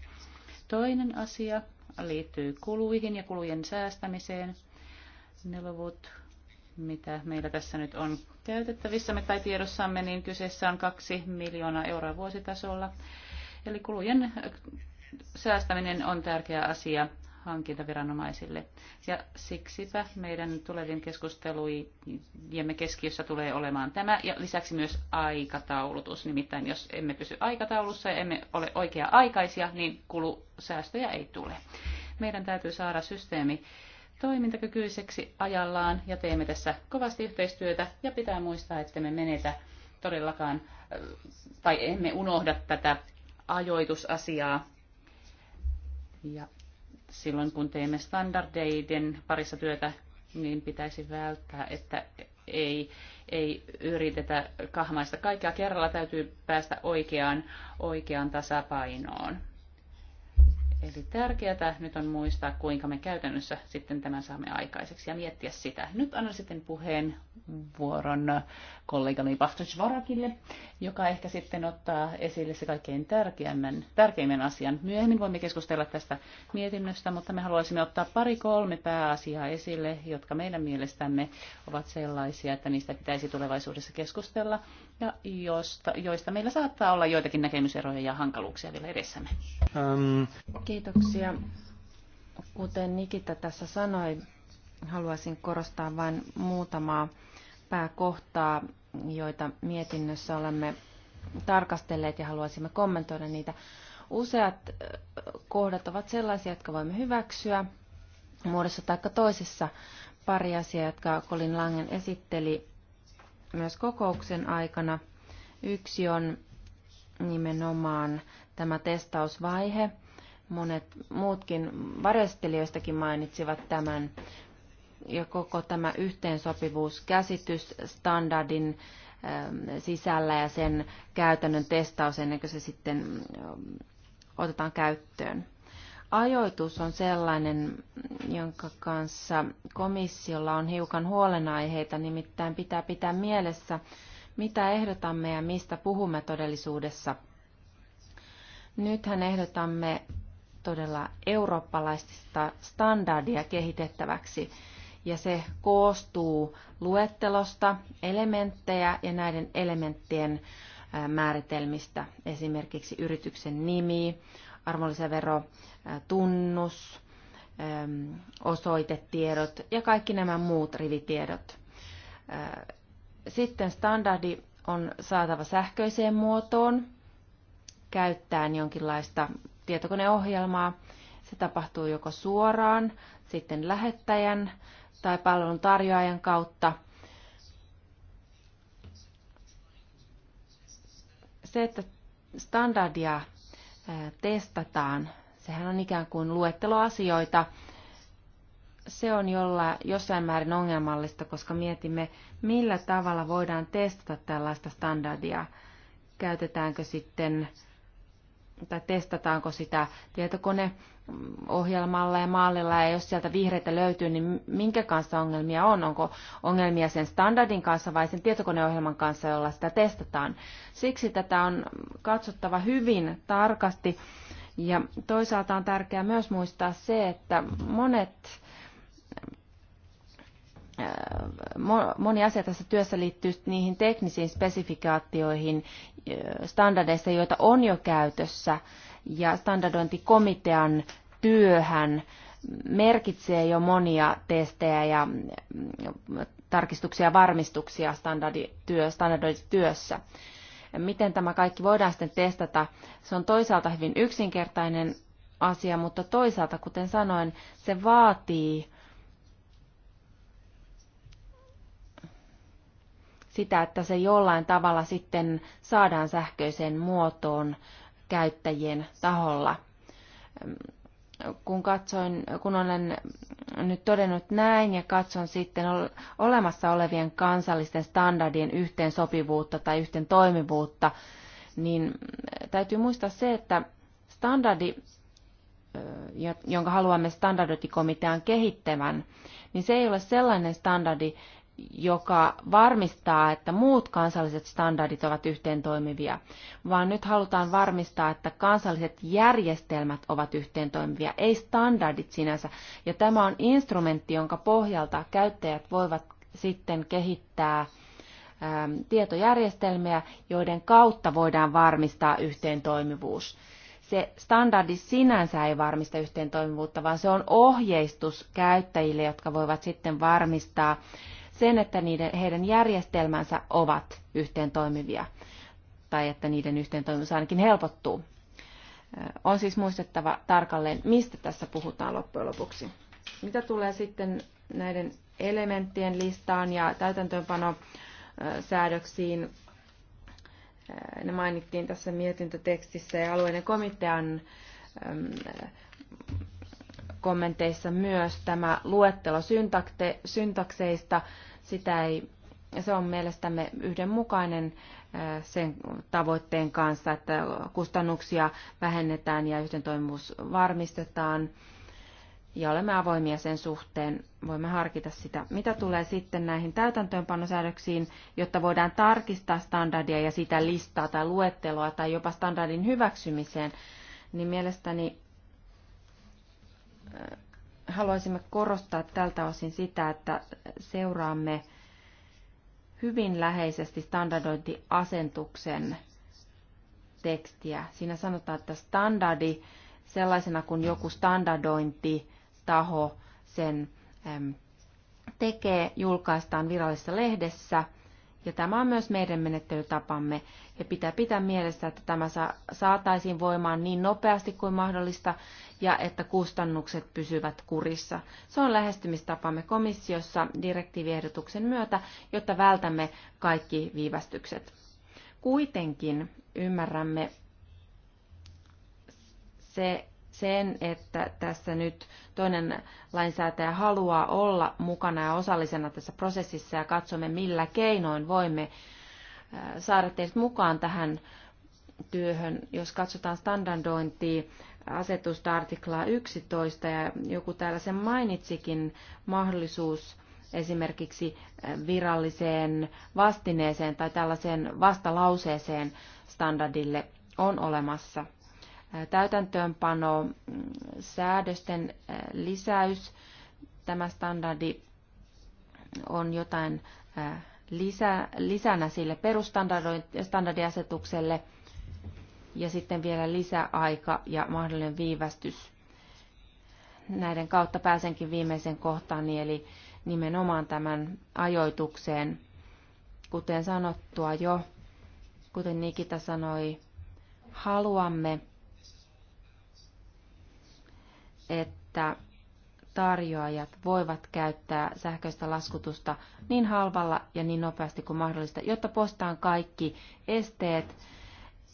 Toinen asia liittyy kuluihin ja kulujen säästämiseen. Ne luvut, mitä meillä tässä nyt on käytettävissämme tai tiedossamme, niin kyseessä on kaksi miljoonaa euroa vuositasolla. Eli kulujen säästäminen on tärkeä asia hankintaviranomaisille. Ja siksipä meidän tulevien keskustelujemme keskiössä tulee olemaan tämä ja lisäksi myös aikataulutus. Nimittäin jos emme pysy aikataulussa ja emme ole oikea-aikaisia, niin kulusäästöjä ei tule. Meidän täytyy saada systeemi toimintakykyiseksi ajallaan ja teemme tässä kovasti yhteistyötä ja pitää muistaa, että me menetä todellakaan tai emme unohda tätä ajoitusasiaa. Ja silloin kun teemme standardeiden parissa työtä, niin pitäisi välttää, että ei, ei yritetä kahmaista kaikkea kerralla, täytyy päästä oikeaan, oikeaan tasapainoon. Eli tärkeää nyt on muistaa, kuinka me käytännössä sitten tämän saamme aikaiseksi ja miettiä sitä. Nyt annan sitten puheen vuoron kollegani Bastos Varakille, joka ehkä sitten ottaa esille se kaikkein tärkeimmän, tärkeimmän asian. Myöhemmin voimme keskustella tästä mietinnöstä, mutta me haluaisimme ottaa pari-kolme pääasiaa esille, jotka meidän mielestämme ovat sellaisia, että niistä pitäisi tulevaisuudessa keskustella ja josta, joista meillä saattaa olla joitakin näkemyseroja ja hankaluuksia vielä edessämme. Um. Kiitoksia. Kuten Nikita tässä sanoi, haluaisin korostaa vain muutamaa pääkohtaa, joita mietinnössä olemme tarkastelleet ja haluaisimme kommentoida niitä. Useat kohdat ovat sellaisia, jotka voimme hyväksyä muodossa tai toisessa. Pari asiaa, jotka Colin Langen esitteli myös kokouksen aikana. Yksi on nimenomaan tämä testausvaihe – Monet muutkin varjostelijoistakin mainitsivat tämän. Ja koko tämä yhteensopivuuskäsitys standardin ähm, sisällä ja sen käytännön testaus ennen kuin se sitten ähm, otetaan käyttöön. Ajoitus on sellainen, jonka kanssa komissiolla on hiukan huolenaiheita, nimittäin pitää pitää mielessä, mitä ehdotamme ja mistä puhumme todellisuudessa. Nythän ehdotamme todella eurooppalaista standardia kehitettäväksi. Ja se koostuu luettelosta elementtejä ja näiden elementtien määritelmistä, esimerkiksi yrityksen nimi, arvonlisäverotunnus, osoitetiedot ja kaikki nämä muut rivitiedot. Sitten standardi on saatava sähköiseen muotoon käyttäen jonkinlaista tietokoneohjelmaa. Se tapahtuu joko suoraan, sitten lähettäjän tai palvelun tarjoajan kautta. Se, että standardia testataan, sehän on ikään kuin luetteloasioita. Se on jolla, jossain määrin ongelmallista, koska mietimme, millä tavalla voidaan testata tällaista standardia. Käytetäänkö sitten tai testataanko sitä tietokoneohjelmalla ja mallilla, ja jos sieltä vihreitä löytyy, niin minkä kanssa ongelmia on? Onko ongelmia sen standardin kanssa vai sen tietokoneohjelman kanssa, jolla sitä testataan? Siksi tätä on katsottava hyvin tarkasti, ja toisaalta on tärkeää myös muistaa se, että monet moni asia tässä työssä liittyy niihin teknisiin spesifikaatioihin standardeista, joita on jo käytössä, ja standardointikomitean työhän merkitsee jo monia testejä ja mm, tarkistuksia ja varmistuksia standardityö, standardointityössä. Miten tämä kaikki voidaan sitten testata? Se on toisaalta hyvin yksinkertainen asia, mutta toisaalta, kuten sanoin, se vaatii sitä, että se jollain tavalla sitten saadaan sähköiseen muotoon käyttäjien taholla. Kun, katsoin, kun olen nyt todennut näin ja katson sitten olemassa olevien kansallisten standardien yhteensopivuutta tai yhteen toimivuutta, niin täytyy muistaa se, että standardi, jonka haluamme standarditikomitean kehittävän, niin se ei ole sellainen standardi, joka varmistaa, että muut kansalliset standardit ovat yhteen toimivia, vaan nyt halutaan varmistaa, että kansalliset järjestelmät ovat yhteen toimivia, ei standardit sinänsä. Ja tämä on instrumentti, jonka pohjalta käyttäjät voivat sitten kehittää ähm, tietojärjestelmiä, joiden kautta voidaan varmistaa yhteentoimivuus. Se standardi sinänsä ei varmista yhteentoimivuutta, vaan se on ohjeistus käyttäjille, jotka voivat sitten varmistaa sen, että niiden, heidän järjestelmänsä ovat yhteen toimivia tai että niiden yhteen toimivuus ainakin helpottuu. On siis muistettava tarkalleen, mistä tässä puhutaan loppujen lopuksi. Mitä tulee sitten näiden elementtien listaan ja täytäntöönpanosäädöksiin, ne mainittiin tässä mietintötekstissä ja alueiden komitean kommenteissa myös tämä luettelo syntakte, syntakseista. Sitä ei, se on mielestämme yhdenmukainen sen tavoitteen kanssa, että kustannuksia vähennetään ja toimivuus varmistetaan. Ja olemme avoimia sen suhteen, voimme harkita sitä, mitä tulee sitten näihin täytäntöönpanosäädöksiin, jotta voidaan tarkistaa standardia ja sitä listaa tai luetteloa tai jopa standardin hyväksymiseen, niin mielestäni haluaisimme korostaa tältä osin sitä, että seuraamme hyvin läheisesti standardointiasentuksen tekstiä. Siinä sanotaan, että standardi sellaisena kuin joku standardointitaho sen tekee, julkaistaan virallisessa lehdessä ja tämä on myös meidän menettelytapamme. Ja pitää pitää mielessä, että tämä saataisiin voimaan niin nopeasti kuin mahdollista ja että kustannukset pysyvät kurissa. Se on lähestymistapamme komissiossa direktiiviehdotuksen myötä, jotta vältämme kaikki viivästykset. Kuitenkin ymmärrämme se, sen, että tässä nyt toinen lainsäätäjä haluaa olla mukana ja osallisena tässä prosessissa ja katsomme, millä keinoin voimme äh, saada teidät mukaan tähän työhön. Jos katsotaan standardointia, asetusta artiklaa 11 ja joku täällä sen mainitsikin, mahdollisuus esimerkiksi äh, viralliseen vastineeseen tai tällaiseen vastalauseeseen standardille on olemassa täytäntöönpano mm, säädösten lisäys. Tämä standardi on jotain lisä, lisänä sille perustandardiasetukselle ja sitten vielä lisäaika ja mahdollinen viivästys. Näiden kautta pääsenkin viimeisen kohtaan, eli nimenomaan tämän ajoitukseen. Kuten sanottua jo, kuten Nikita sanoi, haluamme että tarjoajat voivat käyttää sähköistä laskutusta niin halvalla ja niin nopeasti kuin mahdollista, jotta postaan kaikki esteet,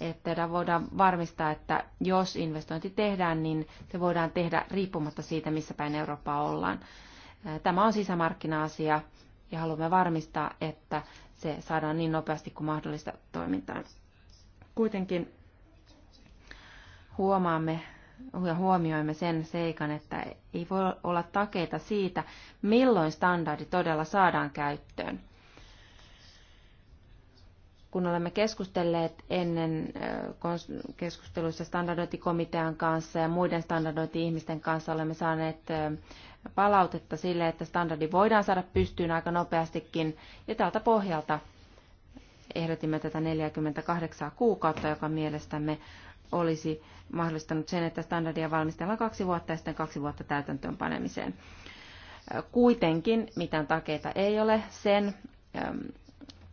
että voidaan varmistaa, että jos investointi tehdään, niin se voidaan tehdä riippumatta siitä, missä päin Eurooppaa ollaan. Tämä on sisämarkkina-asia ja haluamme varmistaa, että se saadaan niin nopeasti kuin mahdollista toimintaan. Kuitenkin huomaamme, ja huomioimme sen seikan, että ei voi olla takeita siitä, milloin standardi todella saadaan käyttöön. Kun olemme keskustelleet ennen keskusteluissa standardointikomitean kanssa ja muiden standardointi-ihmisten kanssa, olemme saaneet palautetta sille, että standardi voidaan saada pystyyn aika nopeastikin. Ja tältä pohjalta ehdotimme tätä 48 kuukautta, joka mielestämme olisi mahdollistanut sen, että standardia valmistellaan kaksi vuotta ja sitten kaksi vuotta täytäntöön panemiseen. Kuitenkin mitään takeita ei ole sen, ähm,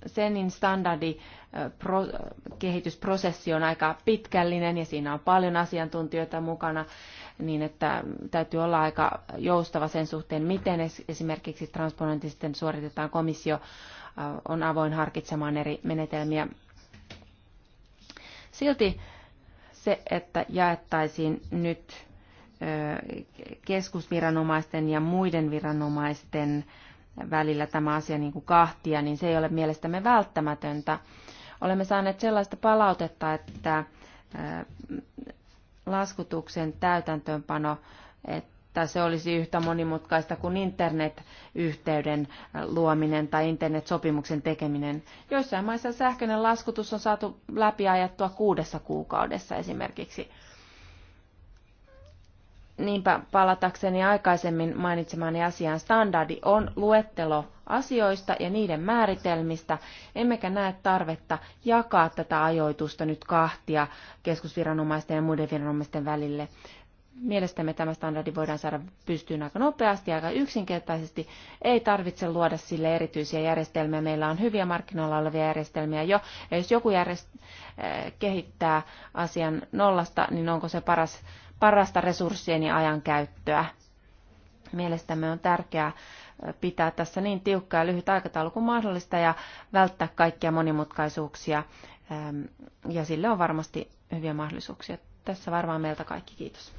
senin standardi äh, kehitysprosessi on aika pitkällinen ja siinä on paljon asiantuntijoita mukana, niin että täytyy olla aika joustava sen suhteen, miten esimerkiksi transponointi sitten suoritetaan. Komissio äh, on avoin harkitsemaan eri menetelmiä. Silti se, että jaettaisiin nyt keskusviranomaisten ja muiden viranomaisten välillä tämä asia niin kuin kahtia, niin se ei ole mielestämme välttämätöntä. Olemme saaneet sellaista palautetta, että laskutuksen täytäntöönpano, että että se olisi yhtä monimutkaista kuin internetyhteyden äh, luominen tai internetsopimuksen tekeminen. Joissain maissa sähköinen laskutus on saatu läpi ajattua kuudessa kuukaudessa esimerkiksi. Niinpä palatakseni aikaisemmin mainitsemani asiaan standardi on luettelo asioista ja niiden määritelmistä, emmekä näe tarvetta jakaa tätä ajoitusta nyt kahtia keskusviranomaisten ja muiden viranomaisten välille. Mielestämme tämä standardi voidaan saada pystyyn aika nopeasti ja aika yksinkertaisesti. Ei tarvitse luoda sille erityisiä järjestelmiä. Meillä on hyviä markkinoilla olevia järjestelmiä jo. Ja jos joku järjest- eh, kehittää asian nollasta, niin onko se paras, parasta resurssien ja ajan käyttöä? Mielestämme on tärkeää eh, pitää tässä niin tiukka ja lyhyt aikataulu kuin mahdollista ja välttää kaikkia monimutkaisuuksia. Ehm, ja sille on varmasti hyviä mahdollisuuksia. Tässä varmaan meiltä kaikki. Kiitos.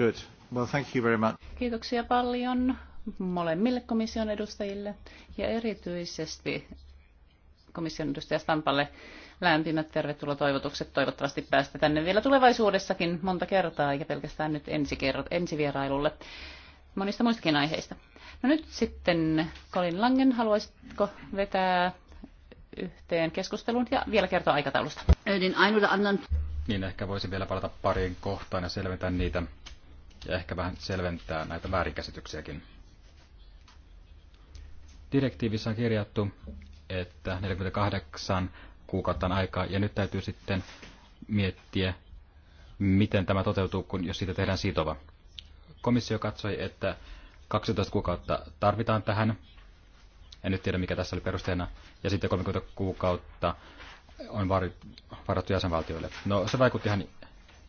Good. Well, thank you very much. Kiitoksia paljon molemmille komission edustajille ja erityisesti komission edustaja Stampalle lämpimät tervetuloa toivotukset. Toivottavasti päästä tänne vielä tulevaisuudessakin monta kertaa, eikä pelkästään nyt ensi ensi ensivierailulle monista muistakin aiheista. No nyt sitten Colin Langen, haluaisitko vetää yhteen keskustelun ja vielä kertoa aikataulusta? Niin, niin ehkä voisin vielä palata pariin kohtaan ja selventää niitä ja ehkä vähän selventää näitä väärinkäsityksiäkin. Direktiivissä on kirjattu, että 48 kuukautta on aikaa, ja nyt täytyy sitten miettiä, miten tämä toteutuu, kun jos siitä tehdään sitova. Komissio katsoi, että 12 kuukautta tarvitaan tähän, en nyt tiedä mikä tässä oli perusteena, ja sitten 30 kuukautta on varattu jäsenvaltioille. No se vaikutti ihan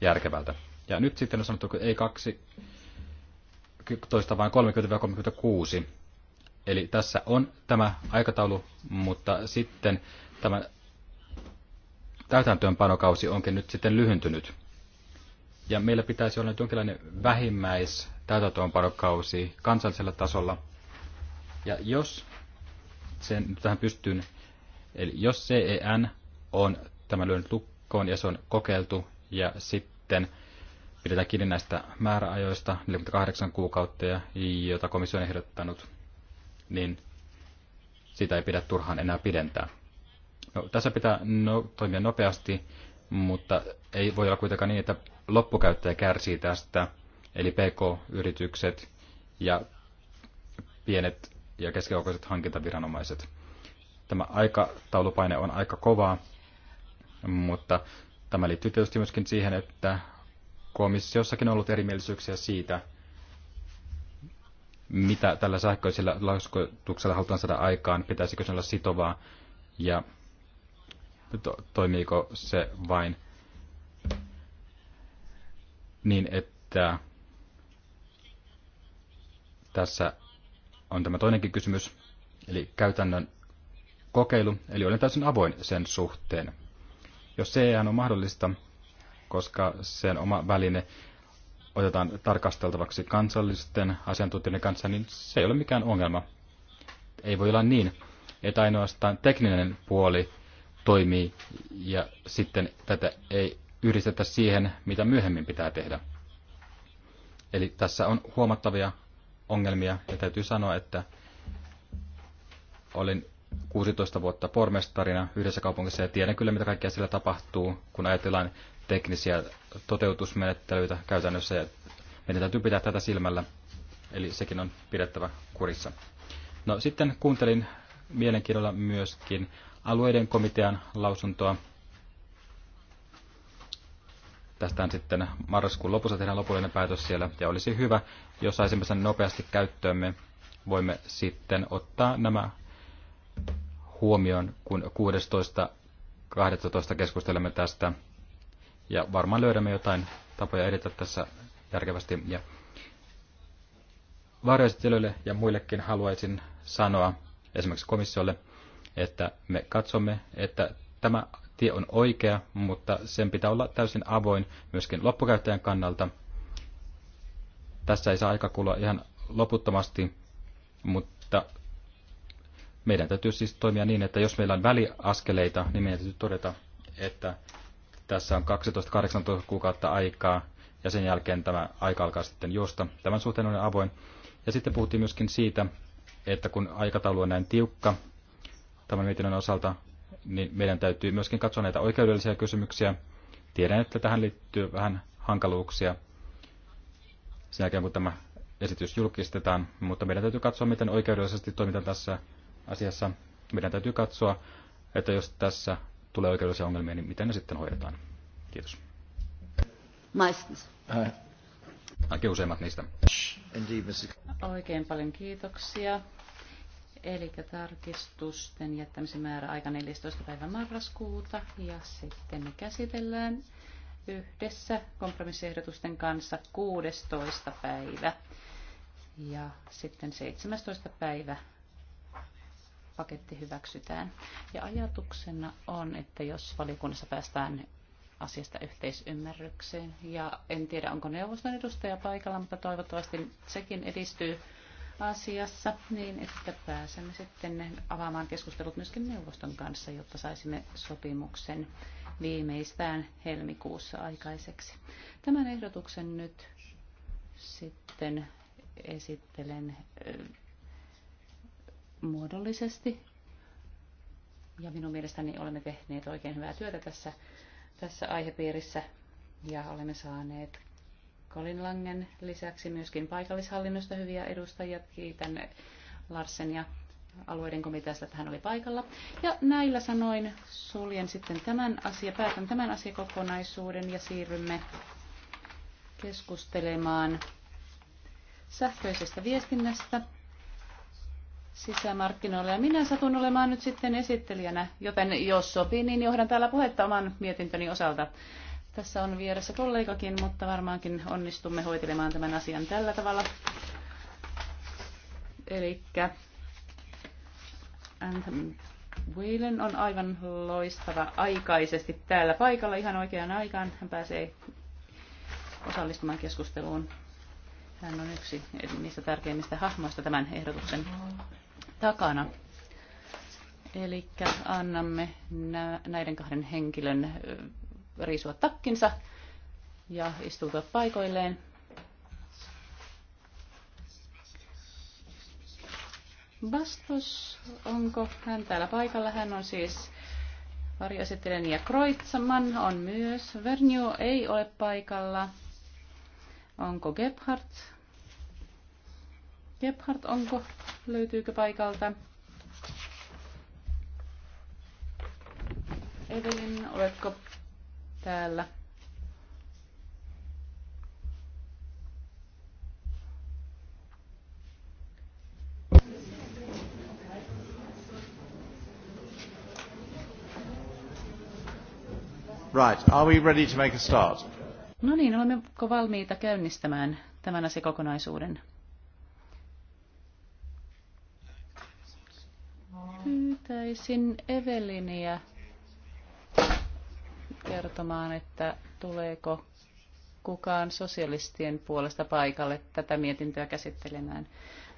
järkevältä. Ja nyt sitten on sanottu, että ei kaksi, toista vain 30-36. Eli tässä on tämä aikataulu, mutta sitten tämä täytäntöönpanokausi onkin nyt sitten lyhentynyt. Ja meillä pitäisi olla nyt jonkinlainen vähimmäis täytäntöönpanokausi kansallisella tasolla. Ja jos sen tähän pystyn, eli jos CEN on tämä lyönyt lukkoon ja se on kokeiltu ja sitten pidetään kiinni näistä määräajoista, 48 kuukautta, ja, jota komissio on ehdottanut, niin sitä ei pidä turhaan enää pidentää. No, tässä pitää no, toimia nopeasti, mutta ei voi olla kuitenkaan niin, että loppukäyttäjä kärsii tästä, eli PK-yritykset ja pienet ja keskikokoiset hankintaviranomaiset. Tämä aikataulupaine on aika kovaa, mutta tämä liittyy tietysti myöskin siihen, että komissiossakin on ollut erimielisyyksiä siitä, mitä tällä sähköisellä laskutuksella halutaan saada aikaan, pitäisikö se olla sitovaa ja to- toimiiko se vain niin, että tässä on tämä toinenkin kysymys, eli käytännön kokeilu, eli olen täysin avoin sen suhteen. Jos se ei on mahdollista, koska sen oma väline otetaan tarkasteltavaksi kansallisten asiantuntijoiden kanssa, niin se ei ole mikään ongelma. Ei voi olla niin, että ainoastaan tekninen puoli toimii ja sitten tätä ei yhdistetä siihen, mitä myöhemmin pitää tehdä. Eli tässä on huomattavia ongelmia ja täytyy sanoa, että olin 16 vuotta pormestarina yhdessä kaupungissa ja tiedän kyllä, mitä kaikkea siellä tapahtuu, kun ajatellaan teknisiä toteutusmenettelyitä käytännössä ja meidän täytyy pitää tätä silmällä, eli sekin on pidettävä kurissa. No sitten kuuntelin mielenkiinnolla myöskin alueiden komitean lausuntoa. Tästä sitten marraskuun lopussa tehdään lopullinen päätös siellä ja olisi hyvä, jos saisimme sen nopeasti käyttöömme. Voimme sitten ottaa nämä huomioon, kun 16.12. keskustelemme tästä. Ja varmaan löydämme jotain tapoja edetä tässä järkevästi. Ja varjoesittelyille ja muillekin haluaisin sanoa, esimerkiksi komissiolle, että me katsomme, että tämä tie on oikea, mutta sen pitää olla täysin avoin myöskin loppukäyttäjän kannalta. Tässä ei saa aika kulua ihan loputtomasti, mutta meidän täytyy siis toimia niin, että jos meillä on väliaskeleita, niin meidän täytyy todeta, että tässä on 12-18 kuukautta aikaa ja sen jälkeen tämä aika alkaa sitten juosta. Tämän suhteen on avoin. Ja sitten puhuttiin myöskin siitä, että kun aikataulu on näin tiukka tämän mietinnön osalta, niin meidän täytyy myöskin katsoa näitä oikeudellisia kysymyksiä. Tiedän, että tähän liittyy vähän hankaluuksia sen jälkeen, kun tämä esitys julkistetaan, mutta meidän täytyy katsoa, miten oikeudellisesti toimitaan tässä asiassa. Meidän täytyy katsoa, että jos tässä tulee oikeudellisia ongelmia, niin miten ne sitten hoidetaan. Kiitos. Maistus. Ainakin useimmat niistä. Oikein paljon kiitoksia. Eli tarkistusten jättämisen määrä aika 14. päivä marraskuuta ja sitten me käsitellään yhdessä kompromissiehdotusten kanssa 16. päivä ja sitten 17. päivä paketti hyväksytään. Ja ajatuksena on, että jos valiokunnassa päästään asiasta yhteisymmärrykseen, ja en tiedä onko neuvoston edustaja paikalla, mutta toivottavasti sekin edistyy asiassa, niin että pääsemme sitten avaamaan keskustelut myöskin neuvoston kanssa, jotta saisimme sopimuksen viimeistään helmikuussa aikaiseksi. Tämän ehdotuksen nyt sitten esittelen muodollisesti. Ja minun mielestäni olemme tehneet oikein hyvää työtä tässä, tässä aihepiirissä ja olemme saaneet Colin Langen lisäksi myöskin paikallishallinnosta hyviä edustajia. Kiitän Larsen ja alueiden komiteasta, että hän oli paikalla. Ja näillä sanoin suljen sitten tämän asia, päätän tämän asiakokonaisuuden ja siirrymme keskustelemaan sähköisestä viestinnästä sisämarkkinoille. Ja minä satun olemaan nyt sitten esittelijänä, joten jos sopii, niin johdan täällä puhetta oman mietintöni osalta. Tässä on vieressä kollegakin, mutta varmaankin onnistumme hoitelemaan tämän asian tällä tavalla. Eli Anthem Whelan on aivan loistava aikaisesti täällä paikalla ihan oikeaan aikaan. Hän pääsee osallistumaan keskusteluun. Hän on yksi niistä tärkeimmistä hahmoista tämän ehdotuksen takana. Eli annamme näiden kahden henkilön riisua takkinsa ja istuutua paikoilleen. Bastos, onko hän täällä paikalla? Hän on siis varjoesittelijän ja Kreutzmann on myös. Vernio ei ole paikalla. Onko Gebhardt? Gebhardt, onko, löytyykö paikalta? Evelin, oletko täällä? Right, are we ready to make a start? No niin, olemmeko valmiita käynnistämään tämän asiakokonaisuuden? pyytäisin Eveliniä kertomaan, että tuleeko kukaan sosialistien puolesta paikalle tätä mietintöä käsittelemään.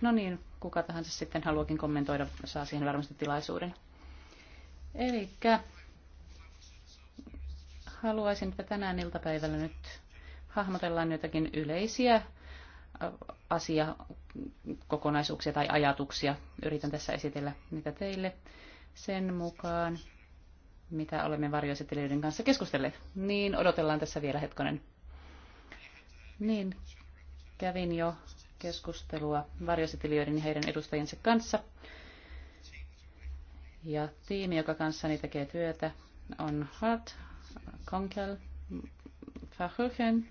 No niin, kuka tahansa sitten haluakin kommentoida, saa siihen varmasti tilaisuuden. Eli haluaisin, että tänään iltapäivällä nyt hahmotellaan jotakin yleisiä asia kokonaisuuksia tai ajatuksia. Yritän tässä esitellä niitä teille sen mukaan, mitä olemme varjoesittelijöiden kanssa keskustelleet. Niin, odotellaan tässä vielä hetkonen. Niin, kävin jo keskustelua varjoesittelijöiden ja heidän edustajiensa kanssa. Ja tiimi, joka kanssani tekee työtä, on Hart, Konkel, Verhoeven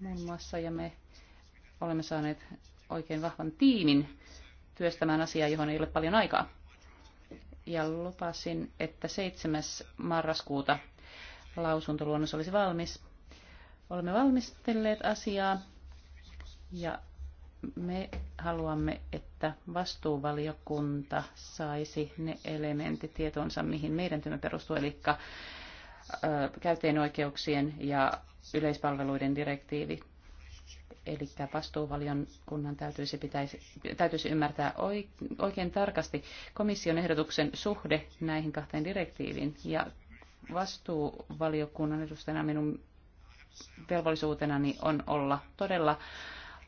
muun muassa, ja me olemme saaneet oikein vahvan tiimin työstämään asiaa, johon ei ole paljon aikaa. Ja lupasin, että 7. marraskuuta lausuntoluonnos olisi valmis. Olemme valmistelleet asiaa ja me haluamme, että vastuuvaliokunta saisi ne elementit tietonsa, mihin meidän työmme perustuu, eli oikeuksien ja yleispalveluiden direktiivi Eli vastuuvaliokunnan täytyisi, pitäisi, täytyisi ymmärtää oikein tarkasti komission ehdotuksen suhde näihin kahteen direktiiviin. Ja vastuuvaliokunnan edustajana minun velvollisuutenani on olla todella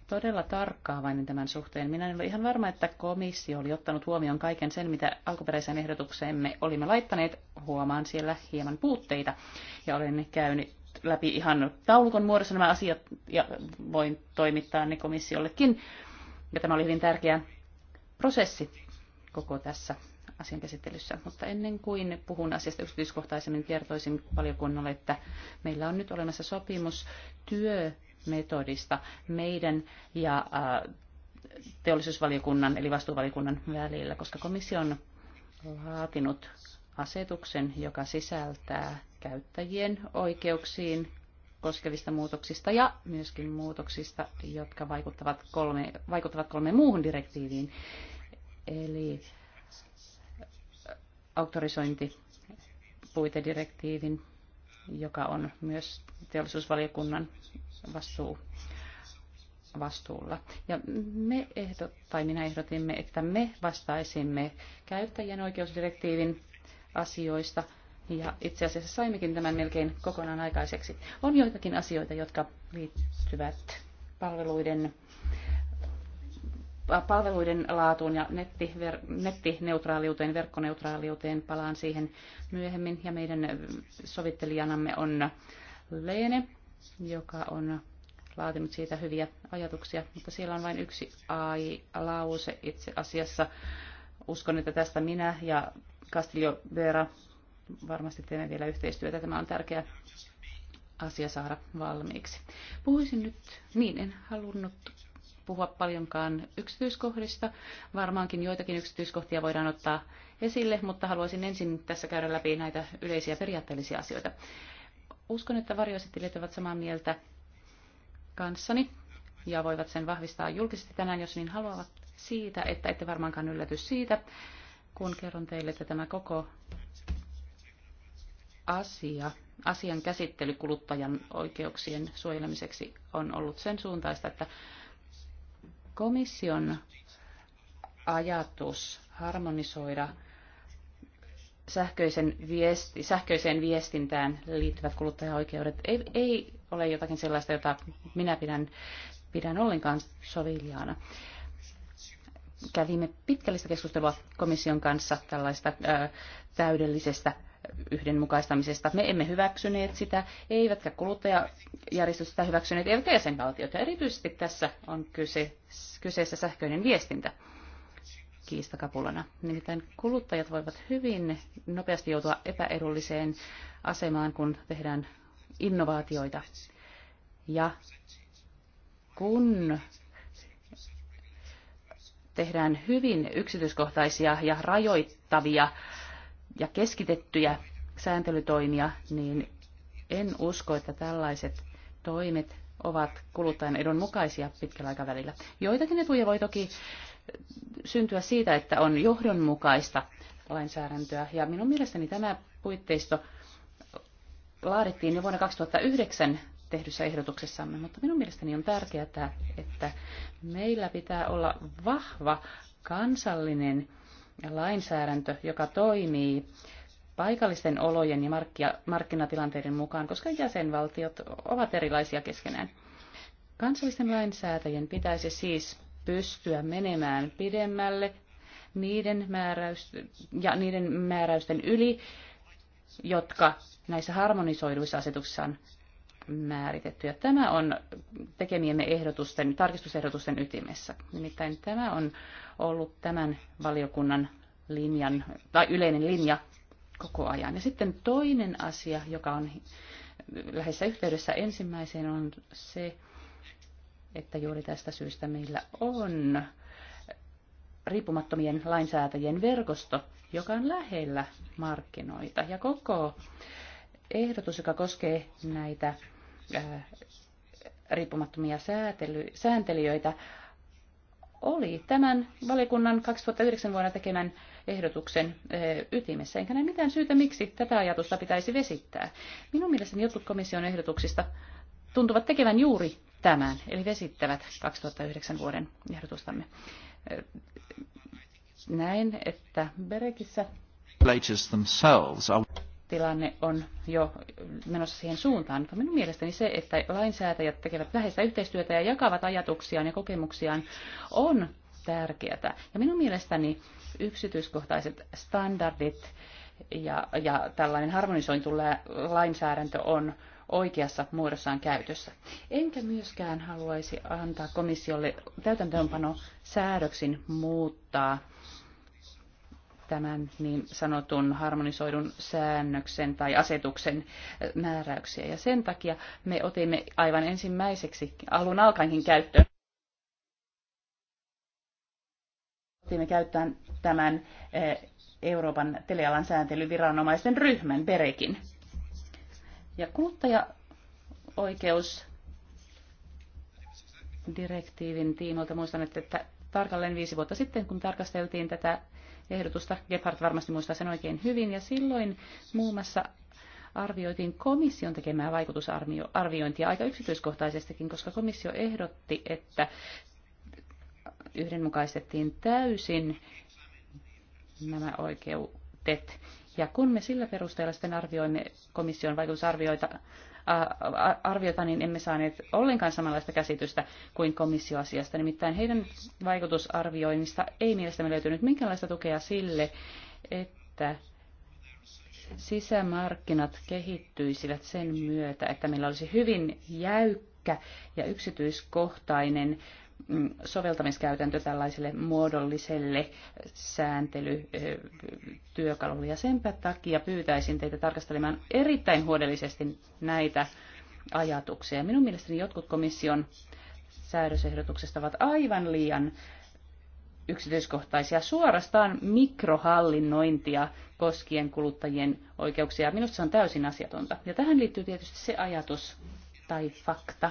todella tarkkaavainen tämän suhteen. Minä en ole ihan varma, että komissio oli ottanut huomioon kaiken sen, mitä alkuperäiseen ehdotukseemme olimme laittaneet. Huomaan siellä hieman puutteita ja olen käynyt läpi ihan taulukon muodossa nämä asiat ja voin toimittaa ne komissiollekin. Ja tämä oli hyvin tärkeä prosessi koko tässä asian käsittelyssä. Mutta ennen kuin puhun asiasta yksityiskohtaisemmin, kertoisin valiokunnalle, että meillä on nyt olemassa sopimus työmetodista meidän ja teollisuusvaliokunnan eli vastuuvaliokunnan välillä, koska komissio on laatinut asetuksen, joka sisältää käyttäjien oikeuksiin koskevista muutoksista ja myöskin muutoksista, jotka vaikuttavat, kolme, vaikuttavat kolme muuhun direktiiviin, eli puitedirektiivin, joka on myös teollisuusvaliokunnan vastuu, vastuulla. Ja me ehdot, tai minä ehdotimme, että me vastaisimme käyttäjien oikeusdirektiivin asioista. Ja itse asiassa saimmekin tämän melkein kokonaan aikaiseksi. On joitakin asioita, jotka liittyvät palveluiden, palveluiden laatuun ja nettiver, nettineutraaliuteen, verkkoneutraaliuteen. Palaan siihen myöhemmin. Ja meidän sovittelijanamme on Leene, joka on laatinut siitä hyviä ajatuksia, mutta siellä on vain yksi AI-lause itse asiassa. Uskon, että tästä minä ja Castillo Vera, varmasti teemme vielä yhteistyötä. Tämä on tärkeä asia saada valmiiksi. Puhuisin nyt, niin en halunnut puhua paljonkaan yksityiskohdista. Varmaankin joitakin yksityiskohtia voidaan ottaa esille, mutta haluaisin ensin tässä käydä läpi näitä yleisiä periaatteellisia asioita. Uskon, että varjoesittelijät ovat samaa mieltä kanssani ja voivat sen vahvistaa julkisesti tänään, jos niin haluavat siitä, että ette varmaankaan ylläty siitä, kun kerron teille, että tämä koko asia, asian käsittely kuluttajan oikeuksien suojelemiseksi on ollut sen suuntaista, että komission ajatus harmonisoida sähköisen viesti, sähköiseen viestintään liittyvät kuluttajaoikeudet ei, ei ole jotakin sellaista, jota minä pidän, pidän ollenkaan soviljaana kävimme pitkällistä keskustelua komission kanssa tällaista täydellisestä yhdenmukaistamisesta. Me emme hyväksyneet sitä, eivätkä kuluttajajärjestöt sitä hyväksyneet, eivätkä jäsenvaltiot. Ja erityisesti tässä on kyse, kyseessä sähköinen viestintä kiistakapulana. Nimittäin kuluttajat voivat hyvin nopeasti joutua epäedulliseen asemaan, kun tehdään innovaatioita. Ja kun tehdään hyvin yksityiskohtaisia ja rajoittavia ja keskitettyjä sääntelytoimia, niin en usko, että tällaiset toimet ovat kuluttajan edun mukaisia pitkällä aikavälillä. Joitakin etuja voi toki syntyä siitä, että on johdonmukaista lainsäädäntöä. Ja minun mielestäni tämä puitteisto laadittiin jo vuonna 2009 tehdyssä ehdotuksessamme, mutta minun mielestäni on tärkeää, että meillä pitää olla vahva kansallinen lainsäädäntö, joka toimii paikallisten olojen ja markkinatilanteiden mukaan, koska jäsenvaltiot ovat erilaisia keskenään. Kansallisten lainsäätäjien pitäisi siis pystyä menemään pidemmälle niiden määräysten, ja niiden määräysten yli, jotka näissä harmonisoiduissa asetuksissa on määritetty. Ja tämä on tekemiemme ehdotusten, tarkistusehdotusten ytimessä. Nimittäin tämä on ollut tämän valiokunnan linjan, tai yleinen linja koko ajan. Ja sitten toinen asia, joka on lähes yhteydessä ensimmäiseen, on se, että juuri tästä syystä meillä on riippumattomien lainsäätäjien verkosto, joka on lähellä markkinoita. Ja koko ehdotus, joka koskee näitä äh, riippumattomia säätely, sääntelijöitä, oli tämän valikunnan 2009 vuonna tekemän ehdotuksen äh, ytimessä, enkä näe mitään syytä, miksi tätä ajatusta pitäisi vesittää. Minun mielestäni jotkut komission ehdotuksista tuntuvat tekevän juuri tämän, eli vesittävät 2009 vuoden ehdotustamme. Äh, Näin, että Berekissä tilanne on jo menossa siihen suuntaan, mutta minun mielestäni se, että lainsäätäjät tekevät läheistä yhteistyötä ja jakavat ajatuksiaan ja kokemuksiaan, on tärkeää. Ja minun mielestäni yksityiskohtaiset standardit ja, ja tällainen harmonisointu lainsäädäntö on oikeassa muodossaan käytössä. Enkä myöskään haluaisi antaa komissiolle täytäntöönpano säädöksin muuttaa tämän niin sanotun harmonisoidun säännöksen tai asetuksen määräyksiä. Ja sen takia me otimme aivan ensimmäiseksi alun alkaenkin käyttöön otimme käyttöön tämän eh, Euroopan telealan sääntelyviranomaisten ryhmän Berekin. Ja kuluttaja oikeus direktiivin tiimoilta. Muistan, että tarkalleen viisi vuotta sitten, kun tarkasteltiin tätä ehdotusta, Gebhardt varmasti muistaa sen oikein hyvin, ja silloin muun muassa arvioitiin komission tekemää vaikutusarviointia aika yksityiskohtaisestikin, koska komissio ehdotti, että yhdenmukaistettiin täysin nämä oikeudet. Ja kun me sillä perusteella sitten arvioimme komission vaikutusarvioita, arviota, niin emme saaneet ollenkaan samanlaista käsitystä kuin komissioasiasta. Nimittäin heidän vaikutusarvioinnista ei mielestäni löytynyt minkäänlaista tukea sille, että sisämarkkinat kehittyisivät sen myötä, että meillä olisi hyvin jäykkä ja yksityiskohtainen Mm, soveltamiskäytäntö tällaiselle muodolliselle sääntelytyökalulle. Ja senpä takia pyytäisin teitä tarkastelemaan erittäin huolellisesti näitä ajatuksia. Minun mielestäni jotkut komission säädösehdotuksesta ovat aivan liian yksityiskohtaisia, suorastaan mikrohallinnointia koskien kuluttajien oikeuksia. Minusta se on täysin asiatonta. Ja tähän liittyy tietysti se ajatus tai fakta,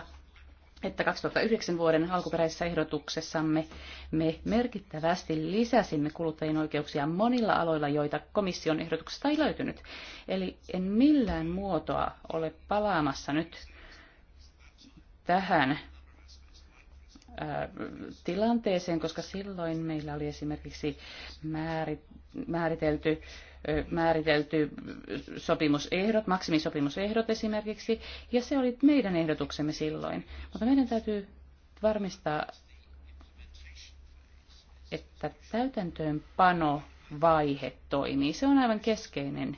että 2009 vuoden alkuperäisessä ehdotuksessamme me merkittävästi lisäsimme kuluttajien oikeuksia monilla aloilla, joita komission ehdotuksesta ei löytynyt. Eli en millään muotoa ole palaamassa nyt tähän tilanteeseen, koska silloin meillä oli esimerkiksi määritelty määritelty sopimusehdot, maksimisopimusehdot esimerkiksi, ja se oli meidän ehdotuksemme silloin. Mutta meidän täytyy varmistaa, että täytäntöönpano vaihe toimii. Se on aivan keskeinen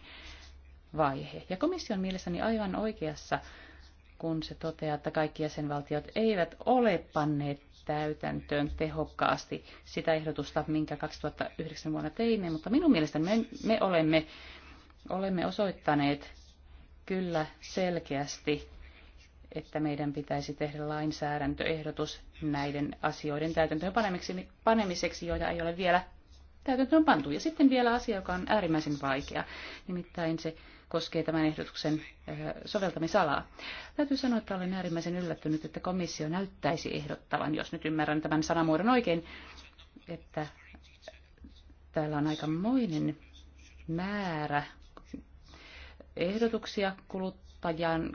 vaihe. Ja komission mielestäni aivan oikeassa, kun se toteaa, että kaikki jäsenvaltiot eivät ole panneet täytäntöön tehokkaasti sitä ehdotusta, minkä 2009 vuonna teimme, mutta minun mielestäni me, me olemme, olemme osoittaneet kyllä selkeästi, että meidän pitäisi tehdä lainsäädäntöehdotus näiden asioiden täytäntöön panemiseksi, joita ei ole vielä täytäntöön pantu. Ja sitten vielä asia, joka on äärimmäisen vaikea, nimittäin se koskee tämän ehdotuksen eh, soveltamisalaa. Täytyy sanoa, että olen äärimmäisen yllättynyt, että komissio näyttäisi ehdottavan, jos nyt ymmärrän tämän sanamuodon oikein, että täällä on aikamoinen määrä ehdotuksia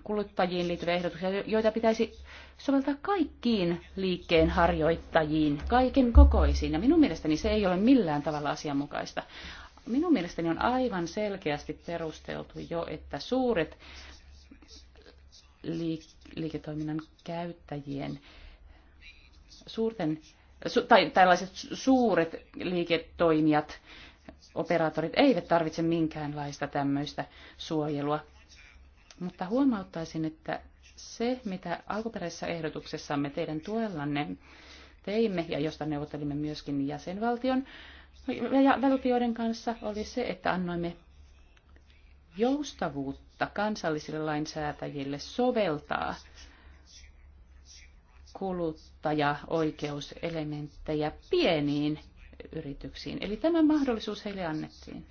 kuluttajiin liittyviä ehdotuksia, joita pitäisi soveltaa kaikkiin liikkeen harjoittajiin, kaiken kokoisiin. Ja minun mielestäni se ei ole millään tavalla asianmukaista minun mielestäni on aivan selkeästi perusteltu jo, että suuret liiketoiminnan käyttäjien suurten, su, tai tällaiset suuret liiketoimijat, operaattorit eivät tarvitse minkäänlaista tämmöistä suojelua. Mutta huomauttaisin, että se, mitä alkuperäisessä ehdotuksessamme teidän tuellanne teimme, ja josta neuvottelimme myöskin jäsenvaltion valtioiden kanssa oli se, että annoimme joustavuutta kansallisille lainsäätäjille soveltaa kuluttajaoikeuselementtejä pieniin yrityksiin. Eli tämä mahdollisuus heille annettiin.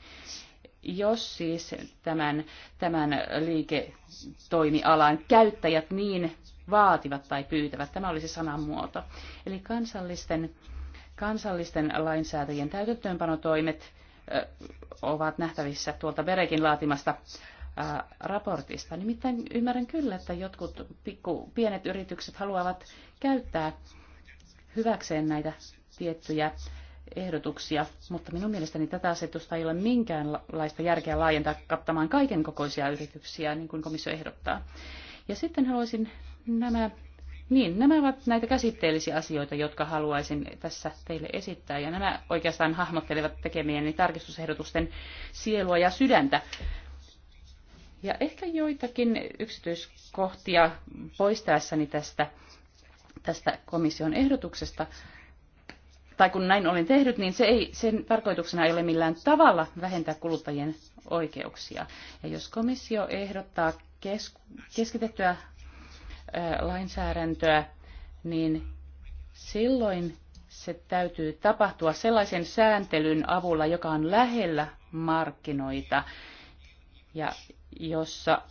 Jos siis tämän, tämän liiketoimialan käyttäjät niin vaativat tai pyytävät, tämä oli se sanamuoto. Eli kansallisten Kansallisten lainsäätäjien täytäntöönpanotoimet ovat nähtävissä tuolta Berekin laatimasta raportista. Nimittäin ymmärrän kyllä, että jotkut pikku, pienet yritykset haluavat käyttää hyväkseen näitä tiettyjä ehdotuksia, mutta minun mielestäni tätä asetusta ei ole minkäänlaista järkeä laajentaa kattamaan kaiken kokoisia yrityksiä, niin kuin komissio ehdottaa. Ja sitten haluaisin nämä niin, nämä ovat näitä käsitteellisiä asioita, jotka haluaisin tässä teille esittää. Ja nämä oikeastaan hahmottelevat tekemieni tarkistusehdotusten sielua ja sydäntä. Ja ehkä joitakin yksityiskohtia poistaessani tästä, tästä komission ehdotuksesta, tai kun näin olen tehnyt, niin se ei, sen tarkoituksena ei ole millään tavalla vähentää kuluttajien oikeuksia. Ja jos komissio ehdottaa kesk- keskitettyä lainsäädäntöä, niin silloin se täytyy tapahtua sellaisen sääntelyn avulla, joka on lähellä markkinoita ja jossa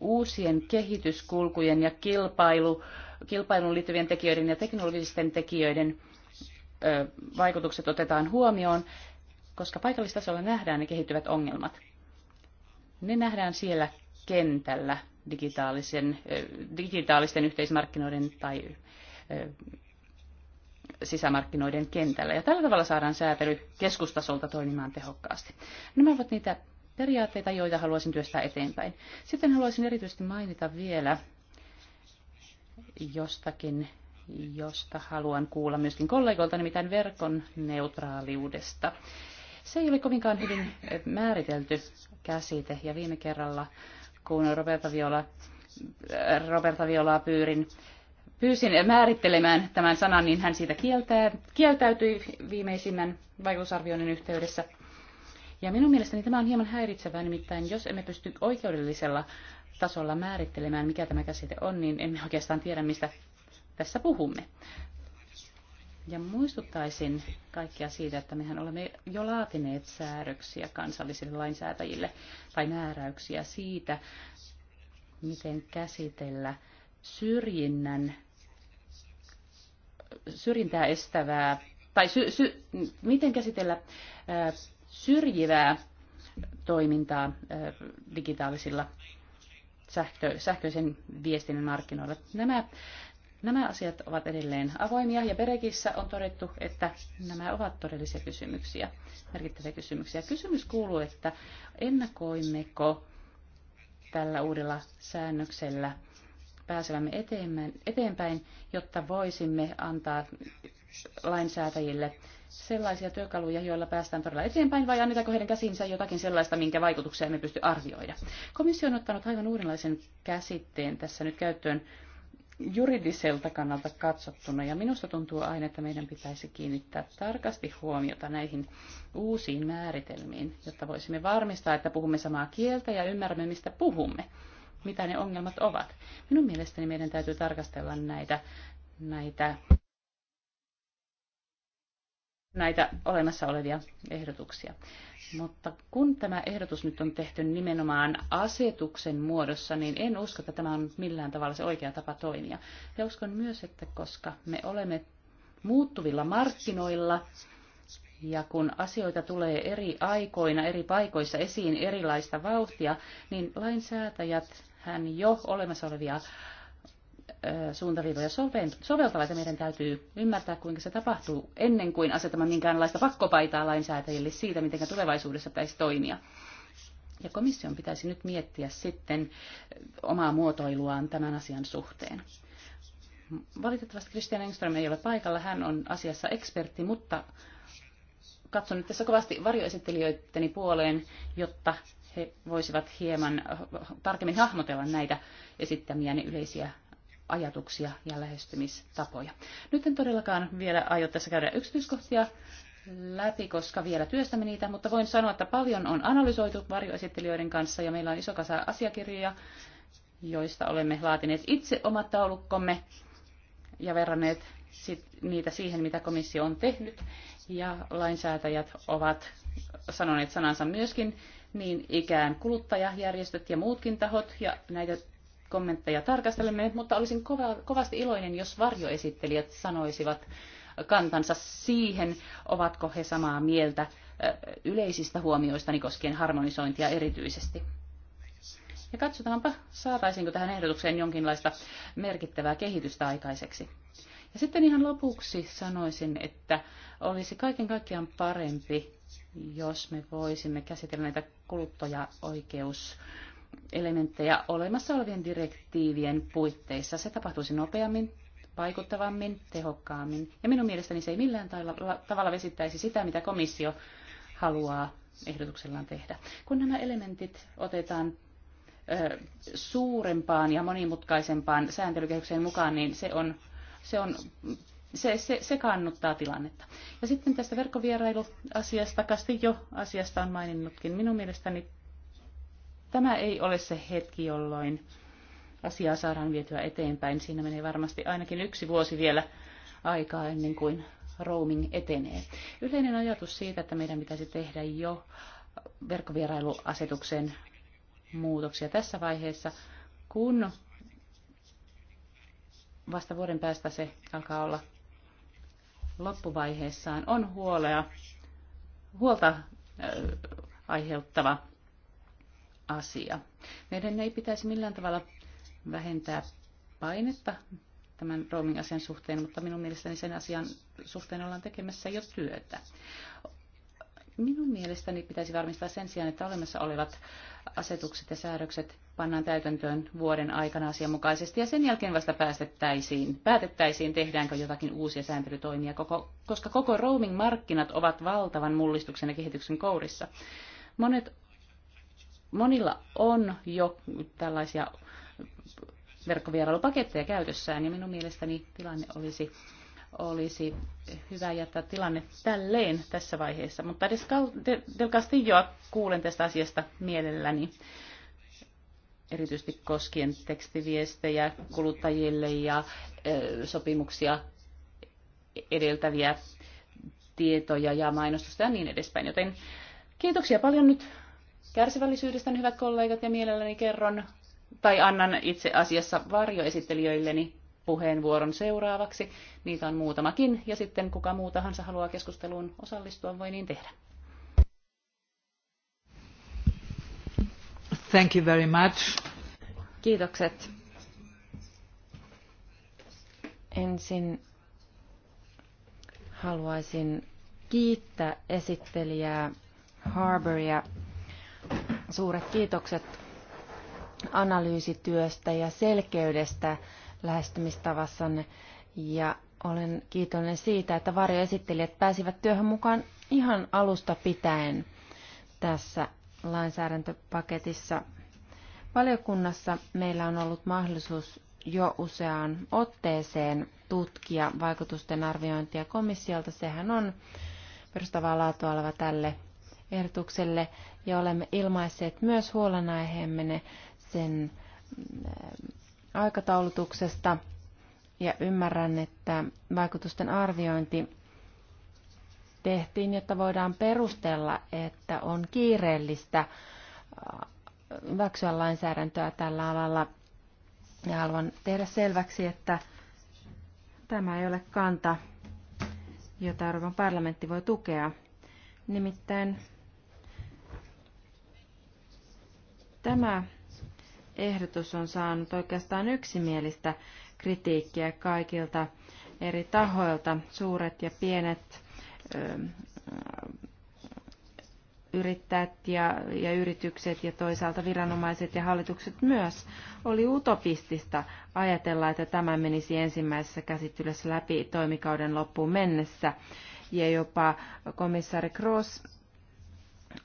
uusien kehityskulkujen ja kilpailu, kilpailuun liittyvien tekijöiden ja teknologisten tekijöiden ö, vaikutukset otetaan huomioon, koska paikallistasolla nähdään ne kehittyvät ongelmat. Ne nähdään siellä kentällä digitaalisen, digitaalisten yhteismarkkinoiden tai sisämarkkinoiden kentällä. Ja tällä tavalla saadaan säätely keskustasolta toimimaan tehokkaasti. Nämä ovat niitä periaatteita, joita haluaisin työstää eteenpäin. Sitten haluaisin erityisesti mainita vielä jostakin, josta haluan kuulla myöskin kollegoilta, nimittäin verkon neutraaliudesta. Se ei ole kovinkaan hyvin määritelty käsite ja viime kerralla kun Roberta Viola, Roberta Viola pyyrin, pyysin määrittelemään tämän sanan, niin hän siitä kieltää, kieltäytyi viimeisimmän vaikutusarvioinnin yhteydessä. Ja minun mielestäni tämä on hieman häiritsevää, nimittäin jos emme pysty oikeudellisella tasolla määrittelemään, mikä tämä käsite on, niin emme oikeastaan tiedä, mistä tässä puhumme. Ja muistuttaisin kaikkia siitä, että mehän olemme jo laatineet säädöksiä kansallisille lainsäätäjille tai määräyksiä siitä, miten käsitellä syrjinnän, syrjintää estävää, tai sy, sy, miten käsitellä ää, syrjivää toimintaa ää, digitaalisilla sähkö, sähköisen viestinnän markkinoilla. Nämä Nämä asiat ovat edelleen avoimia ja Berekissä on todettu, että nämä ovat todellisia kysymyksiä, merkittäviä kysymyksiä. Kysymys kuuluu, että ennakoimmeko tällä uudella säännöksellä pääsevämme eteenpäin, jotta voisimme antaa lainsäätäjille sellaisia työkaluja, joilla päästään todella eteenpäin, vai annetaanko heidän käsinsä jotakin sellaista, minkä vaikutuksia emme pysty arvioida. Komissio on ottanut aivan uudenlaisen käsitteen tässä nyt käyttöön juridiselta kannalta katsottuna, ja minusta tuntuu aina, että meidän pitäisi kiinnittää tarkasti huomiota näihin uusiin määritelmiin, jotta voisimme varmistaa, että puhumme samaa kieltä ja ymmärrämme, mistä puhumme, mitä ne ongelmat ovat. Minun mielestäni meidän täytyy tarkastella näitä, näitä näitä olemassa olevia ehdotuksia. Mutta kun tämä ehdotus nyt on tehty nimenomaan asetuksen muodossa, niin en usko, että tämä on millään tavalla se oikea tapa toimia. Ja uskon myös, että koska me olemme muuttuvilla markkinoilla, ja kun asioita tulee eri aikoina, eri paikoissa esiin erilaista vauhtia, niin lainsäätäjät hän jo olemassa olevia suuntaviivoja soveltavat ja meidän täytyy ymmärtää, kuinka se tapahtuu ennen kuin asetamme minkäänlaista pakkopaitaa lainsäätäjille siitä, miten tulevaisuudessa pitäisi toimia. Ja komission pitäisi nyt miettiä sitten omaa muotoiluaan tämän asian suhteen. Valitettavasti Christian Engström ei ole paikalla, hän on asiassa ekspertti, mutta katson nyt tässä kovasti varjoesittelijöitteni puoleen, jotta he voisivat hieman tarkemmin hahmotella näitä esittämiäni yleisiä ajatuksia ja lähestymistapoja. Nyt en todellakaan vielä aio tässä käydä yksityiskohtia läpi, koska vielä työstämme niitä, mutta voin sanoa, että paljon on analysoitu varjoesittelijöiden kanssa ja meillä on iso kasa asiakirjoja, joista olemme laatineet itse omat taulukkomme ja verranneet sit niitä siihen, mitä komissio on tehnyt. Ja lainsäätäjät ovat sanoneet sanansa myöskin, niin ikään kuluttajajärjestöt ja muutkin tahot, ja näitä kommentteja tarkastelemme, mutta olisin kova, kovasti iloinen, jos varjoesittelijät sanoisivat kantansa siihen, ovatko he samaa mieltä yleisistä huomioista koskien harmonisointia erityisesti. Ja katsotaanpa, saataisiinko tähän ehdotukseen jonkinlaista merkittävää kehitystä aikaiseksi. Ja sitten ihan lopuksi sanoisin, että olisi kaiken kaikkiaan parempi, jos me voisimme käsitellä näitä kuluttajaoikeus elementtejä olemassa olevien direktiivien puitteissa. Se tapahtuisi nopeammin, vaikuttavammin, tehokkaammin. Ja minun mielestäni se ei millään tavalla vesittäisi sitä, mitä komissio haluaa ehdotuksellaan tehdä. Kun nämä elementit otetaan ö, suurempaan ja monimutkaisempaan sääntelykehykseen mukaan, niin se on, se on se, se, se kannuttaa tilannetta. Ja sitten tästä verkkovierailuasiasta, Kasti jo asiasta on maininnutkin. Minun mielestäni Tämä ei ole se hetki, jolloin asiaa saadaan vietyä eteenpäin. Siinä menee varmasti ainakin yksi vuosi vielä aikaa ennen kuin roaming etenee. Yleinen ajatus siitä, että meidän pitäisi tehdä jo verkkovierailuasetuksen muutoksia tässä vaiheessa, kun vasta vuoden päästä se alkaa olla loppuvaiheessaan, on huolea, huolta äh, aiheuttava asia. Meidän ei pitäisi millään tavalla vähentää painetta tämän roaming-asian suhteen, mutta minun mielestäni sen asian suhteen ollaan tekemässä jo työtä. Minun mielestäni pitäisi varmistaa sen sijaan, että olemassa olevat asetukset ja säädökset pannaan täytäntöön vuoden aikana asianmukaisesti ja sen jälkeen vasta päästettäisiin, päätettäisiin, tehdäänkö jotakin uusia sääntelytoimia, koko, koska koko roaming-markkinat ovat valtavan mullistuksen ja kehityksen kourissa. Monet monilla on jo tällaisia verkkovierailupaketteja käytössään ja minun mielestäni tilanne olisi, olisi hyvä jättää tilanne tälleen tässä vaiheessa. Mutta edes Del Castilloa kuulen tästä asiasta mielelläni, erityisesti koskien tekstiviestejä kuluttajille ja ö, sopimuksia edeltäviä tietoja ja mainostusta ja niin edespäin. Joten kiitoksia paljon nyt kärsivällisyydestä, niin hyvät kollegat, ja mielelläni kerron tai annan itse asiassa varjoesittelijöilleni puheenvuoron seuraavaksi. Niitä on muutamakin, ja sitten kuka muu tahansa haluaa keskusteluun osallistua, voi niin tehdä. Thank you very much. Kiitokset. Ensin haluaisin kiittää esittelijää Harboria Suuret kiitokset analyysityöstä ja selkeydestä lähestymistavassanne ja olen kiitollinen siitä, että varjoesittelijät pääsivät työhön mukaan ihan alusta pitäen tässä lainsäädäntöpaketissa. Valiokunnassa meillä on ollut mahdollisuus jo useaan otteeseen tutkia vaikutusten arviointia komissiolta. Sehän on perustavaa laatua oleva tälle ehdotukselle ja olemme ilmaisseet myös huolenaiheemme sen mm, aikataulutuksesta ja ymmärrän, että vaikutusten arviointi tehtiin, jotta voidaan perustella, että on kiireellistä äh, hyväksyä lainsäädäntöä tällä alalla. Ja haluan tehdä selväksi, että tämä ei ole kanta, jota Euroopan parlamentti voi tukea. Nimittäin Tämä ehdotus on saanut oikeastaan yksimielistä kritiikkiä kaikilta eri tahoilta. Suuret ja pienet ö, yrittäjät ja, ja yritykset ja toisaalta viranomaiset ja hallitukset myös. Oli utopistista ajatella, että tämä menisi ensimmäisessä käsittelyssä läpi toimikauden loppuun mennessä. Ja jopa komissaari Gross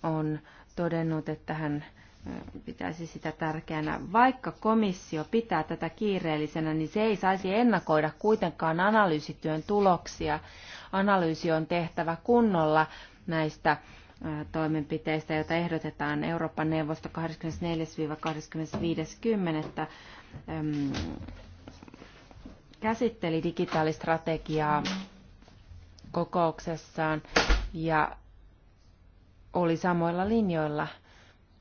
on todennut, että hän pitäisi sitä tärkeänä. Vaikka komissio pitää tätä kiireellisenä, niin se ei saisi ennakoida kuitenkaan analyysityön tuloksia. Analyysi on tehtävä kunnolla näistä toimenpiteistä, joita ehdotetaan Euroopan neuvosto 24-25.10. käsitteli digitaalistrategiaa kokouksessaan ja oli samoilla linjoilla –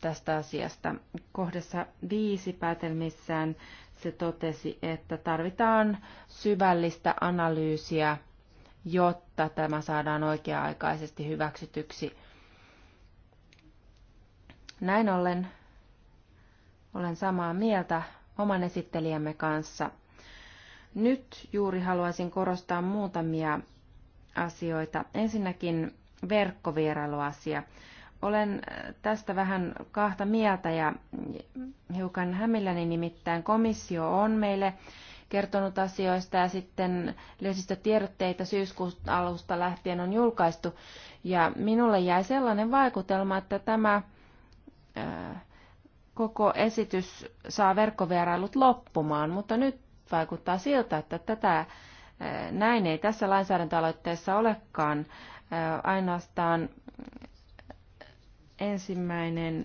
tästä asiasta. Kohdassa viisi päätelmissään se totesi, että tarvitaan syvällistä analyysiä, jotta tämä saadaan oikea-aikaisesti hyväksytyksi. Näin ollen olen samaa mieltä oman esittelijämme kanssa. Nyt juuri haluaisin korostaa muutamia asioita. Ensinnäkin verkkovierailuasia. Olen tästä vähän kahta mieltä ja hiukan hämilläni nimittäin komissio on meille kertonut asioista ja sitten tiedotteita syyskuun alusta lähtien on julkaistu. Ja minulle jäi sellainen vaikutelma, että tämä koko esitys saa verkkovierailut loppumaan, mutta nyt vaikuttaa siltä, että tätä näin ei tässä lainsäädäntöaloitteessa olekaan. Ainoastaan ensimmäinen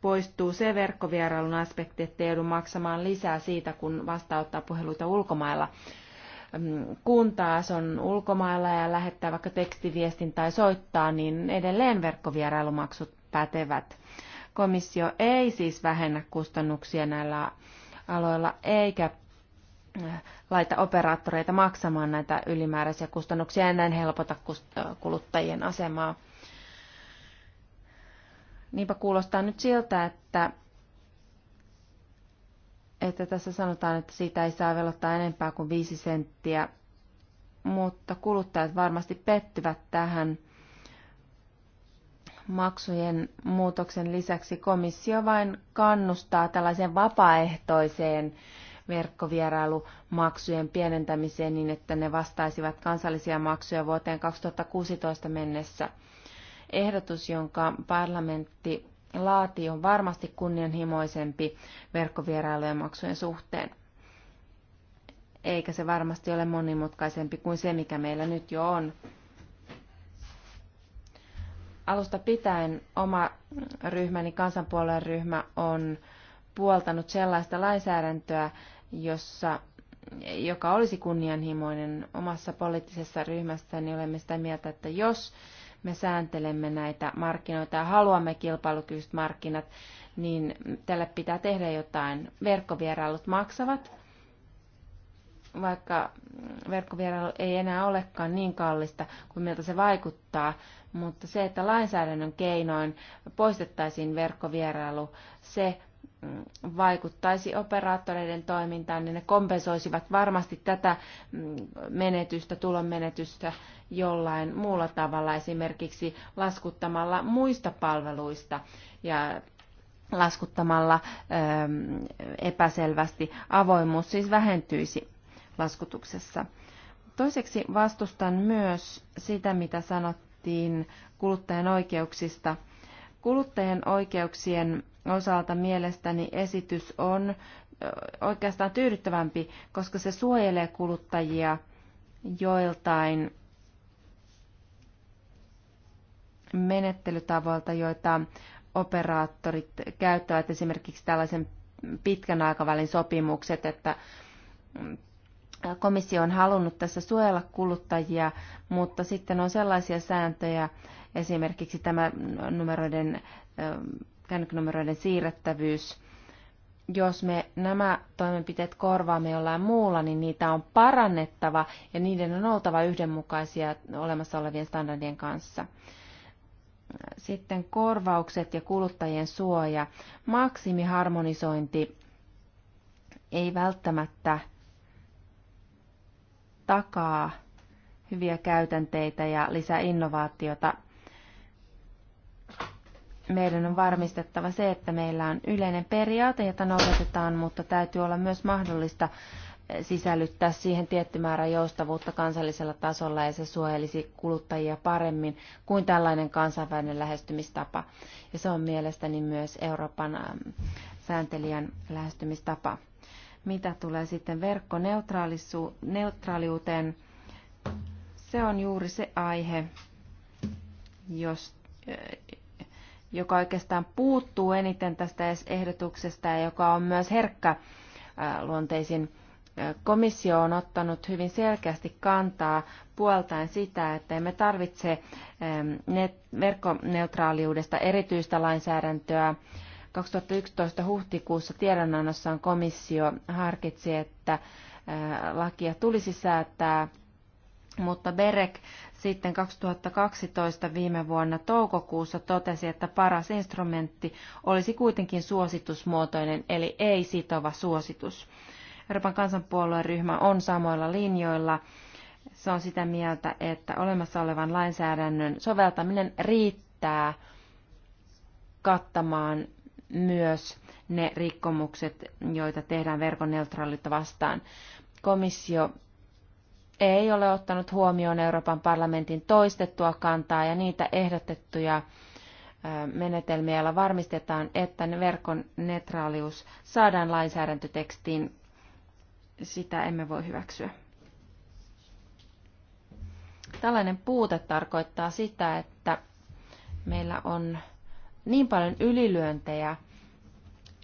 poistuu se verkkovierailun aspekti, että joudu maksamaan lisää siitä, kun vastaanottaa puheluita ulkomailla. Mm, kun taas on ulkomailla ja lähettää vaikka tekstiviestin tai soittaa, niin edelleen verkkovierailumaksut pätevät. Komissio ei siis vähennä kustannuksia näillä aloilla eikä laita operaattoreita maksamaan näitä ylimääräisiä kustannuksia ja näin helpota kuluttajien asemaa. Niinpä kuulostaa nyt siltä, että, että tässä sanotaan, että siitä ei saa velottaa enempää kuin 5 senttiä, mutta kuluttajat varmasti pettyvät tähän maksujen muutoksen lisäksi komissio vain kannustaa tällaiseen vapaaehtoiseen verkkovierailumaksujen pienentämiseen niin, että ne vastaisivat kansallisia maksuja vuoteen 2016 mennessä. Ehdotus, jonka parlamentti laati, on varmasti kunnianhimoisempi verkkovierailujen maksujen suhteen. Eikä se varmasti ole monimutkaisempi kuin se, mikä meillä nyt jo on alusta pitäen oma ryhmäni, kansanpuolueen ryhmä, on puoltanut sellaista lainsäädäntöä, jossa, joka olisi kunnianhimoinen omassa poliittisessa ryhmässä, niin olemme sitä mieltä, että jos me sääntelemme näitä markkinoita ja haluamme kilpailukykyiset markkinat, niin tälle pitää tehdä jotain. Verkkovierailut maksavat, vaikka verkkovierailu ei enää olekaan niin kallista kuin miltä se vaikuttaa, mutta se, että lainsäädännön keinoin poistettaisiin verkkovierailu, se vaikuttaisi operaattoreiden toimintaan, niin ne kompensoisivat varmasti tätä mm, menetystä, tulon menetystä jollain muulla tavalla, esimerkiksi laskuttamalla muista palveluista ja laskuttamalla ähm, epäselvästi. Avoimuus siis vähentyisi laskutuksessa. Toiseksi vastustan myös sitä, mitä sanottiin kuluttajan oikeuksista. Kuluttajan oikeuksien osalta mielestäni esitys on oikeastaan tyydyttävämpi, koska se suojelee kuluttajia joiltain menettelytavoilta, joita operaattorit käyttävät esimerkiksi tällaisen pitkän aikavälin sopimukset, että mm, komissio on halunnut tässä suojella kuluttajia, mutta sitten on sellaisia sääntöjä, esimerkiksi tämä numeroiden kännykkänumeroiden siirrettävyys. Jos me nämä toimenpiteet korvaamme jollain muulla, niin niitä on parannettava ja niiden on oltava yhdenmukaisia olemassa olevien standardien kanssa. Sitten korvaukset ja kuluttajien suoja. Maksimiharmonisointi ei välttämättä takaa hyviä käytänteitä ja lisää innovaatiota – meidän on varmistettava se, että meillä on yleinen periaate, jota noudatetaan, mutta täytyy olla myös mahdollista eh, sisällyttää siihen tietty määrä joustavuutta kansallisella tasolla ja se suojelisi kuluttajia paremmin kuin tällainen kansainvälinen lähestymistapa. Ja se on mielestäni myös Euroopan sääntelijän lähestymistapa. Mitä tulee sitten verkkoneutraaliuteen, se on juuri se aihe, jos, eh, joka oikeastaan puuttuu eniten tästä ehdotuksesta ja joka on myös herkkä äh, luonteisin. Äh, komissio on ottanut hyvin selkeästi kantaa puoltaen sitä, että emme tarvitse ähm, net, verkkoneutraaliudesta erityistä lainsäädäntöä. 2011 huhtikuussa tiedonannossaan komissio harkitsi, että äh, lakia tulisi säätää mutta BEREK sitten 2012 viime vuonna toukokuussa totesi, että paras instrumentti olisi kuitenkin suositusmuotoinen, eli ei sitova suositus. Euroopan kansanpuolueen ryhmä on samoilla linjoilla. Se on sitä mieltä, että olemassa olevan lainsäädännön soveltaminen riittää kattamaan myös ne rikkomukset, joita tehdään verkon neutraaliutta vastaan. Komissio ei ole ottanut huomioon Euroopan parlamentin toistettua kantaa ja niitä ehdotettuja menetelmiä, joilla varmistetaan, että verkon neutraalius saadaan lainsäädäntötekstiin. Sitä emme voi hyväksyä. Tällainen puute tarkoittaa sitä, että meillä on niin paljon ylilyöntejä,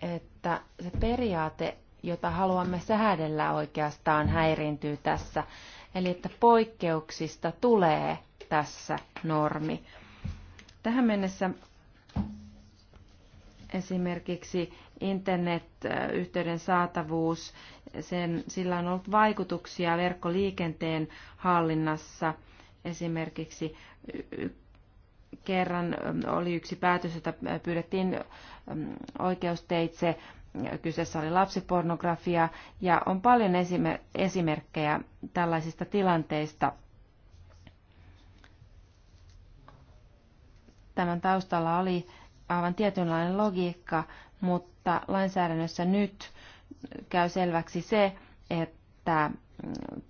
että se periaate, jota haluamme säädellä oikeastaan, häiriintyy tässä eli että poikkeuksista tulee tässä normi. Tähän mennessä esimerkiksi internetyhteyden saatavuus, sen, sillä on ollut vaikutuksia verkkoliikenteen hallinnassa. Esimerkiksi kerran oli yksi päätös, jota pyydettiin mm, oikeusteitse kyseessä oli lapsipornografia ja on paljon esimerkkejä tällaisista tilanteista. Tämän taustalla oli aivan tietynlainen logiikka, mutta lainsäädännössä nyt käy selväksi se, että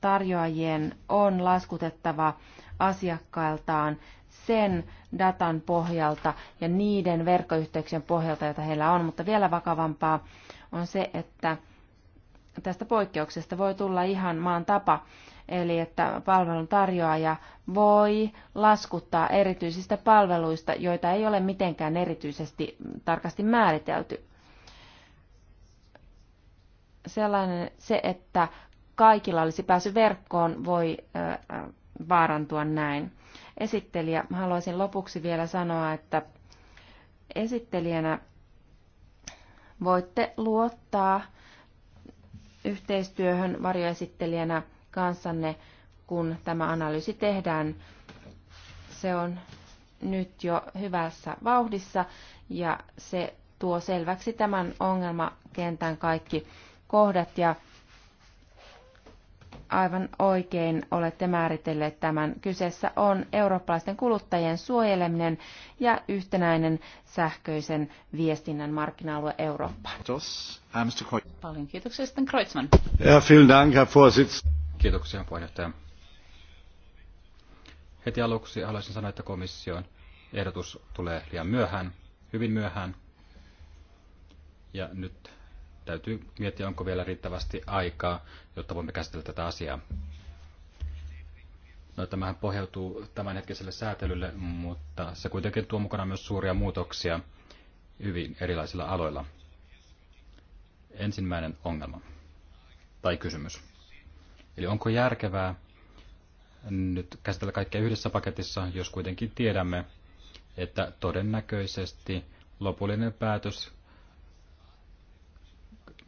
tarjoajien on laskutettava asiakkailtaan sen datan pohjalta ja niiden verkkoyhteyksien pohjalta, joita heillä on. Mutta vielä vakavampaa on se, että tästä poikkeuksesta voi tulla ihan maan tapa, eli että palvelun tarjoaja voi laskuttaa erityisistä palveluista, joita ei ole mitenkään erityisesti tarkasti määritelty. Sellainen se, että kaikilla olisi pääsy verkkoon, voi vaarantua näin esittelijä. Haluaisin lopuksi vielä sanoa, että esittelijänä voitte luottaa yhteistyöhön varjoesittelijänä kanssanne, kun tämä analyysi tehdään. Se on nyt jo hyvässä vauhdissa ja se tuo selväksi tämän ongelmakentän kaikki kohdat ja aivan oikein olette määritelleet tämän. Kyseessä on eurooppalaisten kuluttajien suojeleminen ja yhtenäinen sähköisen viestinnän markkina-alue Eurooppaan. Äh, Paljon kiitoksia sitten Kreutzmann. Ja, vielen Dank, Herr Vorsitz. Kiitoksia puheenjohtaja. Heti aluksi haluaisin sanoa, että komission ehdotus tulee liian myöhään, hyvin myöhään. Ja nyt täytyy miettiä, onko vielä riittävästi aikaa, jotta voimme käsitellä tätä asiaa. No, tämähän pohjautuu tämänhetkiselle säätelylle, mutta se kuitenkin tuo mukana myös suuria muutoksia hyvin erilaisilla aloilla. Ensimmäinen ongelma tai kysymys. Eli onko järkevää nyt käsitellä kaikkea yhdessä paketissa, jos kuitenkin tiedämme, että todennäköisesti lopullinen päätös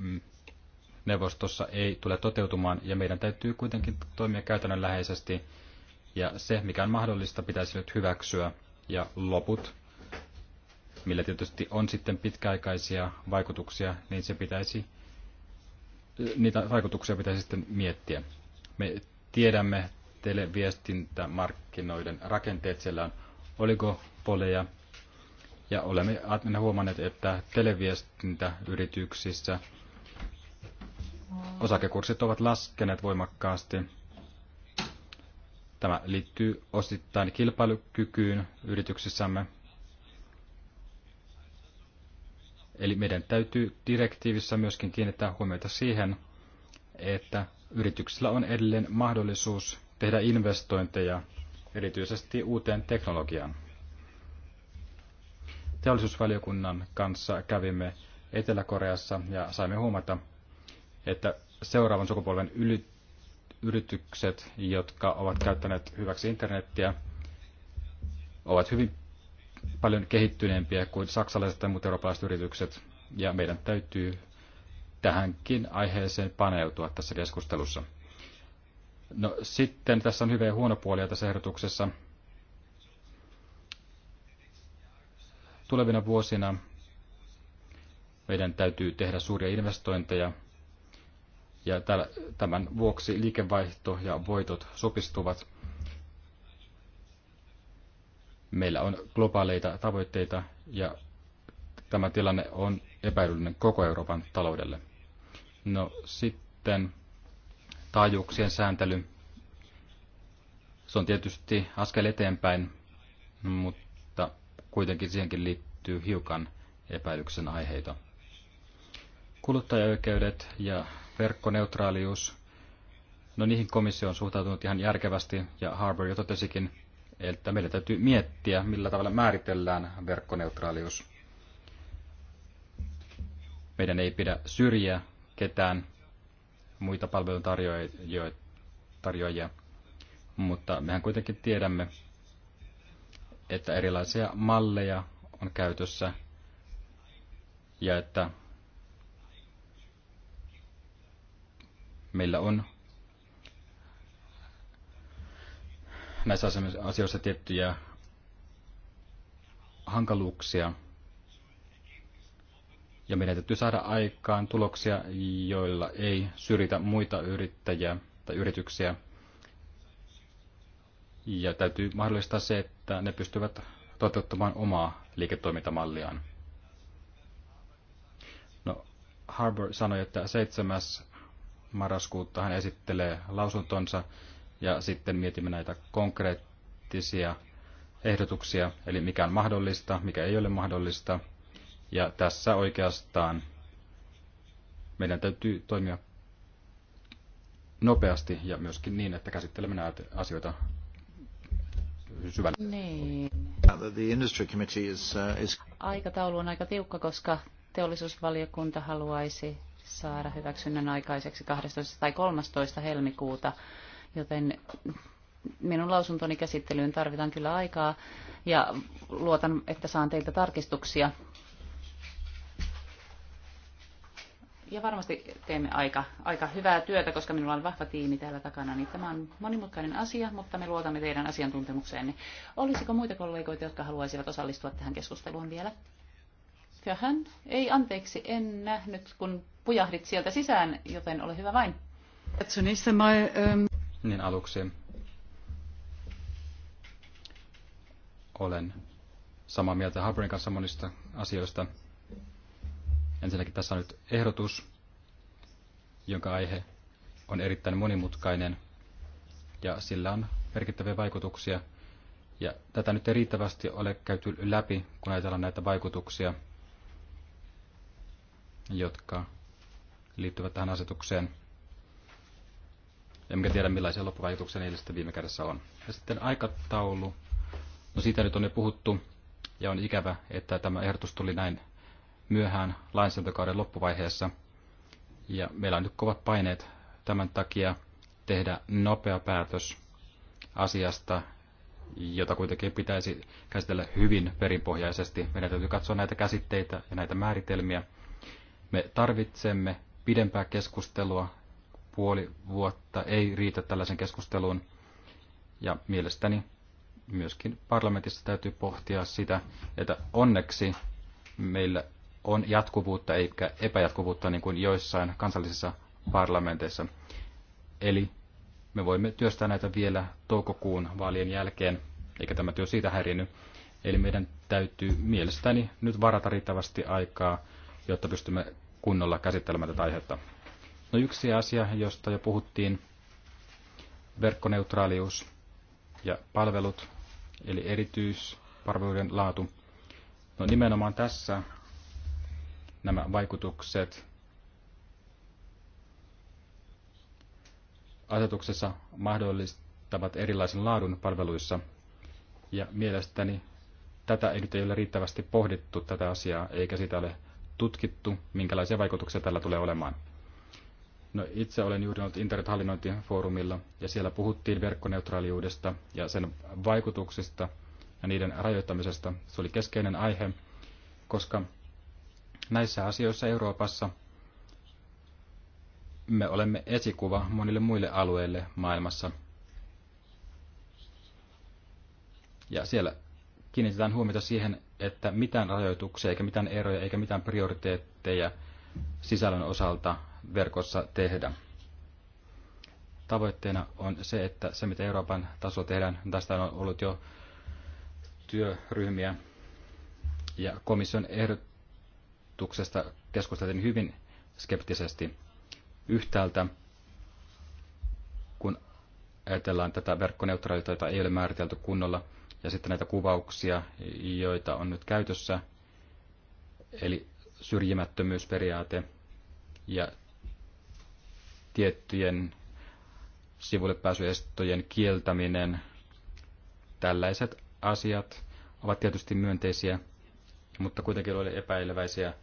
Mm, neuvostossa ei tule toteutumaan, ja meidän täytyy kuitenkin toimia käytännönläheisesti, ja se, mikä on mahdollista, pitäisi nyt hyväksyä, ja loput, millä tietysti on sitten pitkäaikaisia vaikutuksia, niin se pitäisi, niitä vaikutuksia pitäisi sitten miettiä. Me tiedämme televiestintämarkkinoiden rakenteet, siellä on oligopoleja, ja olemme huomanneet, että televiestintäyrityksissä – osakekurssit ovat laskeneet voimakkaasti. Tämä liittyy osittain kilpailukykyyn yrityksissämme. Eli meidän täytyy direktiivissä myöskin kiinnittää huomiota siihen, että yrityksillä on edelleen mahdollisuus tehdä investointeja erityisesti uuteen teknologiaan. Teollisuusvaliokunnan kanssa kävimme Etelä-Koreassa ja saimme huomata, että seuraavan sukupolven yli, yritykset, jotka ovat käyttäneet hyväksi internettiä, ovat hyvin paljon kehittyneempiä kuin saksalaiset tai muut eurooppalaiset yritykset, ja meidän täytyy tähänkin aiheeseen paneutua tässä keskustelussa. No sitten tässä on hyviä ja huono puolia tässä ehdotuksessa. Tulevina vuosina meidän täytyy tehdä suuria investointeja ja tämän vuoksi liikevaihto ja voitot sopistuvat. Meillä on globaaleita tavoitteita ja tämä tilanne on epäilyllinen koko Euroopan taloudelle. No sitten taajuuksien sääntely. Se on tietysti askel eteenpäin, mutta kuitenkin siihenkin liittyy hiukan epäilyksen aiheita. Kuluttajaoikeudet ja verkkoneutraalius, no niihin komissio on suhtautunut ihan järkevästi, ja Harbour jo totesikin, että meidän täytyy miettiä, millä tavalla määritellään verkkoneutraalius. Meidän ei pidä syrjiä ketään muita palveluntarjoajia, mutta mehän kuitenkin tiedämme, että erilaisia malleja on käytössä ja että meillä on näissä asioissa tiettyjä hankaluuksia. Ja meidän täytyy saada aikaan tuloksia, joilla ei syrjitä muita yrittäjiä tai yrityksiä. Ja täytyy mahdollistaa se, että ne pystyvät toteuttamaan omaa liiketoimintamalliaan. No, Harbour sanoi, että seitsemäs marraskuutta hän esittelee lausuntonsa ja sitten mietimme näitä konkreettisia ehdotuksia, eli mikä on mahdollista, mikä ei ole mahdollista. Ja tässä oikeastaan meidän täytyy toimia nopeasti ja myöskin niin, että käsittelemme näitä asioita syvällä. Niin. Uh, Aikataulu on aika tiukka, koska teollisuusvaliokunta haluaisi saada hyväksynnän aikaiseksi 12. tai 13. helmikuuta, joten minun lausuntoni käsittelyyn tarvitaan kyllä aikaa ja luotan, että saan teiltä tarkistuksia. Ja varmasti teemme aika, aika hyvää työtä, koska minulla on vahva tiimi täällä takana, niin tämä on monimutkainen asia, mutta me luotamme teidän asiantuntemukseenne. Olisiko muita kollegoita, jotka haluaisivat osallistua tähän keskusteluun vielä? Ja ei anteeksi, en nähnyt, kun pujahdit sieltä sisään, joten ole hyvä vain. Ähm, niin aluksi olen samaa mieltä Harperin kanssa monista asioista. Ensinnäkin tässä on nyt ehdotus, jonka aihe on erittäin monimutkainen ja sillä on merkittäviä vaikutuksia. Ja tätä nyt ei riittävästi ole käyty läpi, kun ajatellaan näitä vaikutuksia – jotka liittyvät tähän asetukseen. Emmekä tiedä, millaisia loppuvaikutuksia niille sitten viime kädessä on. Ja sitten aikataulu. No siitä nyt on jo puhuttu, ja on ikävä, että tämä ehdotus tuli näin myöhään lainsäädäntökauden loppuvaiheessa. Ja meillä on nyt kovat paineet tämän takia tehdä nopea päätös asiasta, jota kuitenkin pitäisi käsitellä hyvin perinpohjaisesti. Meidän täytyy katsoa näitä käsitteitä ja näitä määritelmiä, me tarvitsemme pidempää keskustelua. Puoli vuotta ei riitä tällaisen keskusteluun. Ja mielestäni myöskin parlamentissa täytyy pohtia sitä, että onneksi meillä on jatkuvuutta eikä epäjatkuvuutta niin kuin joissain kansallisissa parlamenteissa. Eli me voimme työstää näitä vielä toukokuun vaalien jälkeen, eikä tämä työ siitä häirinyt. Eli meidän täytyy mielestäni nyt varata riittävästi aikaa jotta pystymme kunnolla käsittelemään tätä aihetta. No yksi asia, josta jo puhuttiin, verkkoneutraalius ja palvelut, eli erityispalveluiden laatu. No nimenomaan tässä nämä vaikutukset asetuksessa mahdollistavat erilaisen laadun palveluissa. Ja mielestäni tätä ei nyt ei ole riittävästi pohdittu tätä asiaa, eikä sitä ole tutkittu, minkälaisia vaikutuksia tällä tulee olemaan. No, itse olen juuri ollut internethallinnointifoorumilla ja siellä puhuttiin verkkoneutraaliudesta ja sen vaikutuksista ja niiden rajoittamisesta. Se oli keskeinen aihe, koska näissä asioissa Euroopassa me olemme esikuva monille muille alueille maailmassa. Ja siellä kiinnitetään huomiota siihen, että mitään rajoituksia eikä mitään eroja eikä mitään prioriteetteja sisällön osalta verkossa tehdä. Tavoitteena on se, että se mitä Euroopan tasolla tehdään, tästä on ollut jo työryhmiä ja komission ehdotuksesta keskusteltiin hyvin skeptisesti yhtäältä, kun ajatellaan tätä verkkoneutraaliteita ei ole määritelty kunnolla – ja sitten näitä kuvauksia, joita on nyt käytössä, eli syrjimättömyysperiaate ja tiettyjen sivulle pääsyestojen kieltäminen. Tällaiset asiat ovat tietysti myönteisiä, mutta kuitenkin ole epäileväisiä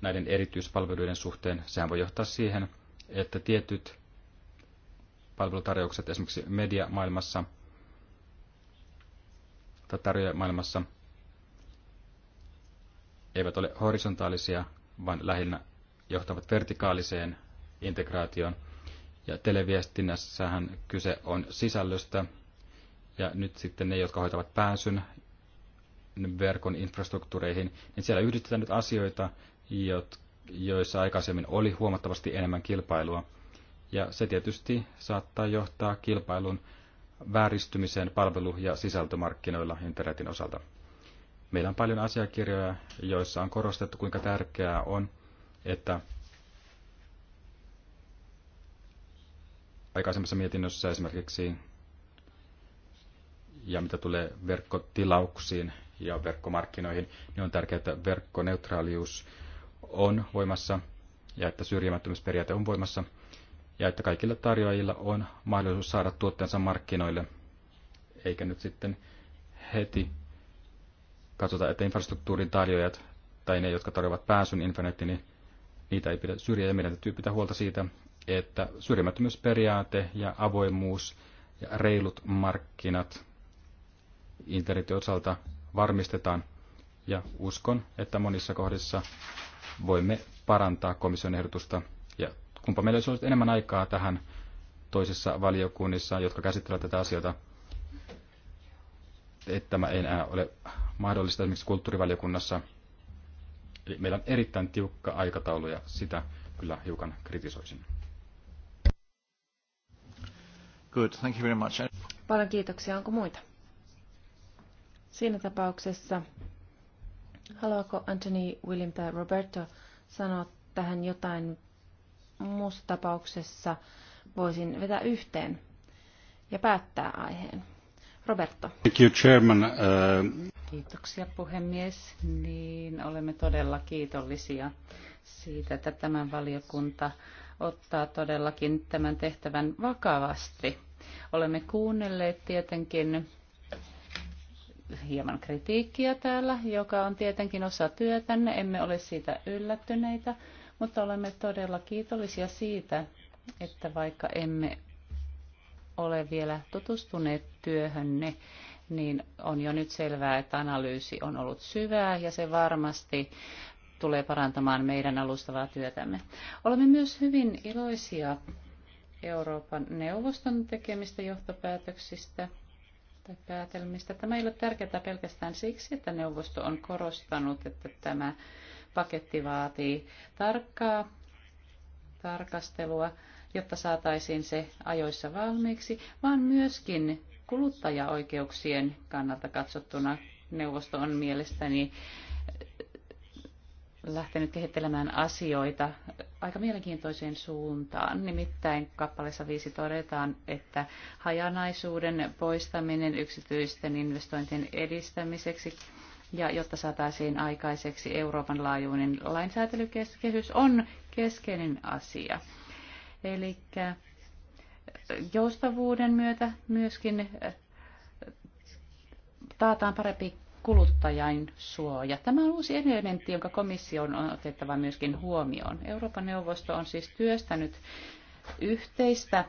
näiden erityispalveluiden suhteen. Sehän voi johtaa siihen, että tietyt palvelutarjoukset esimerkiksi mediamaailmassa – tarjoajia maailmassa eivät ole horisontaalisia, vaan lähinnä johtavat vertikaaliseen integraatioon. Ja televiestinnässähän kyse on sisällöstä, ja nyt sitten ne, jotka hoitavat pääsyn verkon infrastruktuureihin, niin siellä yhdistetään nyt asioita, joissa aikaisemmin oli huomattavasti enemmän kilpailua. Ja se tietysti saattaa johtaa kilpailun vääristymiseen palvelu- ja sisältömarkkinoilla internetin osalta. Meillä on paljon asiakirjoja, joissa on korostettu, kuinka tärkeää on, että aikaisemmassa mietinnössä esimerkiksi ja mitä tulee verkkotilauksiin ja verkkomarkkinoihin, niin on tärkeää, että verkkoneutraalius on voimassa ja että syrjimättömyysperiaate on voimassa – ja että kaikilla tarjoajilla on mahdollisuus saada tuotteensa markkinoille, eikä nyt sitten heti katsota, että infrastruktuurin tarjoajat tai ne, jotka tarjoavat pääsyn internetiin, niin niitä ei pidä syrjiä ja meidän täytyy pitää huolta siitä, että syrjimättömyysperiaate ja avoimuus ja reilut markkinat internetin osalta varmistetaan ja uskon, että monissa kohdissa voimme parantaa komission ehdotusta kumpa meillä olisi ollut enemmän aikaa tähän toisessa valiokunnissa, jotka käsittelevät tätä asioita, että tämä ei enää ole mahdollista esimerkiksi kulttuurivaliokunnassa. Eli meillä on erittäin tiukka aikataulu ja sitä kyllä hiukan kritisoisin. Good, thank you very much. Paljon kiitoksia. Onko muita? Siinä tapauksessa, haluaako Anthony, William tai Roberto sanoa tähän jotain Muussa tapauksessa voisin vetää yhteen ja päättää aiheen. Roberto. Thank you, Chairman. Uh... Kiitoksia puhemies. Niin, olemme todella kiitollisia siitä, että tämä valiokunta ottaa todellakin tämän tehtävän vakavasti. Olemme kuunnelleet tietenkin hieman kritiikkiä täällä, joka on tietenkin osa työtänne. Emme ole siitä yllättyneitä, mutta olemme todella kiitollisia siitä, että vaikka emme ole vielä tutustuneet työhönne, niin on jo nyt selvää, että analyysi on ollut syvää ja se varmasti tulee parantamaan meidän alustavaa työtämme. Olemme myös hyvin iloisia Euroopan neuvoston tekemistä johtopäätöksistä tai päätelmistä. Tämä ei ole tärkeää pelkästään siksi, että neuvosto on korostanut, että tämä paketti vaatii tarkkaa tarkastelua, jotta saataisiin se ajoissa valmiiksi, vaan myöskin kuluttajaoikeuksien kannalta katsottuna neuvosto on mielestäni lähtenyt kehittelemään asioita aika mielenkiintoiseen suuntaan. Nimittäin kappaleessa viisi todetaan, että hajanaisuuden poistaminen yksityisten investointien edistämiseksi ja jotta saataisiin aikaiseksi Euroopan laajuinen lainsäätelykehys on keskeinen asia. Eli joustavuuden myötä myöskin eh, taataan parempi kuluttajain suoja. Tämä on uusi elementti, jonka komissio on otettava myöskin huomioon. Euroopan neuvosto on siis työstänyt yhteistä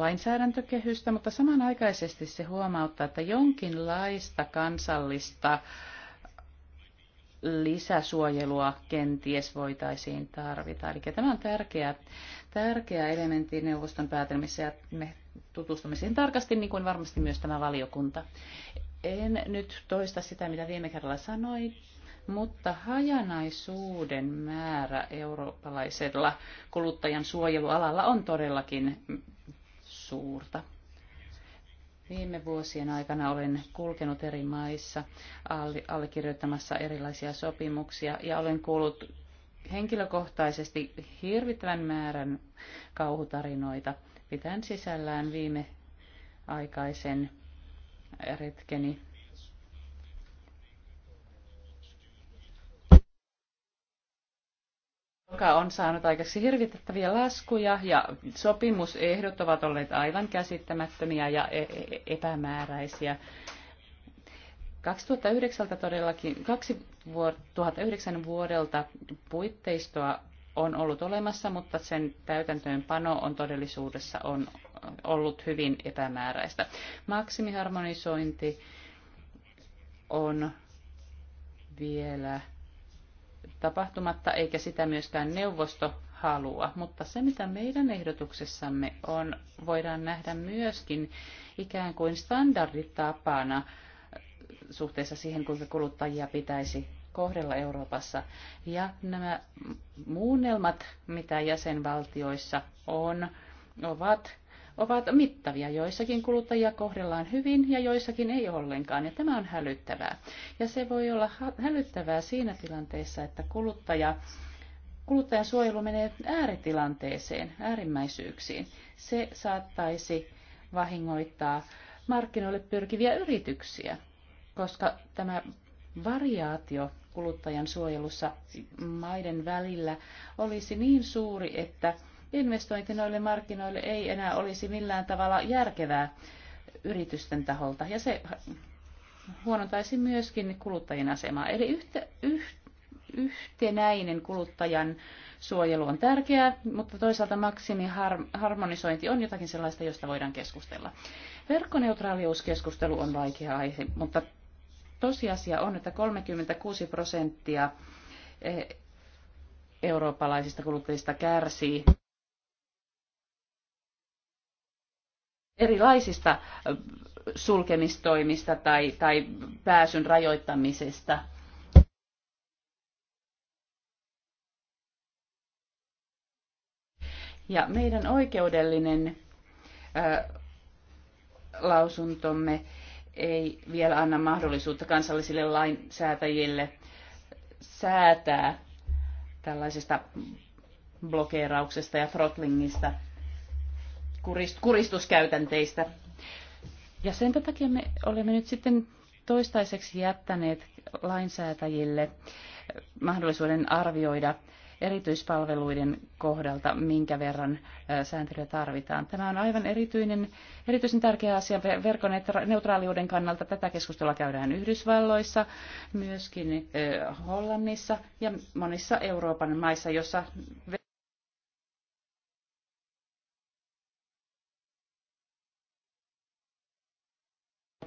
lainsäädäntökehystä, mutta samanaikaisesti se huomauttaa, että jonkinlaista kansallista lisäsuojelua kenties voitaisiin tarvita. Eli tämä on tärkeä, tärkeä elementti neuvoston päätelmissä ja me tutustumme siihen tarkasti, niin kuin varmasti myös tämä valiokunta. En nyt toista sitä, mitä viime kerralla sanoin, mutta hajanaisuuden määrä eurooppalaisella kuluttajan suojelualalla on todellakin suurta. Viime vuosien aikana olen kulkenut eri maissa allekirjoittamassa erilaisia sopimuksia ja olen kuullut henkilökohtaisesti hirvittävän määrän kauhutarinoita. Pitän sisällään viime aikaisen retkeni joka on saanut aikaksi hirvitettäviä laskuja ja sopimusehdot ovat olleet aivan käsittämättömiä ja e- e- e- epämääräisiä. 2009 todellakin, 2009 vuodelta puitteistoa on ollut olemassa, mutta sen täytäntöönpano on todellisuudessa on ollut hyvin epämääräistä. Maksimiharmonisointi on vielä tapahtumatta, eikä sitä myöskään neuvosto halua. Mutta se, mitä meidän ehdotuksessamme on, voidaan nähdä myöskin ikään kuin standarditapana suhteessa siihen, kuinka kuluttajia pitäisi kohdella Euroopassa. Ja nämä muunnelmat, mitä jäsenvaltioissa on, ovat ovat mittavia. Joissakin kuluttajia kohdellaan hyvin ja joissakin ei ollenkaan, ja tämä on hälyttävää. Ja se voi olla hälyttävää siinä tilanteessa, että kuluttaja kuluttajan suojelu menee ääritilanteeseen, äärimmäisyyksiin. Se saattaisi vahingoittaa markkinoille pyrkiviä yrityksiä, koska tämä variaatio kuluttajan suojelussa maiden välillä olisi niin suuri, että investointi noille markkinoille ei enää olisi millään tavalla järkevää yritysten taholta. Ja se huonontaisi myöskin kuluttajien asemaa. Eli yhtä, yh, yhtenäinen kuluttajan suojelu on tärkeää, mutta toisaalta maksimiharmonisointi on jotakin sellaista, josta voidaan keskustella. Verkkoneutraaliuskeskustelu on vaikea aihe, mutta tosiasia on, että 36 prosenttia eh, eurooppalaisista kuluttajista kärsii erilaisista sulkemistoimista tai, tai pääsyn rajoittamisesta. Ja meidän oikeudellinen ö, lausuntomme ei vielä anna mahdollisuutta kansallisille lainsäätäjille säätää tällaisesta blokeerauksesta ja throttlingista – kuristuskäytänteistä. Ja sen takia me olemme nyt sitten toistaiseksi jättäneet lainsäätäjille mahdollisuuden arvioida erityispalveluiden kohdalta, minkä verran sääntelyä tarvitaan. Tämä on aivan erityinen, erityisen tärkeä asia verkon neutraaliuden kannalta. Tätä keskustelua käydään Yhdysvalloissa, myöskin Hollannissa ja monissa Euroopan maissa, jossa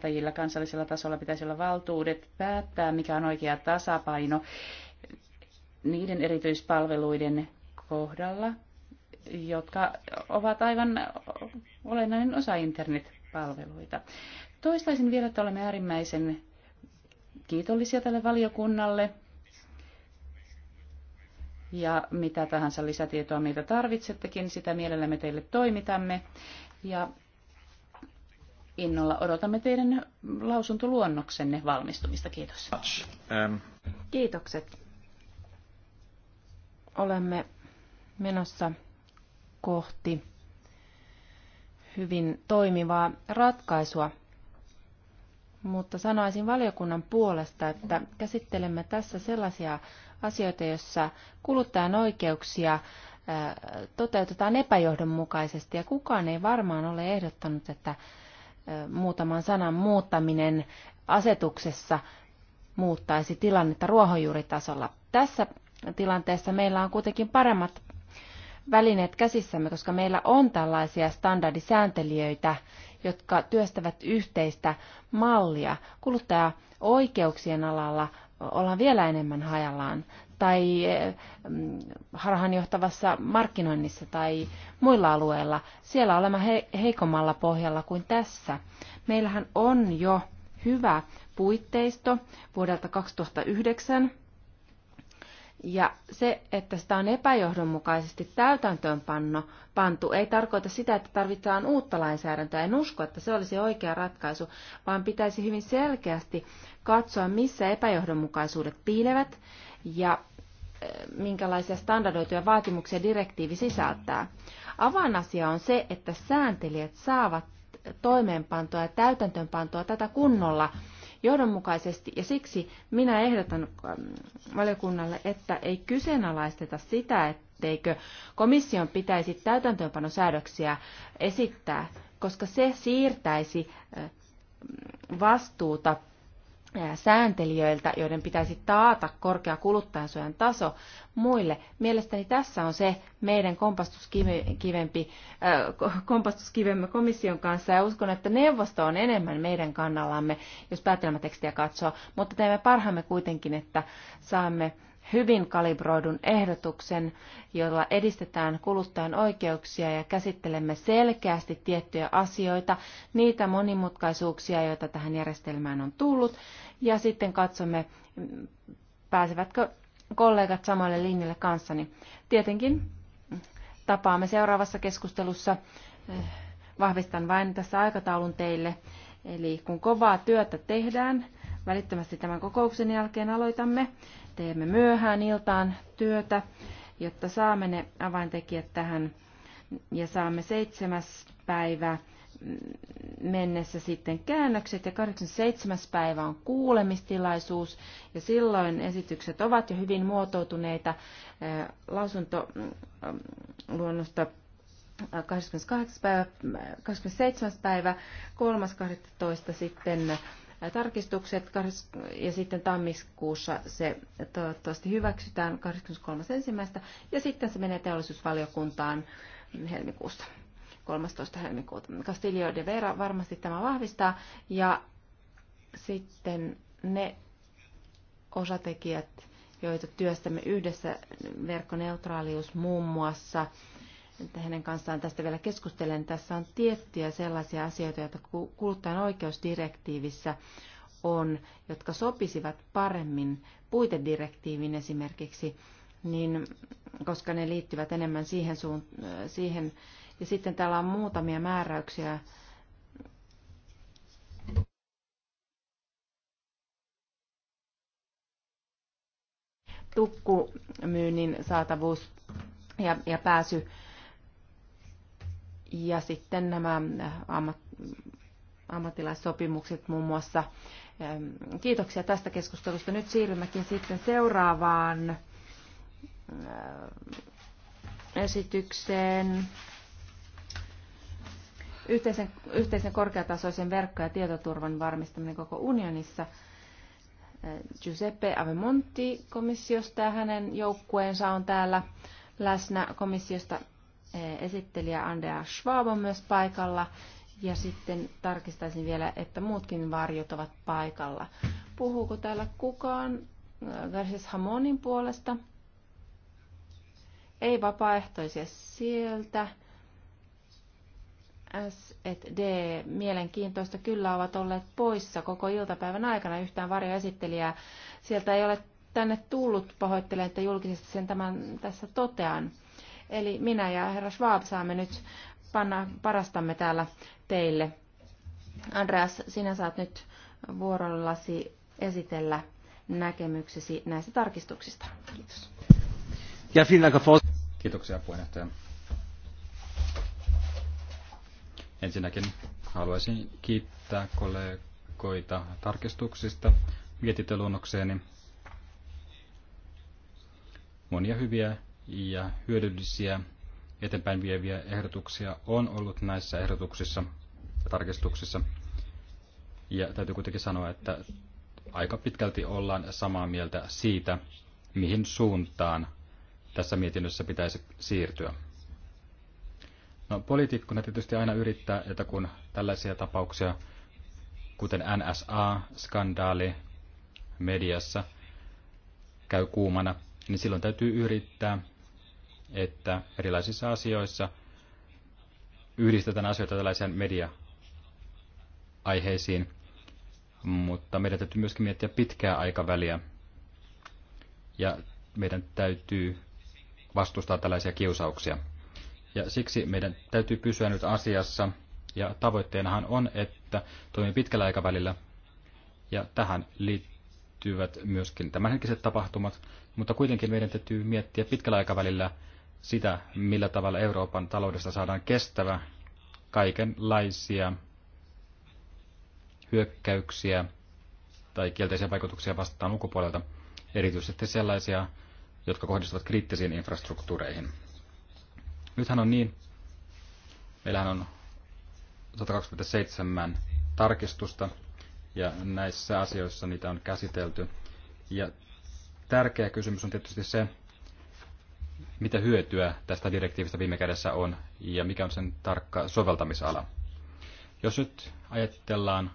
päättäjillä kansallisella tasolla pitäisi olla valtuudet päättää, mikä on oikea tasapaino niiden erityispalveluiden kohdalla, jotka ovat aivan olennainen osa internetpalveluita. Toistaisin vielä, että olemme äärimmäisen kiitollisia tälle valiokunnalle ja mitä tahansa lisätietoa meitä tarvitsettekin, sitä mielellämme teille toimitamme. Ja innolla odotamme teidän lausuntoluonnoksenne valmistumista. Kiitos. Ähm. Kiitokset. Olemme menossa kohti hyvin toimivaa ratkaisua, mutta sanoisin valiokunnan puolesta, että käsittelemme tässä sellaisia asioita, joissa kuluttajan oikeuksia äh, toteutetaan epäjohdonmukaisesti ja kukaan ei varmaan ole ehdottanut, että muutaman sanan muuttaminen asetuksessa muuttaisi tilannetta ruohonjuuritasolla. Tässä tilanteessa meillä on kuitenkin paremmat välineet käsissämme, koska meillä on tällaisia standardisääntelijöitä, jotka työstävät yhteistä mallia. Kuluttaja-oikeuksien alalla ollaan vielä enemmän hajallaan tai mm, harhaanjohtavassa markkinoinnissa tai muilla alueilla. Siellä olemme heikommalla pohjalla kuin tässä. Meillähän on jo hyvä puitteisto vuodelta 2009 ja se, että sitä on epäjohdonmukaisesti täytäntöönpanno pantu, ei tarkoita sitä, että tarvitaan uutta lainsäädäntöä. En usko, että se olisi oikea ratkaisu, vaan pitäisi hyvin selkeästi katsoa, missä epäjohdonmukaisuudet piilevät ja minkälaisia standardoituja vaatimuksia direktiivi sisältää. Avainasia on se, että sääntelijät saavat toimeenpantoa ja täytäntöönpantoa tätä kunnolla johdonmukaisesti, ja siksi minä ehdotan ähm, valiokunnalle, että ei kyseenalaisteta sitä, etteikö komission pitäisi täytäntöönpanosäädöksiä esittää, koska se siirtäisi äh, vastuuta sääntelijöiltä, joiden pitäisi taata korkea kuluttajansuojan taso muille. Mielestäni tässä on se meidän kompastuskivempi, kompastuskivemme komission kanssa ja uskon, että neuvosto on enemmän meidän kannallamme, jos päätelmätekstiä katsoo, mutta teemme parhaamme kuitenkin, että saamme hyvin kalibroidun ehdotuksen, jolla edistetään kuluttajan oikeuksia ja käsittelemme selkeästi tiettyjä asioita, niitä monimutkaisuuksia, joita tähän järjestelmään on tullut, ja sitten katsomme, pääsevätkö kollegat samalle linjalle kanssani. Tietenkin tapaamme seuraavassa keskustelussa. Vahvistan vain tässä aikataulun teille. Eli kun kovaa työtä tehdään, Välittömästi tämän kokouksen jälkeen aloitamme. Teemme myöhään iltaan työtä, jotta saamme ne avaintekijät tähän ja saamme seitsemäs päivä mennessä sitten käännökset ja 87. päivä on kuulemistilaisuus ja silloin esitykset ovat jo hyvin muotoutuneita lausuntoluonnosta mm, 28. päivä, 27. päivä, 3.12. sitten tarkistukset ja sitten tammikuussa se toivottavasti hyväksytään 23.1. ja sitten se menee teollisuusvaliokuntaan helmikuusta. 13. helmikuuta. Castillo de Vera varmasti tämä vahvistaa ja sitten ne osatekijät, joita työstämme yhdessä, verkkoneutraalius muun muassa, että hänen kanssaan tästä vielä keskustelen. Tässä on tiettyjä sellaisia asioita, joita kuluttajan oikeusdirektiivissä on, jotka sopisivat paremmin puitedirektiiviin esimerkiksi, niin, koska ne liittyvät enemmän siihen, suun, siihen. Ja sitten täällä on muutamia määräyksiä, tukkumyynnin saatavuus ja, ja pääsy ja sitten nämä äh, ammat, ammattilaissopimukset muun muassa. Ähm, kiitoksia tästä keskustelusta. Nyt siirrymmekin sitten seuraavaan äh, esitykseen. Yhteisen, yhteisen korkeatasoisen verkko- ja tietoturvan varmistaminen koko unionissa. Äh, Giuseppe Avemonti komissiosta ja hänen joukkueensa on täällä läsnä komissiosta Eh, esittelijä Andrea Schwab on myös paikalla. Ja sitten tarkistaisin vielä, että muutkin varjot ovat paikalla. Puhuuko täällä kukaan äh, Garces Hamonin puolesta? Ei vapaaehtoisia sieltä. S et D mielenkiintoista kyllä ovat olleet poissa koko iltapäivän aikana yhtään varjoesittelijää. Sieltä ei ole tänne tullut, pahoittelen, että julkisesti sen tämän tässä totean. Eli minä ja herra Schwab saamme nyt panna parastamme täällä teille. Andreas, sinä saat nyt vuorollasi esitellä näkemyksesi näistä tarkistuksista. Kiitos. Ja Kiitoksia puheenjohtaja. Ensinnäkin haluaisin kiittää kollegoita tarkistuksista mietintöluonnokseeni. Monia hyviä ja hyödyllisiä eteenpäin vieviä ehdotuksia on ollut näissä ehdotuksissa ja tarkistuksissa. Ja täytyy kuitenkin sanoa, että aika pitkälti ollaan samaa mieltä siitä, mihin suuntaan tässä mietinnössä pitäisi siirtyä. No, poliitikkona tietysti aina yrittää, että kun tällaisia tapauksia, kuten NSA-skandaali mediassa, käy kuumana, niin silloin täytyy yrittää että erilaisissa asioissa yhdistetään asioita tällaiseen media-aiheisiin, mutta meidän täytyy myöskin miettiä pitkää aikaväliä. Ja meidän täytyy vastustaa tällaisia kiusauksia. Ja siksi meidän täytyy pysyä nyt asiassa. Ja tavoitteenahan on, että toimii pitkällä aikavälillä. Ja tähän liittyvät myöskin tämänhetkiset tapahtumat. Mutta kuitenkin meidän täytyy miettiä pitkällä aikavälillä sitä, millä tavalla Euroopan taloudesta saadaan kestävä kaikenlaisia hyökkäyksiä tai kielteisiä vaikutuksia vastaan ulkopuolelta, erityisesti sellaisia, jotka kohdistuvat kriittisiin infrastruktuureihin. Nythän on niin, meillähän on 127 tarkistusta ja näissä asioissa niitä on käsitelty. Ja tärkeä kysymys on tietysti se, mitä hyötyä tästä direktiivistä viime kädessä on ja mikä on sen tarkka soveltamisala. Jos nyt ajatellaan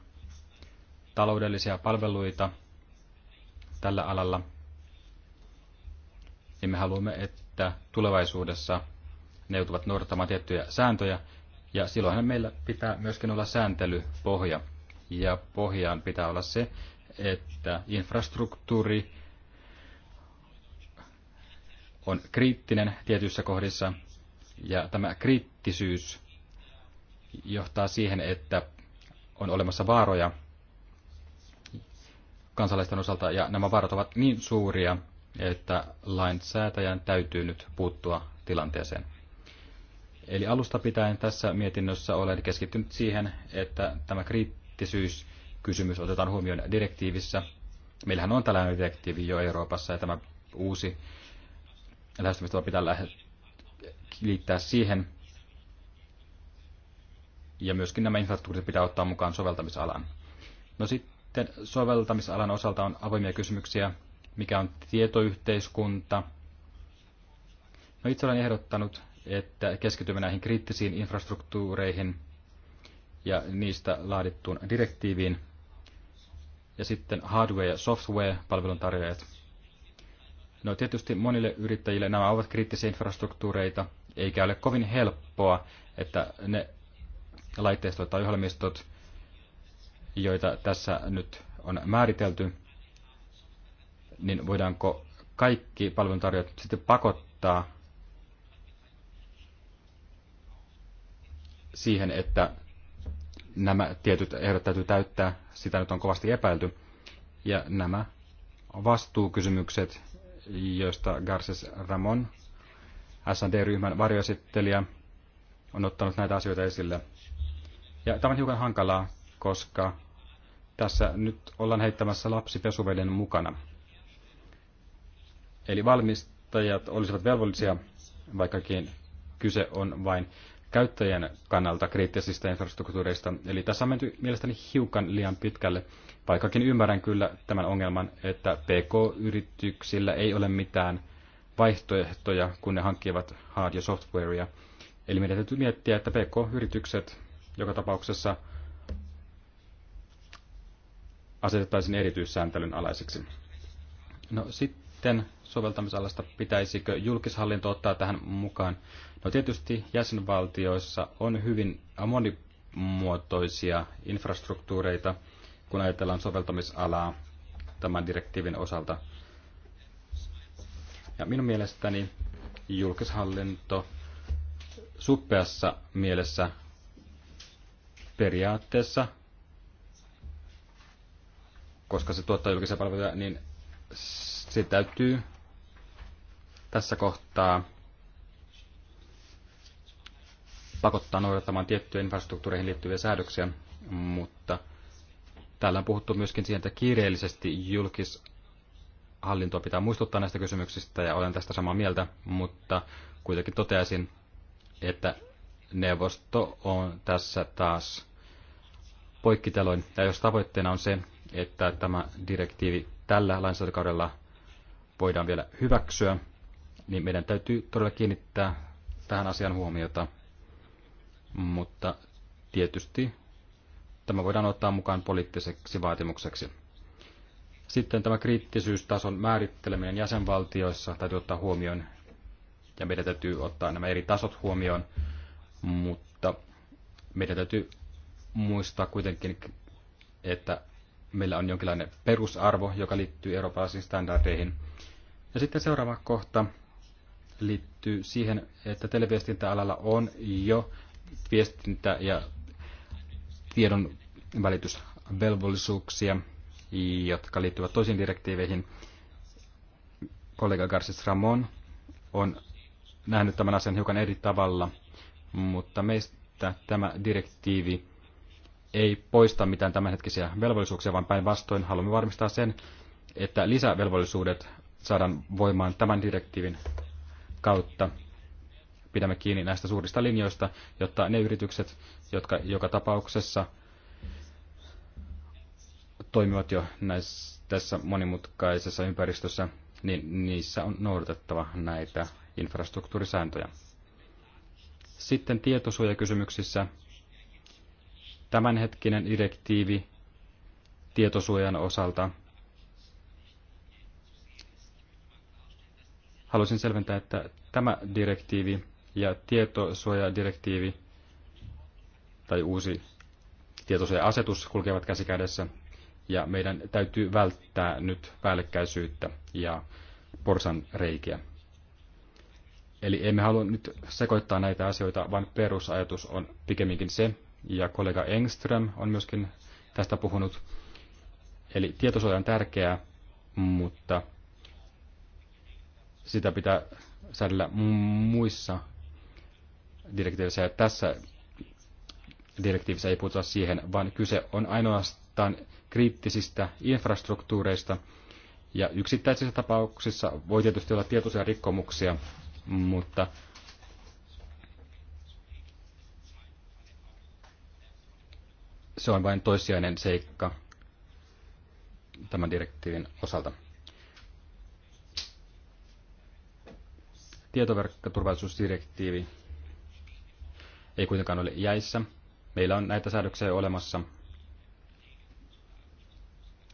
taloudellisia palveluita tällä alalla, niin me haluamme, että tulevaisuudessa ne joutuvat noudattamaan tiettyjä sääntöjä, ja silloinhan meillä pitää myöskin olla sääntelypohja. Ja pohjaan pitää olla se, että infrastruktuuri on kriittinen tietyissä kohdissa, ja tämä kriittisyys johtaa siihen, että on olemassa vaaroja kansalaisten osalta, ja nämä vaarat ovat niin suuria, että lainsäätäjän täytyy nyt puuttua tilanteeseen. Eli alusta pitäen tässä mietinnössä olen keskittynyt siihen, että tämä kriittisyyskysymys otetaan huomioon direktiivissä. Meillähän on tällainen direktiivi jo Euroopassa ja tämä uusi lähestymistapa pitää lähe- liittää siihen. Ja myöskin nämä infrastruktuurit pitää ottaa mukaan soveltamisalaan. No sitten soveltamisalan osalta on avoimia kysymyksiä. Mikä on tietoyhteiskunta? No itse olen ehdottanut, että keskitymme näihin kriittisiin infrastruktuureihin ja niistä laadittuun direktiiviin. Ja sitten hardware ja software palveluntarjoajat – No tietysti monille yrittäjille nämä ovat kriittisiä infrastruktuureita, eikä ole kovin helppoa, että ne laitteistot tai ohjelmistot, joita tässä nyt on määritelty, niin voidaanko kaikki palveluntarjoajat sitten pakottaa siihen, että nämä tietyt ehdot täytyy täyttää, sitä nyt on kovasti epäilty. Ja nämä vastuukysymykset joista Garces Ramon, SND-ryhmän varjoesittelijä, on ottanut näitä asioita esille. Ja tämä on hiukan hankalaa, koska tässä nyt ollaan heittämässä lapsi pesuveden mukana. Eli valmistajat olisivat velvollisia, vaikkakin kyse on vain käyttäjien kannalta kriittisistä infrastruktuureista. Eli tässä on menty mielestäni hiukan liian pitkälle, Vaikkakin ymmärrän kyllä tämän ongelman, että PK-yrityksillä ei ole mitään vaihtoehtoja, kun ne hankkivat hard- ja softwarea. Eli meidän täytyy miettiä, että PK-yritykset joka tapauksessa asetettaisiin erityissääntelyn alaiseksi. No sitten soveltamisalasta pitäisikö julkishallinto ottaa tähän mukaan? No tietysti jäsenvaltioissa on hyvin monimuotoisia infrastruktuureita, kun ajatellaan soveltamisalaa tämän direktiivin osalta. Ja minun mielestäni julkishallinto suppeassa mielessä periaatteessa, koska se tuottaa julkisia palveluja, niin se täytyy tässä kohtaa pakottaa noudattamaan tiettyjä infrastruktuureihin liittyviä säädöksiä, mutta – Täällä on puhuttu myöskin siihen, että kiireellisesti julkishallintoa pitää muistuttaa näistä kysymyksistä, ja olen tästä samaa mieltä, mutta kuitenkin toteaisin, että neuvosto on tässä taas poikkiteloin. Ja jos tavoitteena on se, että tämä direktiivi tällä lainsäädäntökaudella voidaan vielä hyväksyä, niin meidän täytyy todella kiinnittää tähän asian huomiota. Mutta tietysti Tämä voidaan ottaa mukaan poliittiseksi vaatimukseksi. Sitten tämä kriittisyystason määritteleminen jäsenvaltioissa täytyy ottaa huomioon, ja meidän täytyy ottaa nämä eri tasot huomioon, mutta meidän täytyy muistaa kuitenkin, että meillä on jonkinlainen perusarvo, joka liittyy eurooppalaisiin standardeihin. Ja sitten seuraava kohta liittyy siihen, että televiestintäalalla on jo viestintä- ja tiedon välitysvelvollisuuksia, jotka liittyvät toisiin direktiiveihin. Kollega Garcis Ramon on nähnyt tämän asian hiukan eri tavalla, mutta meistä tämä direktiivi ei poista mitään tämänhetkisiä velvollisuuksia, vaan päinvastoin haluamme varmistaa sen, että lisävelvollisuudet saadaan voimaan tämän direktiivin kautta pidämme kiinni näistä suurista linjoista, jotta ne yritykset, jotka joka tapauksessa toimivat jo näissä, tässä monimutkaisessa ympäristössä, niin niissä on noudatettava näitä infrastruktuurisääntöjä. Sitten tietosuojakysymyksissä. Tämänhetkinen direktiivi tietosuojan osalta. Haluaisin selventää, että tämä direktiivi ja tietosuojadirektiivi tai uusi tietosuoja-asetus kulkevat käsi ja meidän täytyy välttää nyt päällekkäisyyttä ja porsan reikiä. Eli emme halua nyt sekoittaa näitä asioita, vaan perusajatus on pikemminkin se, ja kollega Engström on myöskin tästä puhunut. Eli tietosuoja on tärkeää, mutta sitä pitää säädellä muissa direktiivissä ja tässä direktiivissä ei puututa siihen, vaan kyse on ainoastaan kriittisistä infrastruktuureista. Ja yksittäisissä tapauksissa voi tietysti olla tietoisia rikkomuksia, mutta se on vain toissijainen seikka tämän direktiivin osalta. Tietoverkkoturvallisuusdirektiivi ei kuitenkaan ole jäissä. Meillä on näitä säädöksiä olemassa.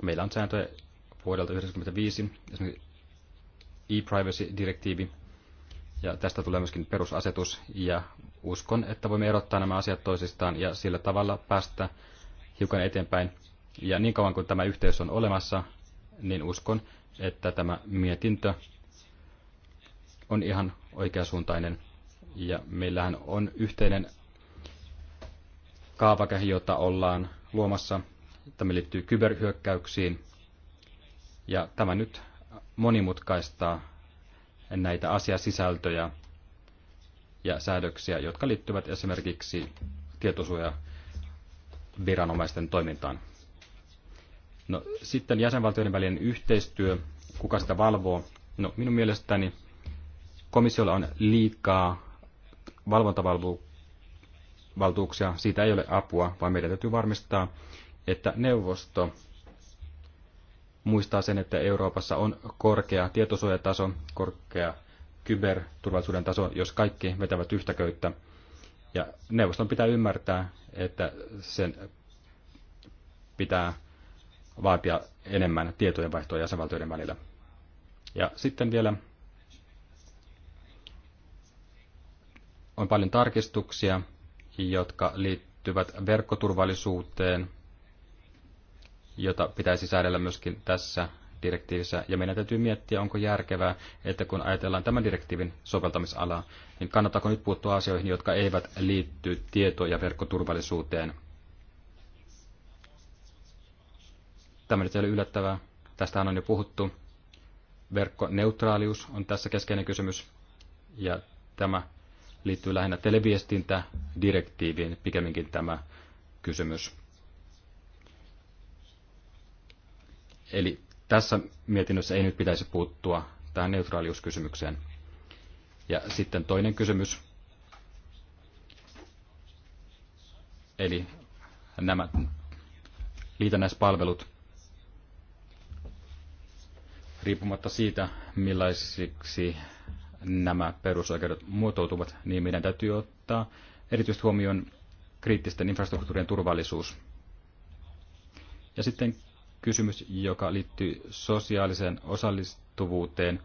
Meillä on sääntöjä vuodelta 1995, e-privacy-direktiivi, ja tästä tulee myöskin perusasetus, ja uskon, että voimme erottaa nämä asiat toisistaan ja sillä tavalla päästä hiukan eteenpäin. Ja niin kauan kuin tämä yhteys on olemassa, niin uskon, että tämä mietintö on ihan oikeasuuntainen. Ja meillähän on yhteinen kaavakehi, jota ollaan luomassa. Tämä liittyy kyberhyökkäyksiin. Ja tämä nyt monimutkaistaa näitä asiasisältöjä ja säädöksiä, jotka liittyvät esimerkiksi tietosuoja viranomaisten toimintaan. No, sitten jäsenvaltioiden välinen yhteistyö, kuka sitä valvoo? No, minun mielestäni komissiolla on liikaa valvontavaltuuksia, siitä ei ole apua, vaan meidän täytyy varmistaa, että neuvosto muistaa sen, että Euroopassa on korkea tietosuojataso, korkea kyberturvallisuuden taso, jos kaikki vetävät yhtä köyttä. Ja neuvoston pitää ymmärtää, että sen pitää vaatia enemmän tietojenvaihtoa jäsenvaltioiden välillä. Ja sitten vielä on paljon tarkistuksia, jotka liittyvät verkkoturvallisuuteen, jota pitäisi säädellä myöskin tässä direktiivissä. Ja meidän täytyy miettiä, onko järkevää, että kun ajatellaan tämän direktiivin soveltamisalaa, niin kannattaako nyt puuttua asioihin, jotka eivät liitty tieto- ja verkkoturvallisuuteen. Tämä nyt ei ole yllättävää. Tästähän on jo puhuttu. Verkkoneutraalius on tässä keskeinen kysymys. Ja tämä liittyy lähinnä televiestintädirektiiviin, pikemminkin tämä kysymys. Eli tässä mietinnössä ei nyt pitäisi puuttua tähän neutraaliuskysymykseen. Ja sitten toinen kysymys. Eli nämä liitännäispalvelut, riippumatta siitä, millaisiksi nämä perusoikeudet muotoutuvat, niin meidän täytyy ottaa erityisesti huomioon kriittisten infrastruktuurien turvallisuus. Ja sitten kysymys, joka liittyy sosiaaliseen osallistuvuuteen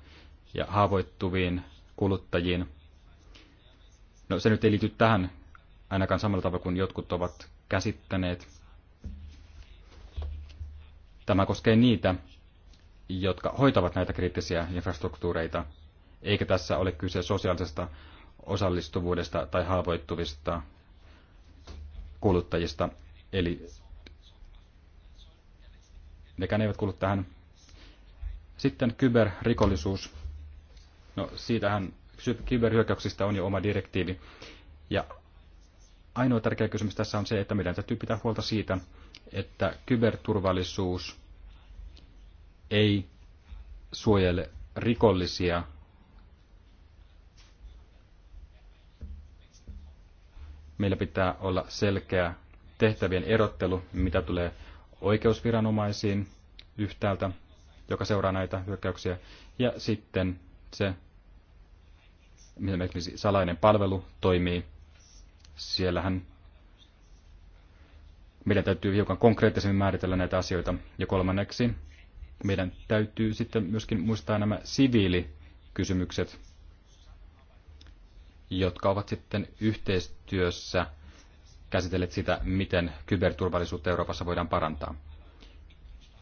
ja haavoittuviin kuluttajiin. No se nyt ei liity tähän ainakaan samalla tavalla kuin jotkut ovat käsittäneet. Tämä koskee niitä, jotka hoitavat näitä kriittisiä infrastruktuureita – eikä tässä ole kyse sosiaalisesta osallistuvuudesta tai haavoittuvista kuluttajista. Eli nekään eivät kuulu tähän. Sitten kyberrikollisuus. No siitähän kyberhyökkäyksistä on jo oma direktiivi. Ja ainoa tärkeä kysymys tässä on se, että meidän täytyy pitää huolta siitä, että kyberturvallisuus ei suojele rikollisia Meillä pitää olla selkeä tehtävien erottelu, mitä tulee oikeusviranomaisiin yhtäältä, joka seuraa näitä hyökkäyksiä, ja sitten se, miten esimerkiksi salainen palvelu toimii. Siellähän meidän täytyy hiukan konkreettisemmin määritellä näitä asioita. Ja kolmanneksi meidän täytyy sitten myöskin muistaa nämä siviilikysymykset jotka ovat sitten yhteistyössä käsitelleet sitä, miten kyberturvallisuutta Euroopassa voidaan parantaa.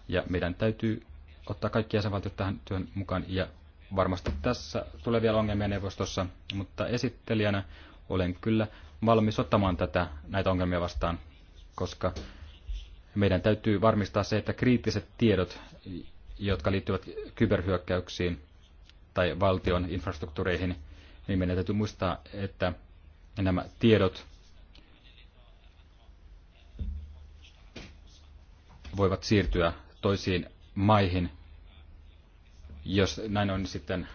Ja meidän täytyy ottaa kaikki jäsenvaltiot tähän työn mukaan, ja varmasti tässä tulee vielä ongelmia neuvostossa, mutta esittelijänä olen kyllä valmis ottamaan tätä, näitä ongelmia vastaan, koska meidän täytyy varmistaa se, että kriittiset tiedot, jotka liittyvät kyberhyökkäyksiin tai valtion infrastruktuureihin, niin meidän täytyy muistaa, että nämä tiedot voivat siirtyä toisiin maihin, jos näin on sitten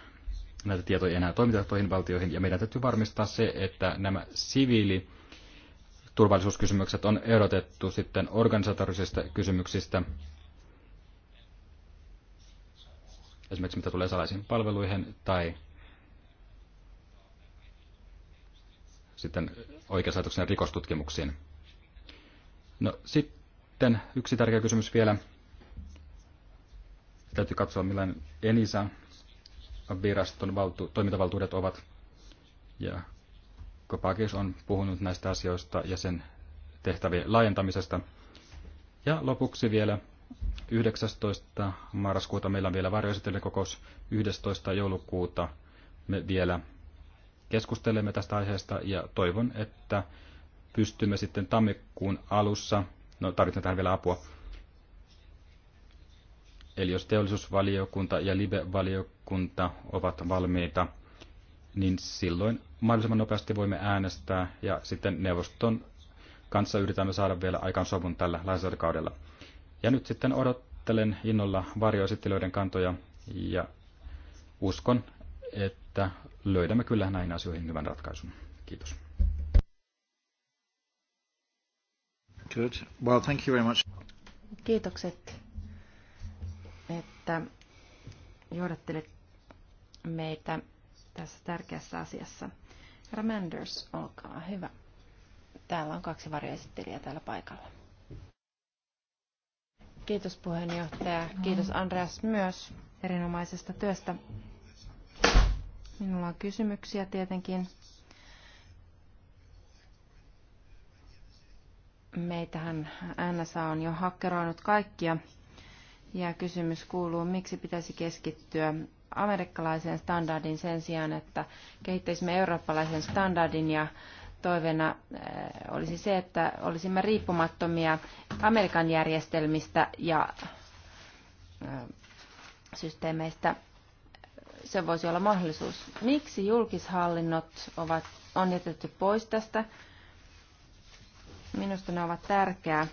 näitä tietoja enää toimiteta toihin valtioihin, ja meidän täytyy varmistaa se, että nämä siviili turvallisuuskysymykset on erotettu sitten organisatorisista kysymyksistä, esimerkiksi mitä tulee salaisiin palveluihin tai sitten oikeuslaitoksen rikostutkimuksiin. No sitten yksi tärkeä kysymys vielä. Täytyy katsoa, millainen Enisa viraston valtu- toimintavaltuudet ovat. Ja Kopakis on puhunut näistä asioista ja sen tehtävien laajentamisesta. Ja lopuksi vielä 19. marraskuuta meillä on vielä kokous. 11. joulukuuta. Me vielä keskustelemme tästä aiheesta ja toivon, että pystymme sitten tammikuun alussa, no tarvitsen tähän vielä apua, eli jos teollisuusvaliokunta ja live-valiokunta ovat valmiita, niin silloin mahdollisimman nopeasti voimme äänestää ja sitten neuvoston kanssa yritämme saada vielä aikaan sovun tällä lainsäädäntökaudella. Ja nyt sitten odottelen innolla varjoesittelyiden kantoja ja uskon, että löydämme kyllä näihin asioihin hyvän ratkaisun. Kiitos. Good. Well, thank you very much. Kiitokset, että johdattelet meitä tässä tärkeässä asiassa. Ramanders, olkaa hyvä. Täällä on kaksi varjoesittelijää täällä paikalla. Kiitos puheenjohtaja. Kiitos Andreas myös erinomaisesta työstä. Minulla on kysymyksiä tietenkin. Meitähän NSA on jo hakkeroinut kaikkia. Ja kysymys kuuluu, miksi pitäisi keskittyä amerikkalaiseen standardin sen sijaan, että kehittäisimme eurooppalaisen standardin ja toiveena eh, olisi se, että olisimme riippumattomia Amerikan järjestelmistä ja eh, systeemeistä se voisi olla mahdollisuus. Miksi julkishallinnot ovat, on jätetty pois tästä? Minusta ne ovat tärkeä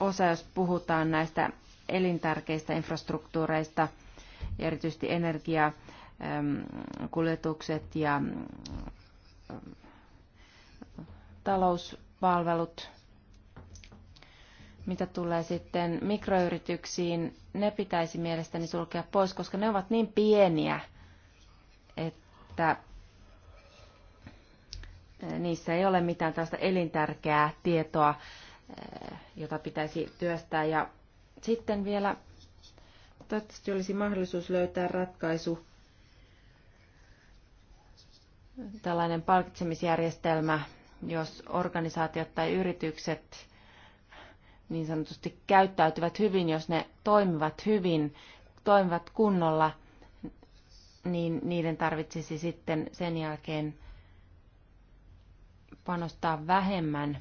osa, jos puhutaan näistä elintärkeistä infrastruktuureista, erityisesti energia, kuljetukset ja talouspalvelut – mitä tulee sitten mikroyrityksiin, ne pitäisi mielestäni sulkea pois, koska ne ovat niin pieniä, että e, niissä ei ole mitään tällaista elintärkeää tietoa, e, jota pitäisi työstää. Ja sitten vielä toivottavasti olisi mahdollisuus löytää ratkaisu tällainen palkitsemisjärjestelmä, jos organisaatiot tai yritykset niin sanotusti käyttäytyvät hyvin, jos ne toimivat hyvin, toimivat kunnolla, niin niiden tarvitsisi sitten sen jälkeen panostaa vähemmän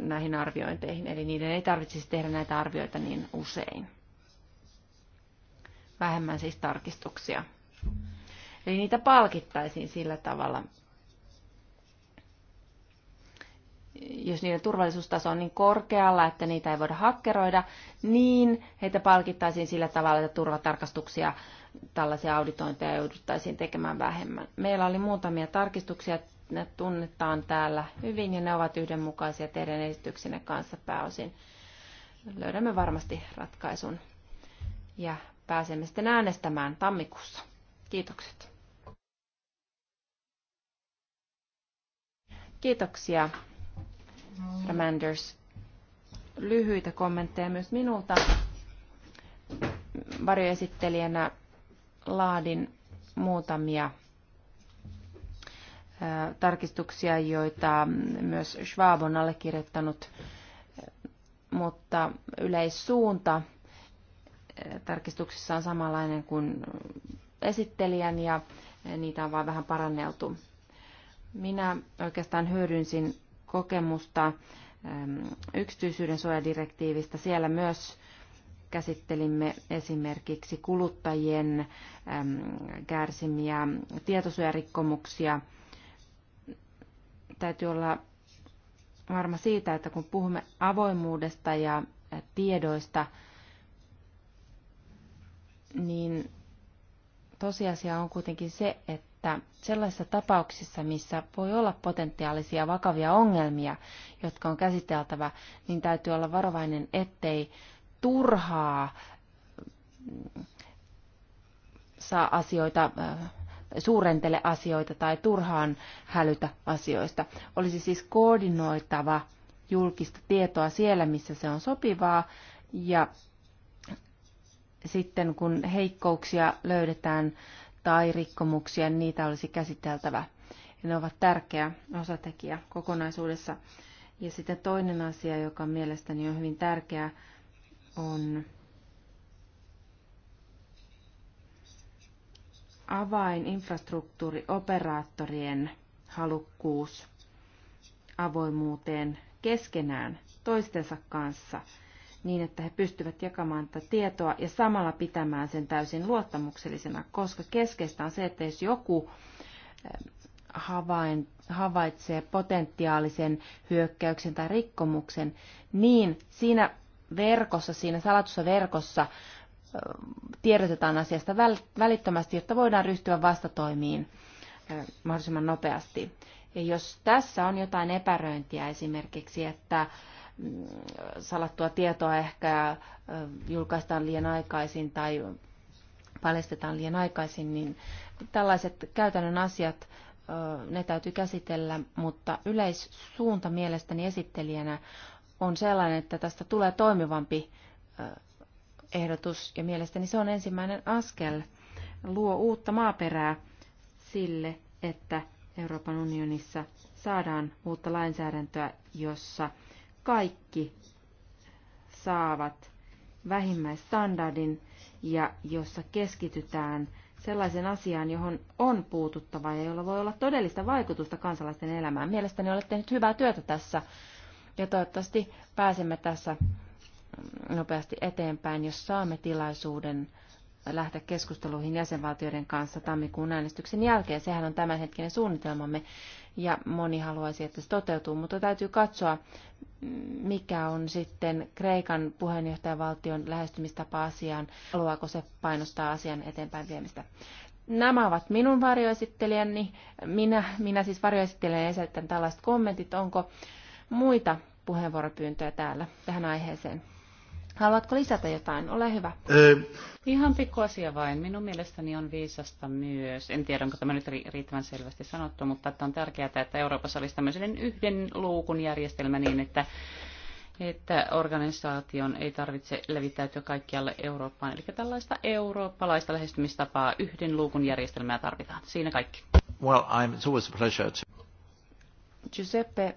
näihin arviointeihin, eli niiden ei tarvitsisi tehdä näitä arvioita niin usein. Vähemmän siis tarkistuksia. Eli niitä palkittaisiin sillä tavalla. jos niiden turvallisuustaso on niin korkealla, että niitä ei voida hakkeroida, niin heitä palkittaisiin sillä tavalla, että turvatarkastuksia, tällaisia auditointeja jouduttaisiin tekemään vähemmän. Meillä oli muutamia tarkistuksia, ne tunnetaan täällä hyvin ja ne ovat yhdenmukaisia teidän esityksenne kanssa pääosin. Löydämme varmasti ratkaisun ja pääsemme sitten äänestämään tammikuussa. Kiitokset. Kiitoksia. Remanders. Lyhyitä kommentteja myös minulta. Varjoesittelijänä laadin muutamia tarkistuksia, joita myös Schwab on allekirjoittanut, mutta yleissuunta tarkistuksissa on samanlainen kuin esittelijän ja niitä on vain vähän paranneltu. Minä oikeastaan hyödynsin kokemusta ähm, yksityisyyden suojadirektiivistä. Siellä myös käsittelimme esimerkiksi kuluttajien ähm, kärsimiä tietosuojarikkomuksia. Täytyy olla varma siitä, että kun puhumme avoimuudesta ja tiedoista, niin tosiasia on kuitenkin se, että että sellaisissa tapauksissa, missä voi olla potentiaalisia vakavia ongelmia, jotka on käsiteltävä, niin täytyy olla varovainen, ettei turhaa mm, saa asioita, äh, suurentele asioita tai turhaan hälytä asioista. Olisi siis koordinoitava julkista tietoa siellä, missä se on sopivaa, ja sitten kun heikkouksia löydetään tai rikkomuksia, niin niitä olisi käsiteltävä. Ne ovat tärkeä osatekijä kokonaisuudessa. Ja sitten toinen asia, joka mielestäni on hyvin tärkeä, on avaininfrastruktuurioperaattorien halukkuus avoimuuteen keskenään toistensa kanssa – niin, että he pystyvät jakamaan tätä tietoa ja samalla pitämään sen täysin luottamuksellisena, koska keskeistä on se, että jos joku eh, havain, havaitsee potentiaalisen hyökkäyksen tai rikkomuksen, niin siinä verkossa, siinä salatussa verkossa eh, tiedotetaan asiasta välittömästi, jotta voidaan ryhtyä vastatoimiin eh, mahdollisimman nopeasti. Ja jos tässä on jotain epäröintiä esimerkiksi, että salattua tietoa ehkä julkaistaan liian aikaisin tai paljastetaan liian aikaisin, niin tällaiset käytännön asiat, ne täytyy käsitellä, mutta yleissuunta mielestäni esittelijänä on sellainen, että tästä tulee toimivampi ehdotus, ja mielestäni se on ensimmäinen askel, luo uutta maaperää sille, että Euroopan unionissa saadaan uutta lainsäädäntöä, jossa kaikki saavat vähimmäistandardin ja jossa keskitytään sellaisen asiaan, johon on puututtava ja jolla voi olla todellista vaikutusta kansalaisten elämään. Mielestäni olette tehnyt hyvää työtä tässä ja toivottavasti pääsemme tässä nopeasti eteenpäin, jos saamme tilaisuuden lähteä keskusteluihin jäsenvaltioiden kanssa tammikuun äänestyksen jälkeen. Sehän on tämänhetkinen suunnitelmamme ja moni haluaisi, että se toteutuu, mutta täytyy katsoa, mikä on sitten Kreikan puheenjohtajavaltion lähestymistapa asiaan, haluaako se painostaa asian eteenpäin viemistä. Nämä ovat minun varjoesittelijäni. Minä, minä siis varjoesittelijän esitän tällaiset kommentit. Onko muita puheenvuoropyyntöjä täällä tähän aiheeseen? Haluatko lisätä jotain? Ole hyvä. Ee. Eh. Ihan pikku asia vain. Minun mielestäni on viisasta myös, en tiedä onko tämä nyt riittävän selvästi sanottu, mutta että on tärkeää, että Euroopassa olisi tämmöisen yhden luukun järjestelmä niin, että että organisaation ei tarvitse levittäytyä kaikkialle Eurooppaan. Eli tällaista eurooppalaista lähestymistapaa, yhden luukun järjestelmää tarvitaan. Siinä kaikki. Well, I'm, it's always a pleasure to... Giuseppe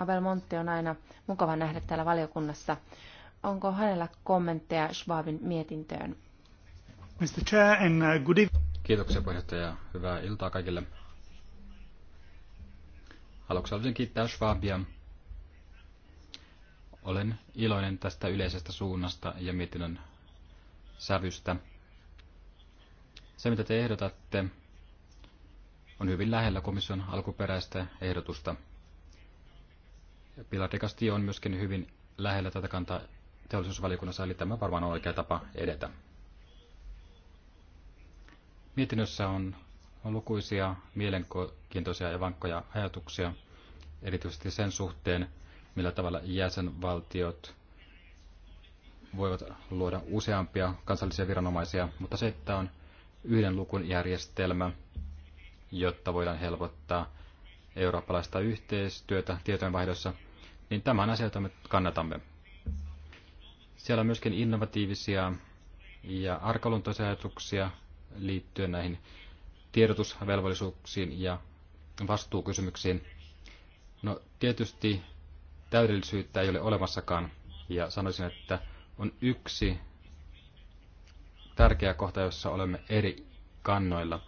Abelmonte on aina mukava nähdä täällä valiokunnassa. Onko hänellä kommentteja Schwabin mietintöön? Mr. Chair and uh, good Kiitoksia puheenjohtaja. Hyvää iltaa kaikille. Aluksi haluaisin kiittää Schwabia. Olen iloinen tästä yleisestä suunnasta ja mietinnön sävystä. Se, mitä te ehdotatte, on hyvin lähellä komission alkuperäistä ehdotusta. Pilar de Castillo on myöskin hyvin lähellä tätä kantaa teollisuusvaliokunnassa, eli tämä varmaan on oikea tapa edetä. Mietinnössä on, on lukuisia mielenkiintoisia ja vankkoja ajatuksia, erityisesti sen suhteen, millä tavalla jäsenvaltiot voivat luoda useampia kansallisia viranomaisia, mutta se, että on yhden lukun järjestelmä, jotta voidaan helpottaa eurooppalaista yhteistyötä tietojenvaihdossa, niin tämä on asia, jota me kannatamme. Siellä on myöskin innovatiivisia ja arkaluontoisia ajatuksia liittyen näihin tiedotusvelvollisuuksiin ja vastuukysymyksiin. No tietysti täydellisyyttä ei ole olemassakaan ja sanoisin, että on yksi tärkeä kohta, jossa olemme eri kannoilla,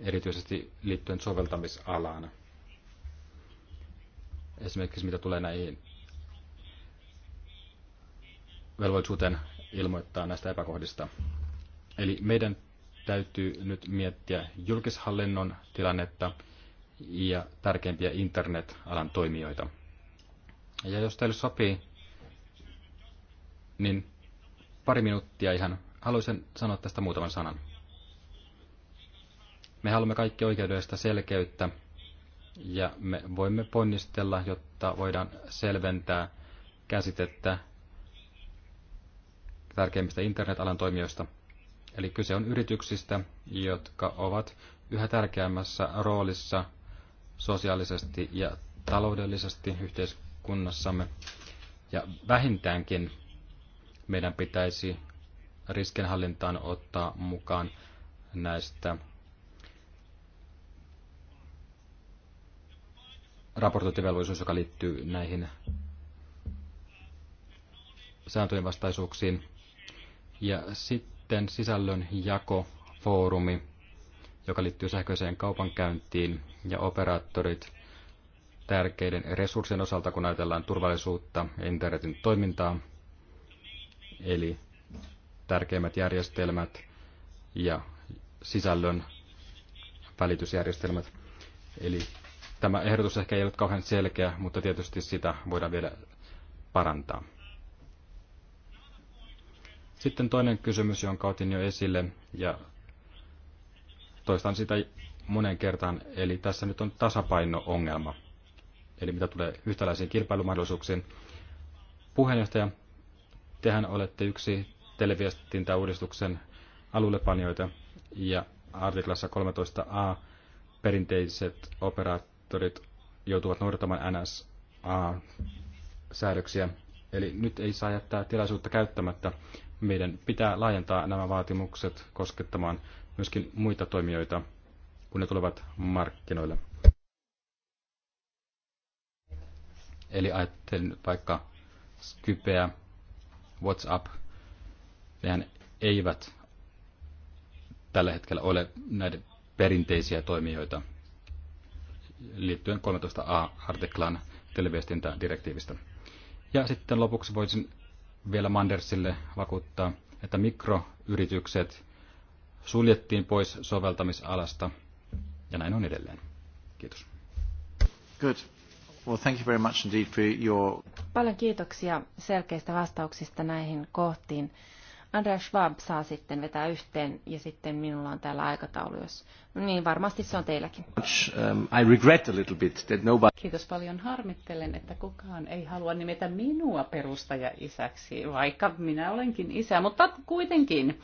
erityisesti liittyen soveltamisalaan. Esimerkiksi mitä tulee näihin velvollisuuteen ilmoittaa näistä epäkohdista. Eli meidän täytyy nyt miettiä julkishallinnon tilannetta ja tärkeimpiä internet-alan toimijoita. Ja jos teille sopii, niin pari minuuttia ihan haluaisin sanoa tästä muutaman sanan. Me haluamme kaikki oikeudellista selkeyttä ja me voimme ponnistella, jotta voidaan selventää käsitettä tärkeimmistä internetalan toimijoista. Eli kyse on yrityksistä, jotka ovat yhä tärkeämmässä roolissa sosiaalisesti ja taloudellisesti yhteiskunnassamme. Ja vähintäänkin meidän pitäisi riskenhallintaan ottaa mukaan näistä raportointivelvollisuus, joka liittyy näihin sääntöjen vastaisuuksiin. Ja sitten sisällön jakofoorumi, joka liittyy sähköiseen kaupankäyntiin ja operaattorit tärkeiden resurssien osalta, kun ajatellaan turvallisuutta ja internetin toimintaa, eli tärkeimmät järjestelmät ja sisällön välitysjärjestelmät. Eli tämä ehdotus ehkä ei ole kauhean selkeä, mutta tietysti sitä voidaan vielä parantaa. Sitten toinen kysymys, jonka otin jo esille, ja toistan sitä monen kertaan, eli tässä nyt on tasapaino-ongelma. Eli mitä tulee yhtäläisiin kilpailumahdollisuuksiin. Puheenjohtaja, tehän olette yksi televiestintäuudistuksen alullepanijoita, ja artiklassa 13a perinteiset operaattorit joutuvat noudattamaan NSA-säädöksiä. Eli nyt ei saa jättää tilaisuutta käyttämättä, meidän pitää laajentaa nämä vaatimukset koskettamaan myöskin muita toimijoita, kun ne tulevat markkinoille. Eli ajattelin vaikka Skypeä, WhatsApp, nehän eivät tällä hetkellä ole näiden perinteisiä toimijoita liittyen 13a-artiklan televiestintädirektiivistä. Ja sitten lopuksi voisin vielä Mandersille vakuuttaa, että mikroyritykset suljettiin pois soveltamisalasta ja näin on edelleen. Kiitos. Good. Well, thank you very much indeed for your... Paljon kiitoksia selkeistä vastauksista näihin kohtiin. Andreas Schwab saa sitten vetää yhteen ja sitten minulla on täällä aikataulu, jos... No niin varmasti se on teilläkin. Um, I regret a little bit that nobody... Kiitos paljon. Harmittelen, että kukaan ei halua nimetä minua perustaja isäksi, vaikka minä olenkin isä, mutta kuitenkin.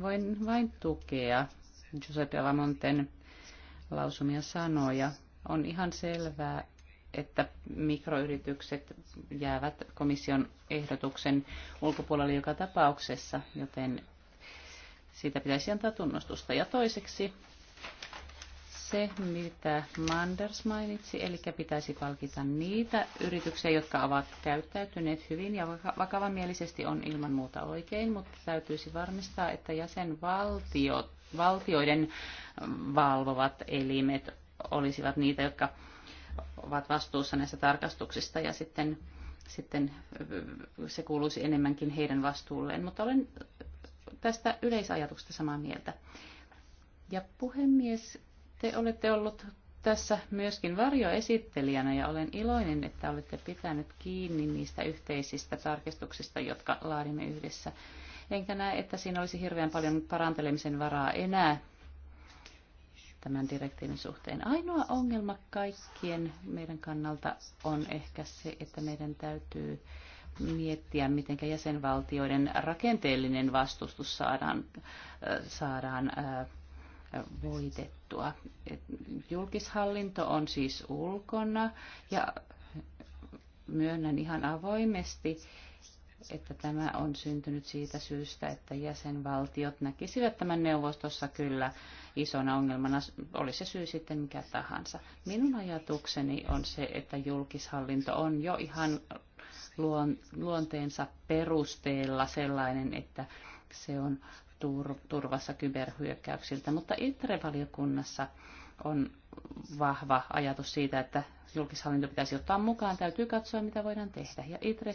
Voin vain tukea Giuseppe Lamonten lausumia sanoja. On ihan selvää, että mikroyritykset jäävät komission ehdotuksen ulkopuolelle joka tapauksessa, joten siitä pitäisi antaa tunnustusta. Ja toiseksi se, mitä Manders mainitsi, eli pitäisi palkita niitä yrityksiä, jotka ovat käyttäytyneet hyvin ja vakavamielisesti on ilman muuta oikein, mutta täytyisi varmistaa, että jäsenvaltiot, valtioiden valvovat elimet olisivat niitä, jotka ovat vastuussa näistä tarkastuksista ja sitten, sitten se kuuluisi enemmänkin heidän vastuulleen. Mutta olen tästä yleisajatuksesta samaa mieltä. Ja puhemies, te olette ollut tässä myöskin varjoesittelijänä ja olen iloinen, että olette pitänyt kiinni niistä yhteisistä tarkistuksista, jotka laadimme yhdessä. Enkä näe, että siinä olisi hirveän paljon parantelemisen varaa enää tämän direktiivin suhteen. Ainoa ongelma kaikkien meidän kannalta on ehkä se, että meidän täytyy miettiä, miten jäsenvaltioiden rakenteellinen vastustus saadaan, äh, saadaan äh, voitettua. Julkishallinto on siis ulkona ja myönnän ihan avoimesti, että tämä on syntynyt siitä syystä, että jäsenvaltiot näkisivät tämän neuvostossa kyllä isona ongelmana, oli se syy sitten mikä tahansa. Minun ajatukseni on se, että julkishallinto on jo ihan luonteensa perusteella sellainen, että se on turvassa kyberhyökkäyksiltä, mutta ITRE-valiokunnassa on vahva ajatus siitä, että julkishallinto pitäisi ottaa mukaan. Täytyy katsoa, mitä voidaan tehdä. Ja ITRE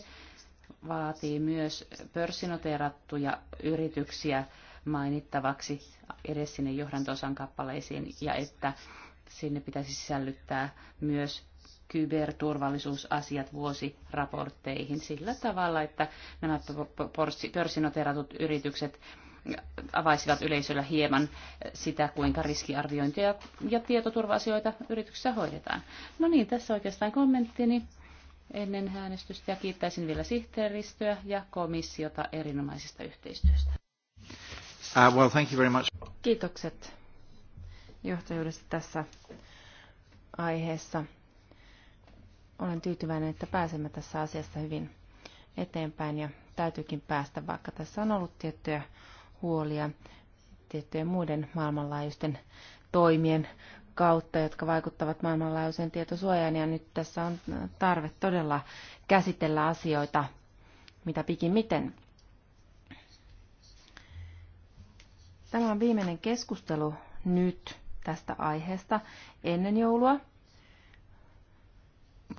vaatii myös pörssinoteerattuja yrityksiä mainittavaksi edes sinne johdantosan kappaleisiin ja että sinne pitäisi sisällyttää myös kyberturvallisuusasiat vuosiraportteihin sillä tavalla, että nämä pörssinoteeratut yritykset avaisivat yleisöllä hieman sitä, kuinka riskiarviointia ja tietoturva-asioita yrityksessä hoidetaan. No niin, tässä oikeastaan kommenttini ennen äänestystä ja kiittäisin vielä sihteeristöä ja komissiota erinomaisesta yhteistyöstä. Uh, well, thank you very much. Kiitokset johtajuudesta tässä aiheessa. Olen tyytyväinen, että pääsemme tässä asiassa hyvin eteenpäin ja täytyykin päästä, vaikka tässä on ollut tiettyjä huolia tiettyjen muiden maailmanlaajuisten toimien kautta, jotka vaikuttavat maailmanlaajuiseen tietosuojaan. Ja nyt tässä on tarve todella käsitellä asioita mitä pikimiten. Tämä on viimeinen keskustelu nyt tästä aiheesta ennen joulua.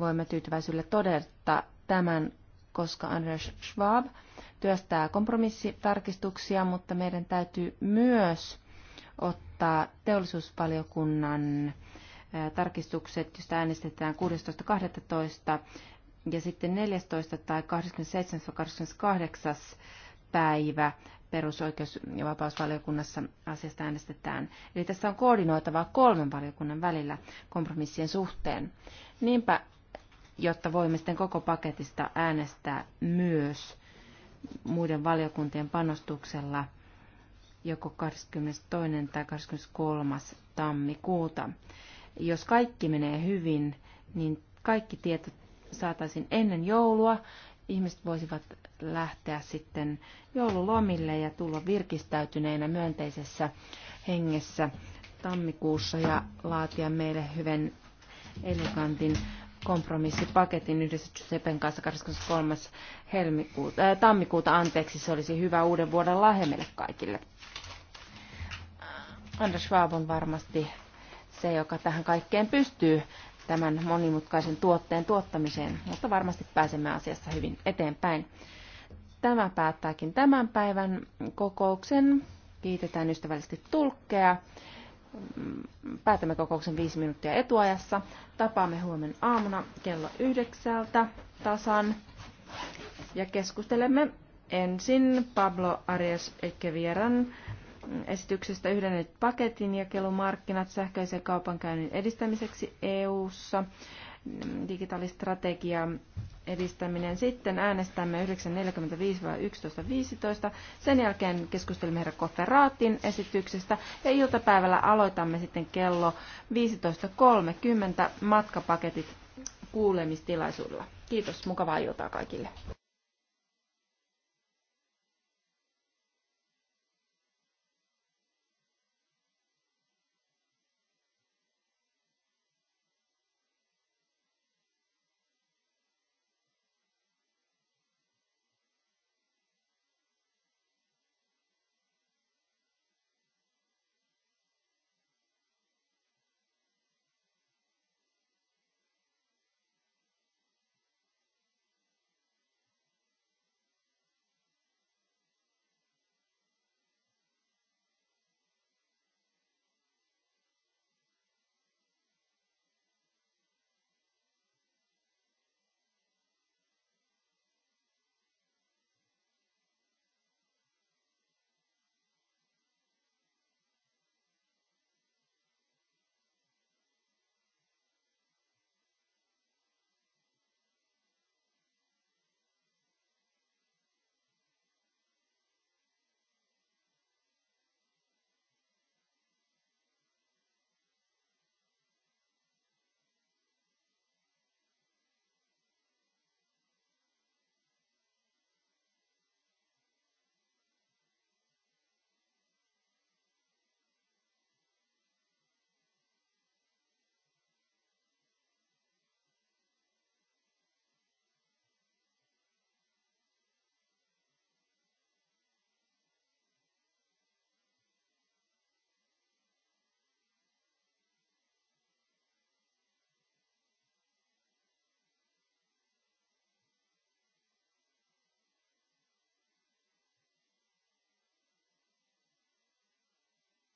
Voimme tyytyväisyydellä todeta tämän, koska Andreas Schwab työstää kompromissitarkistuksia, mutta meidän täytyy myös ottaa teollisuusvaliokunnan tarkistukset, josta äänestetään 16.12. ja sitten 14. tai 27. 28. päivä perusoikeus- ja vapausvaliokunnassa asiasta äänestetään. Eli tässä on koordinoitavaa kolmen valiokunnan välillä kompromissien suhteen. Niinpä, jotta voimme sitten koko paketista äänestää myös muiden valiokuntien panostuksella – joko 22. tai 23. tammikuuta. Jos kaikki menee hyvin, niin kaikki tieto saataisiin ennen joulua. Ihmiset voisivat lähteä sitten joululomille ja tulla virkistäytyneinä myönteisessä hengessä tammikuussa ja laatia meille hyvän elegantin kompromissipaketin yhdessä Giuseppen kanssa 23. Helmikuuta, äh, tammikuuta. Anteeksi, se olisi hyvä uuden vuoden lahja meille kaikille. Anders Schwab on varmasti se, joka tähän kaikkeen pystyy tämän monimutkaisen tuotteen tuottamiseen, mutta varmasti pääsemme asiassa hyvin eteenpäin. Tämä päättääkin tämän päivän kokouksen. Kiitetään ystävällisesti tulkkeja päätämme kokouksen viisi minuuttia etuajassa. Tapaamme huomenna aamuna kello yhdeksältä tasan ja keskustelemme ensin Pablo Arias Ekevieran esityksestä yhdennet paketin ja kelumarkkinat sähköisen kaupankäynnin edistämiseksi EU-ssa digitaalistrategia edistäminen. Sitten äänestämme 9.45-11.15. Sen jälkeen keskustelemme herra Kofferaatin esityksestä ja iltapäivällä aloitamme sitten kello 15.30 matkapaketit kuulemistilaisuudella. Kiitos, mukavaa iltaa kaikille.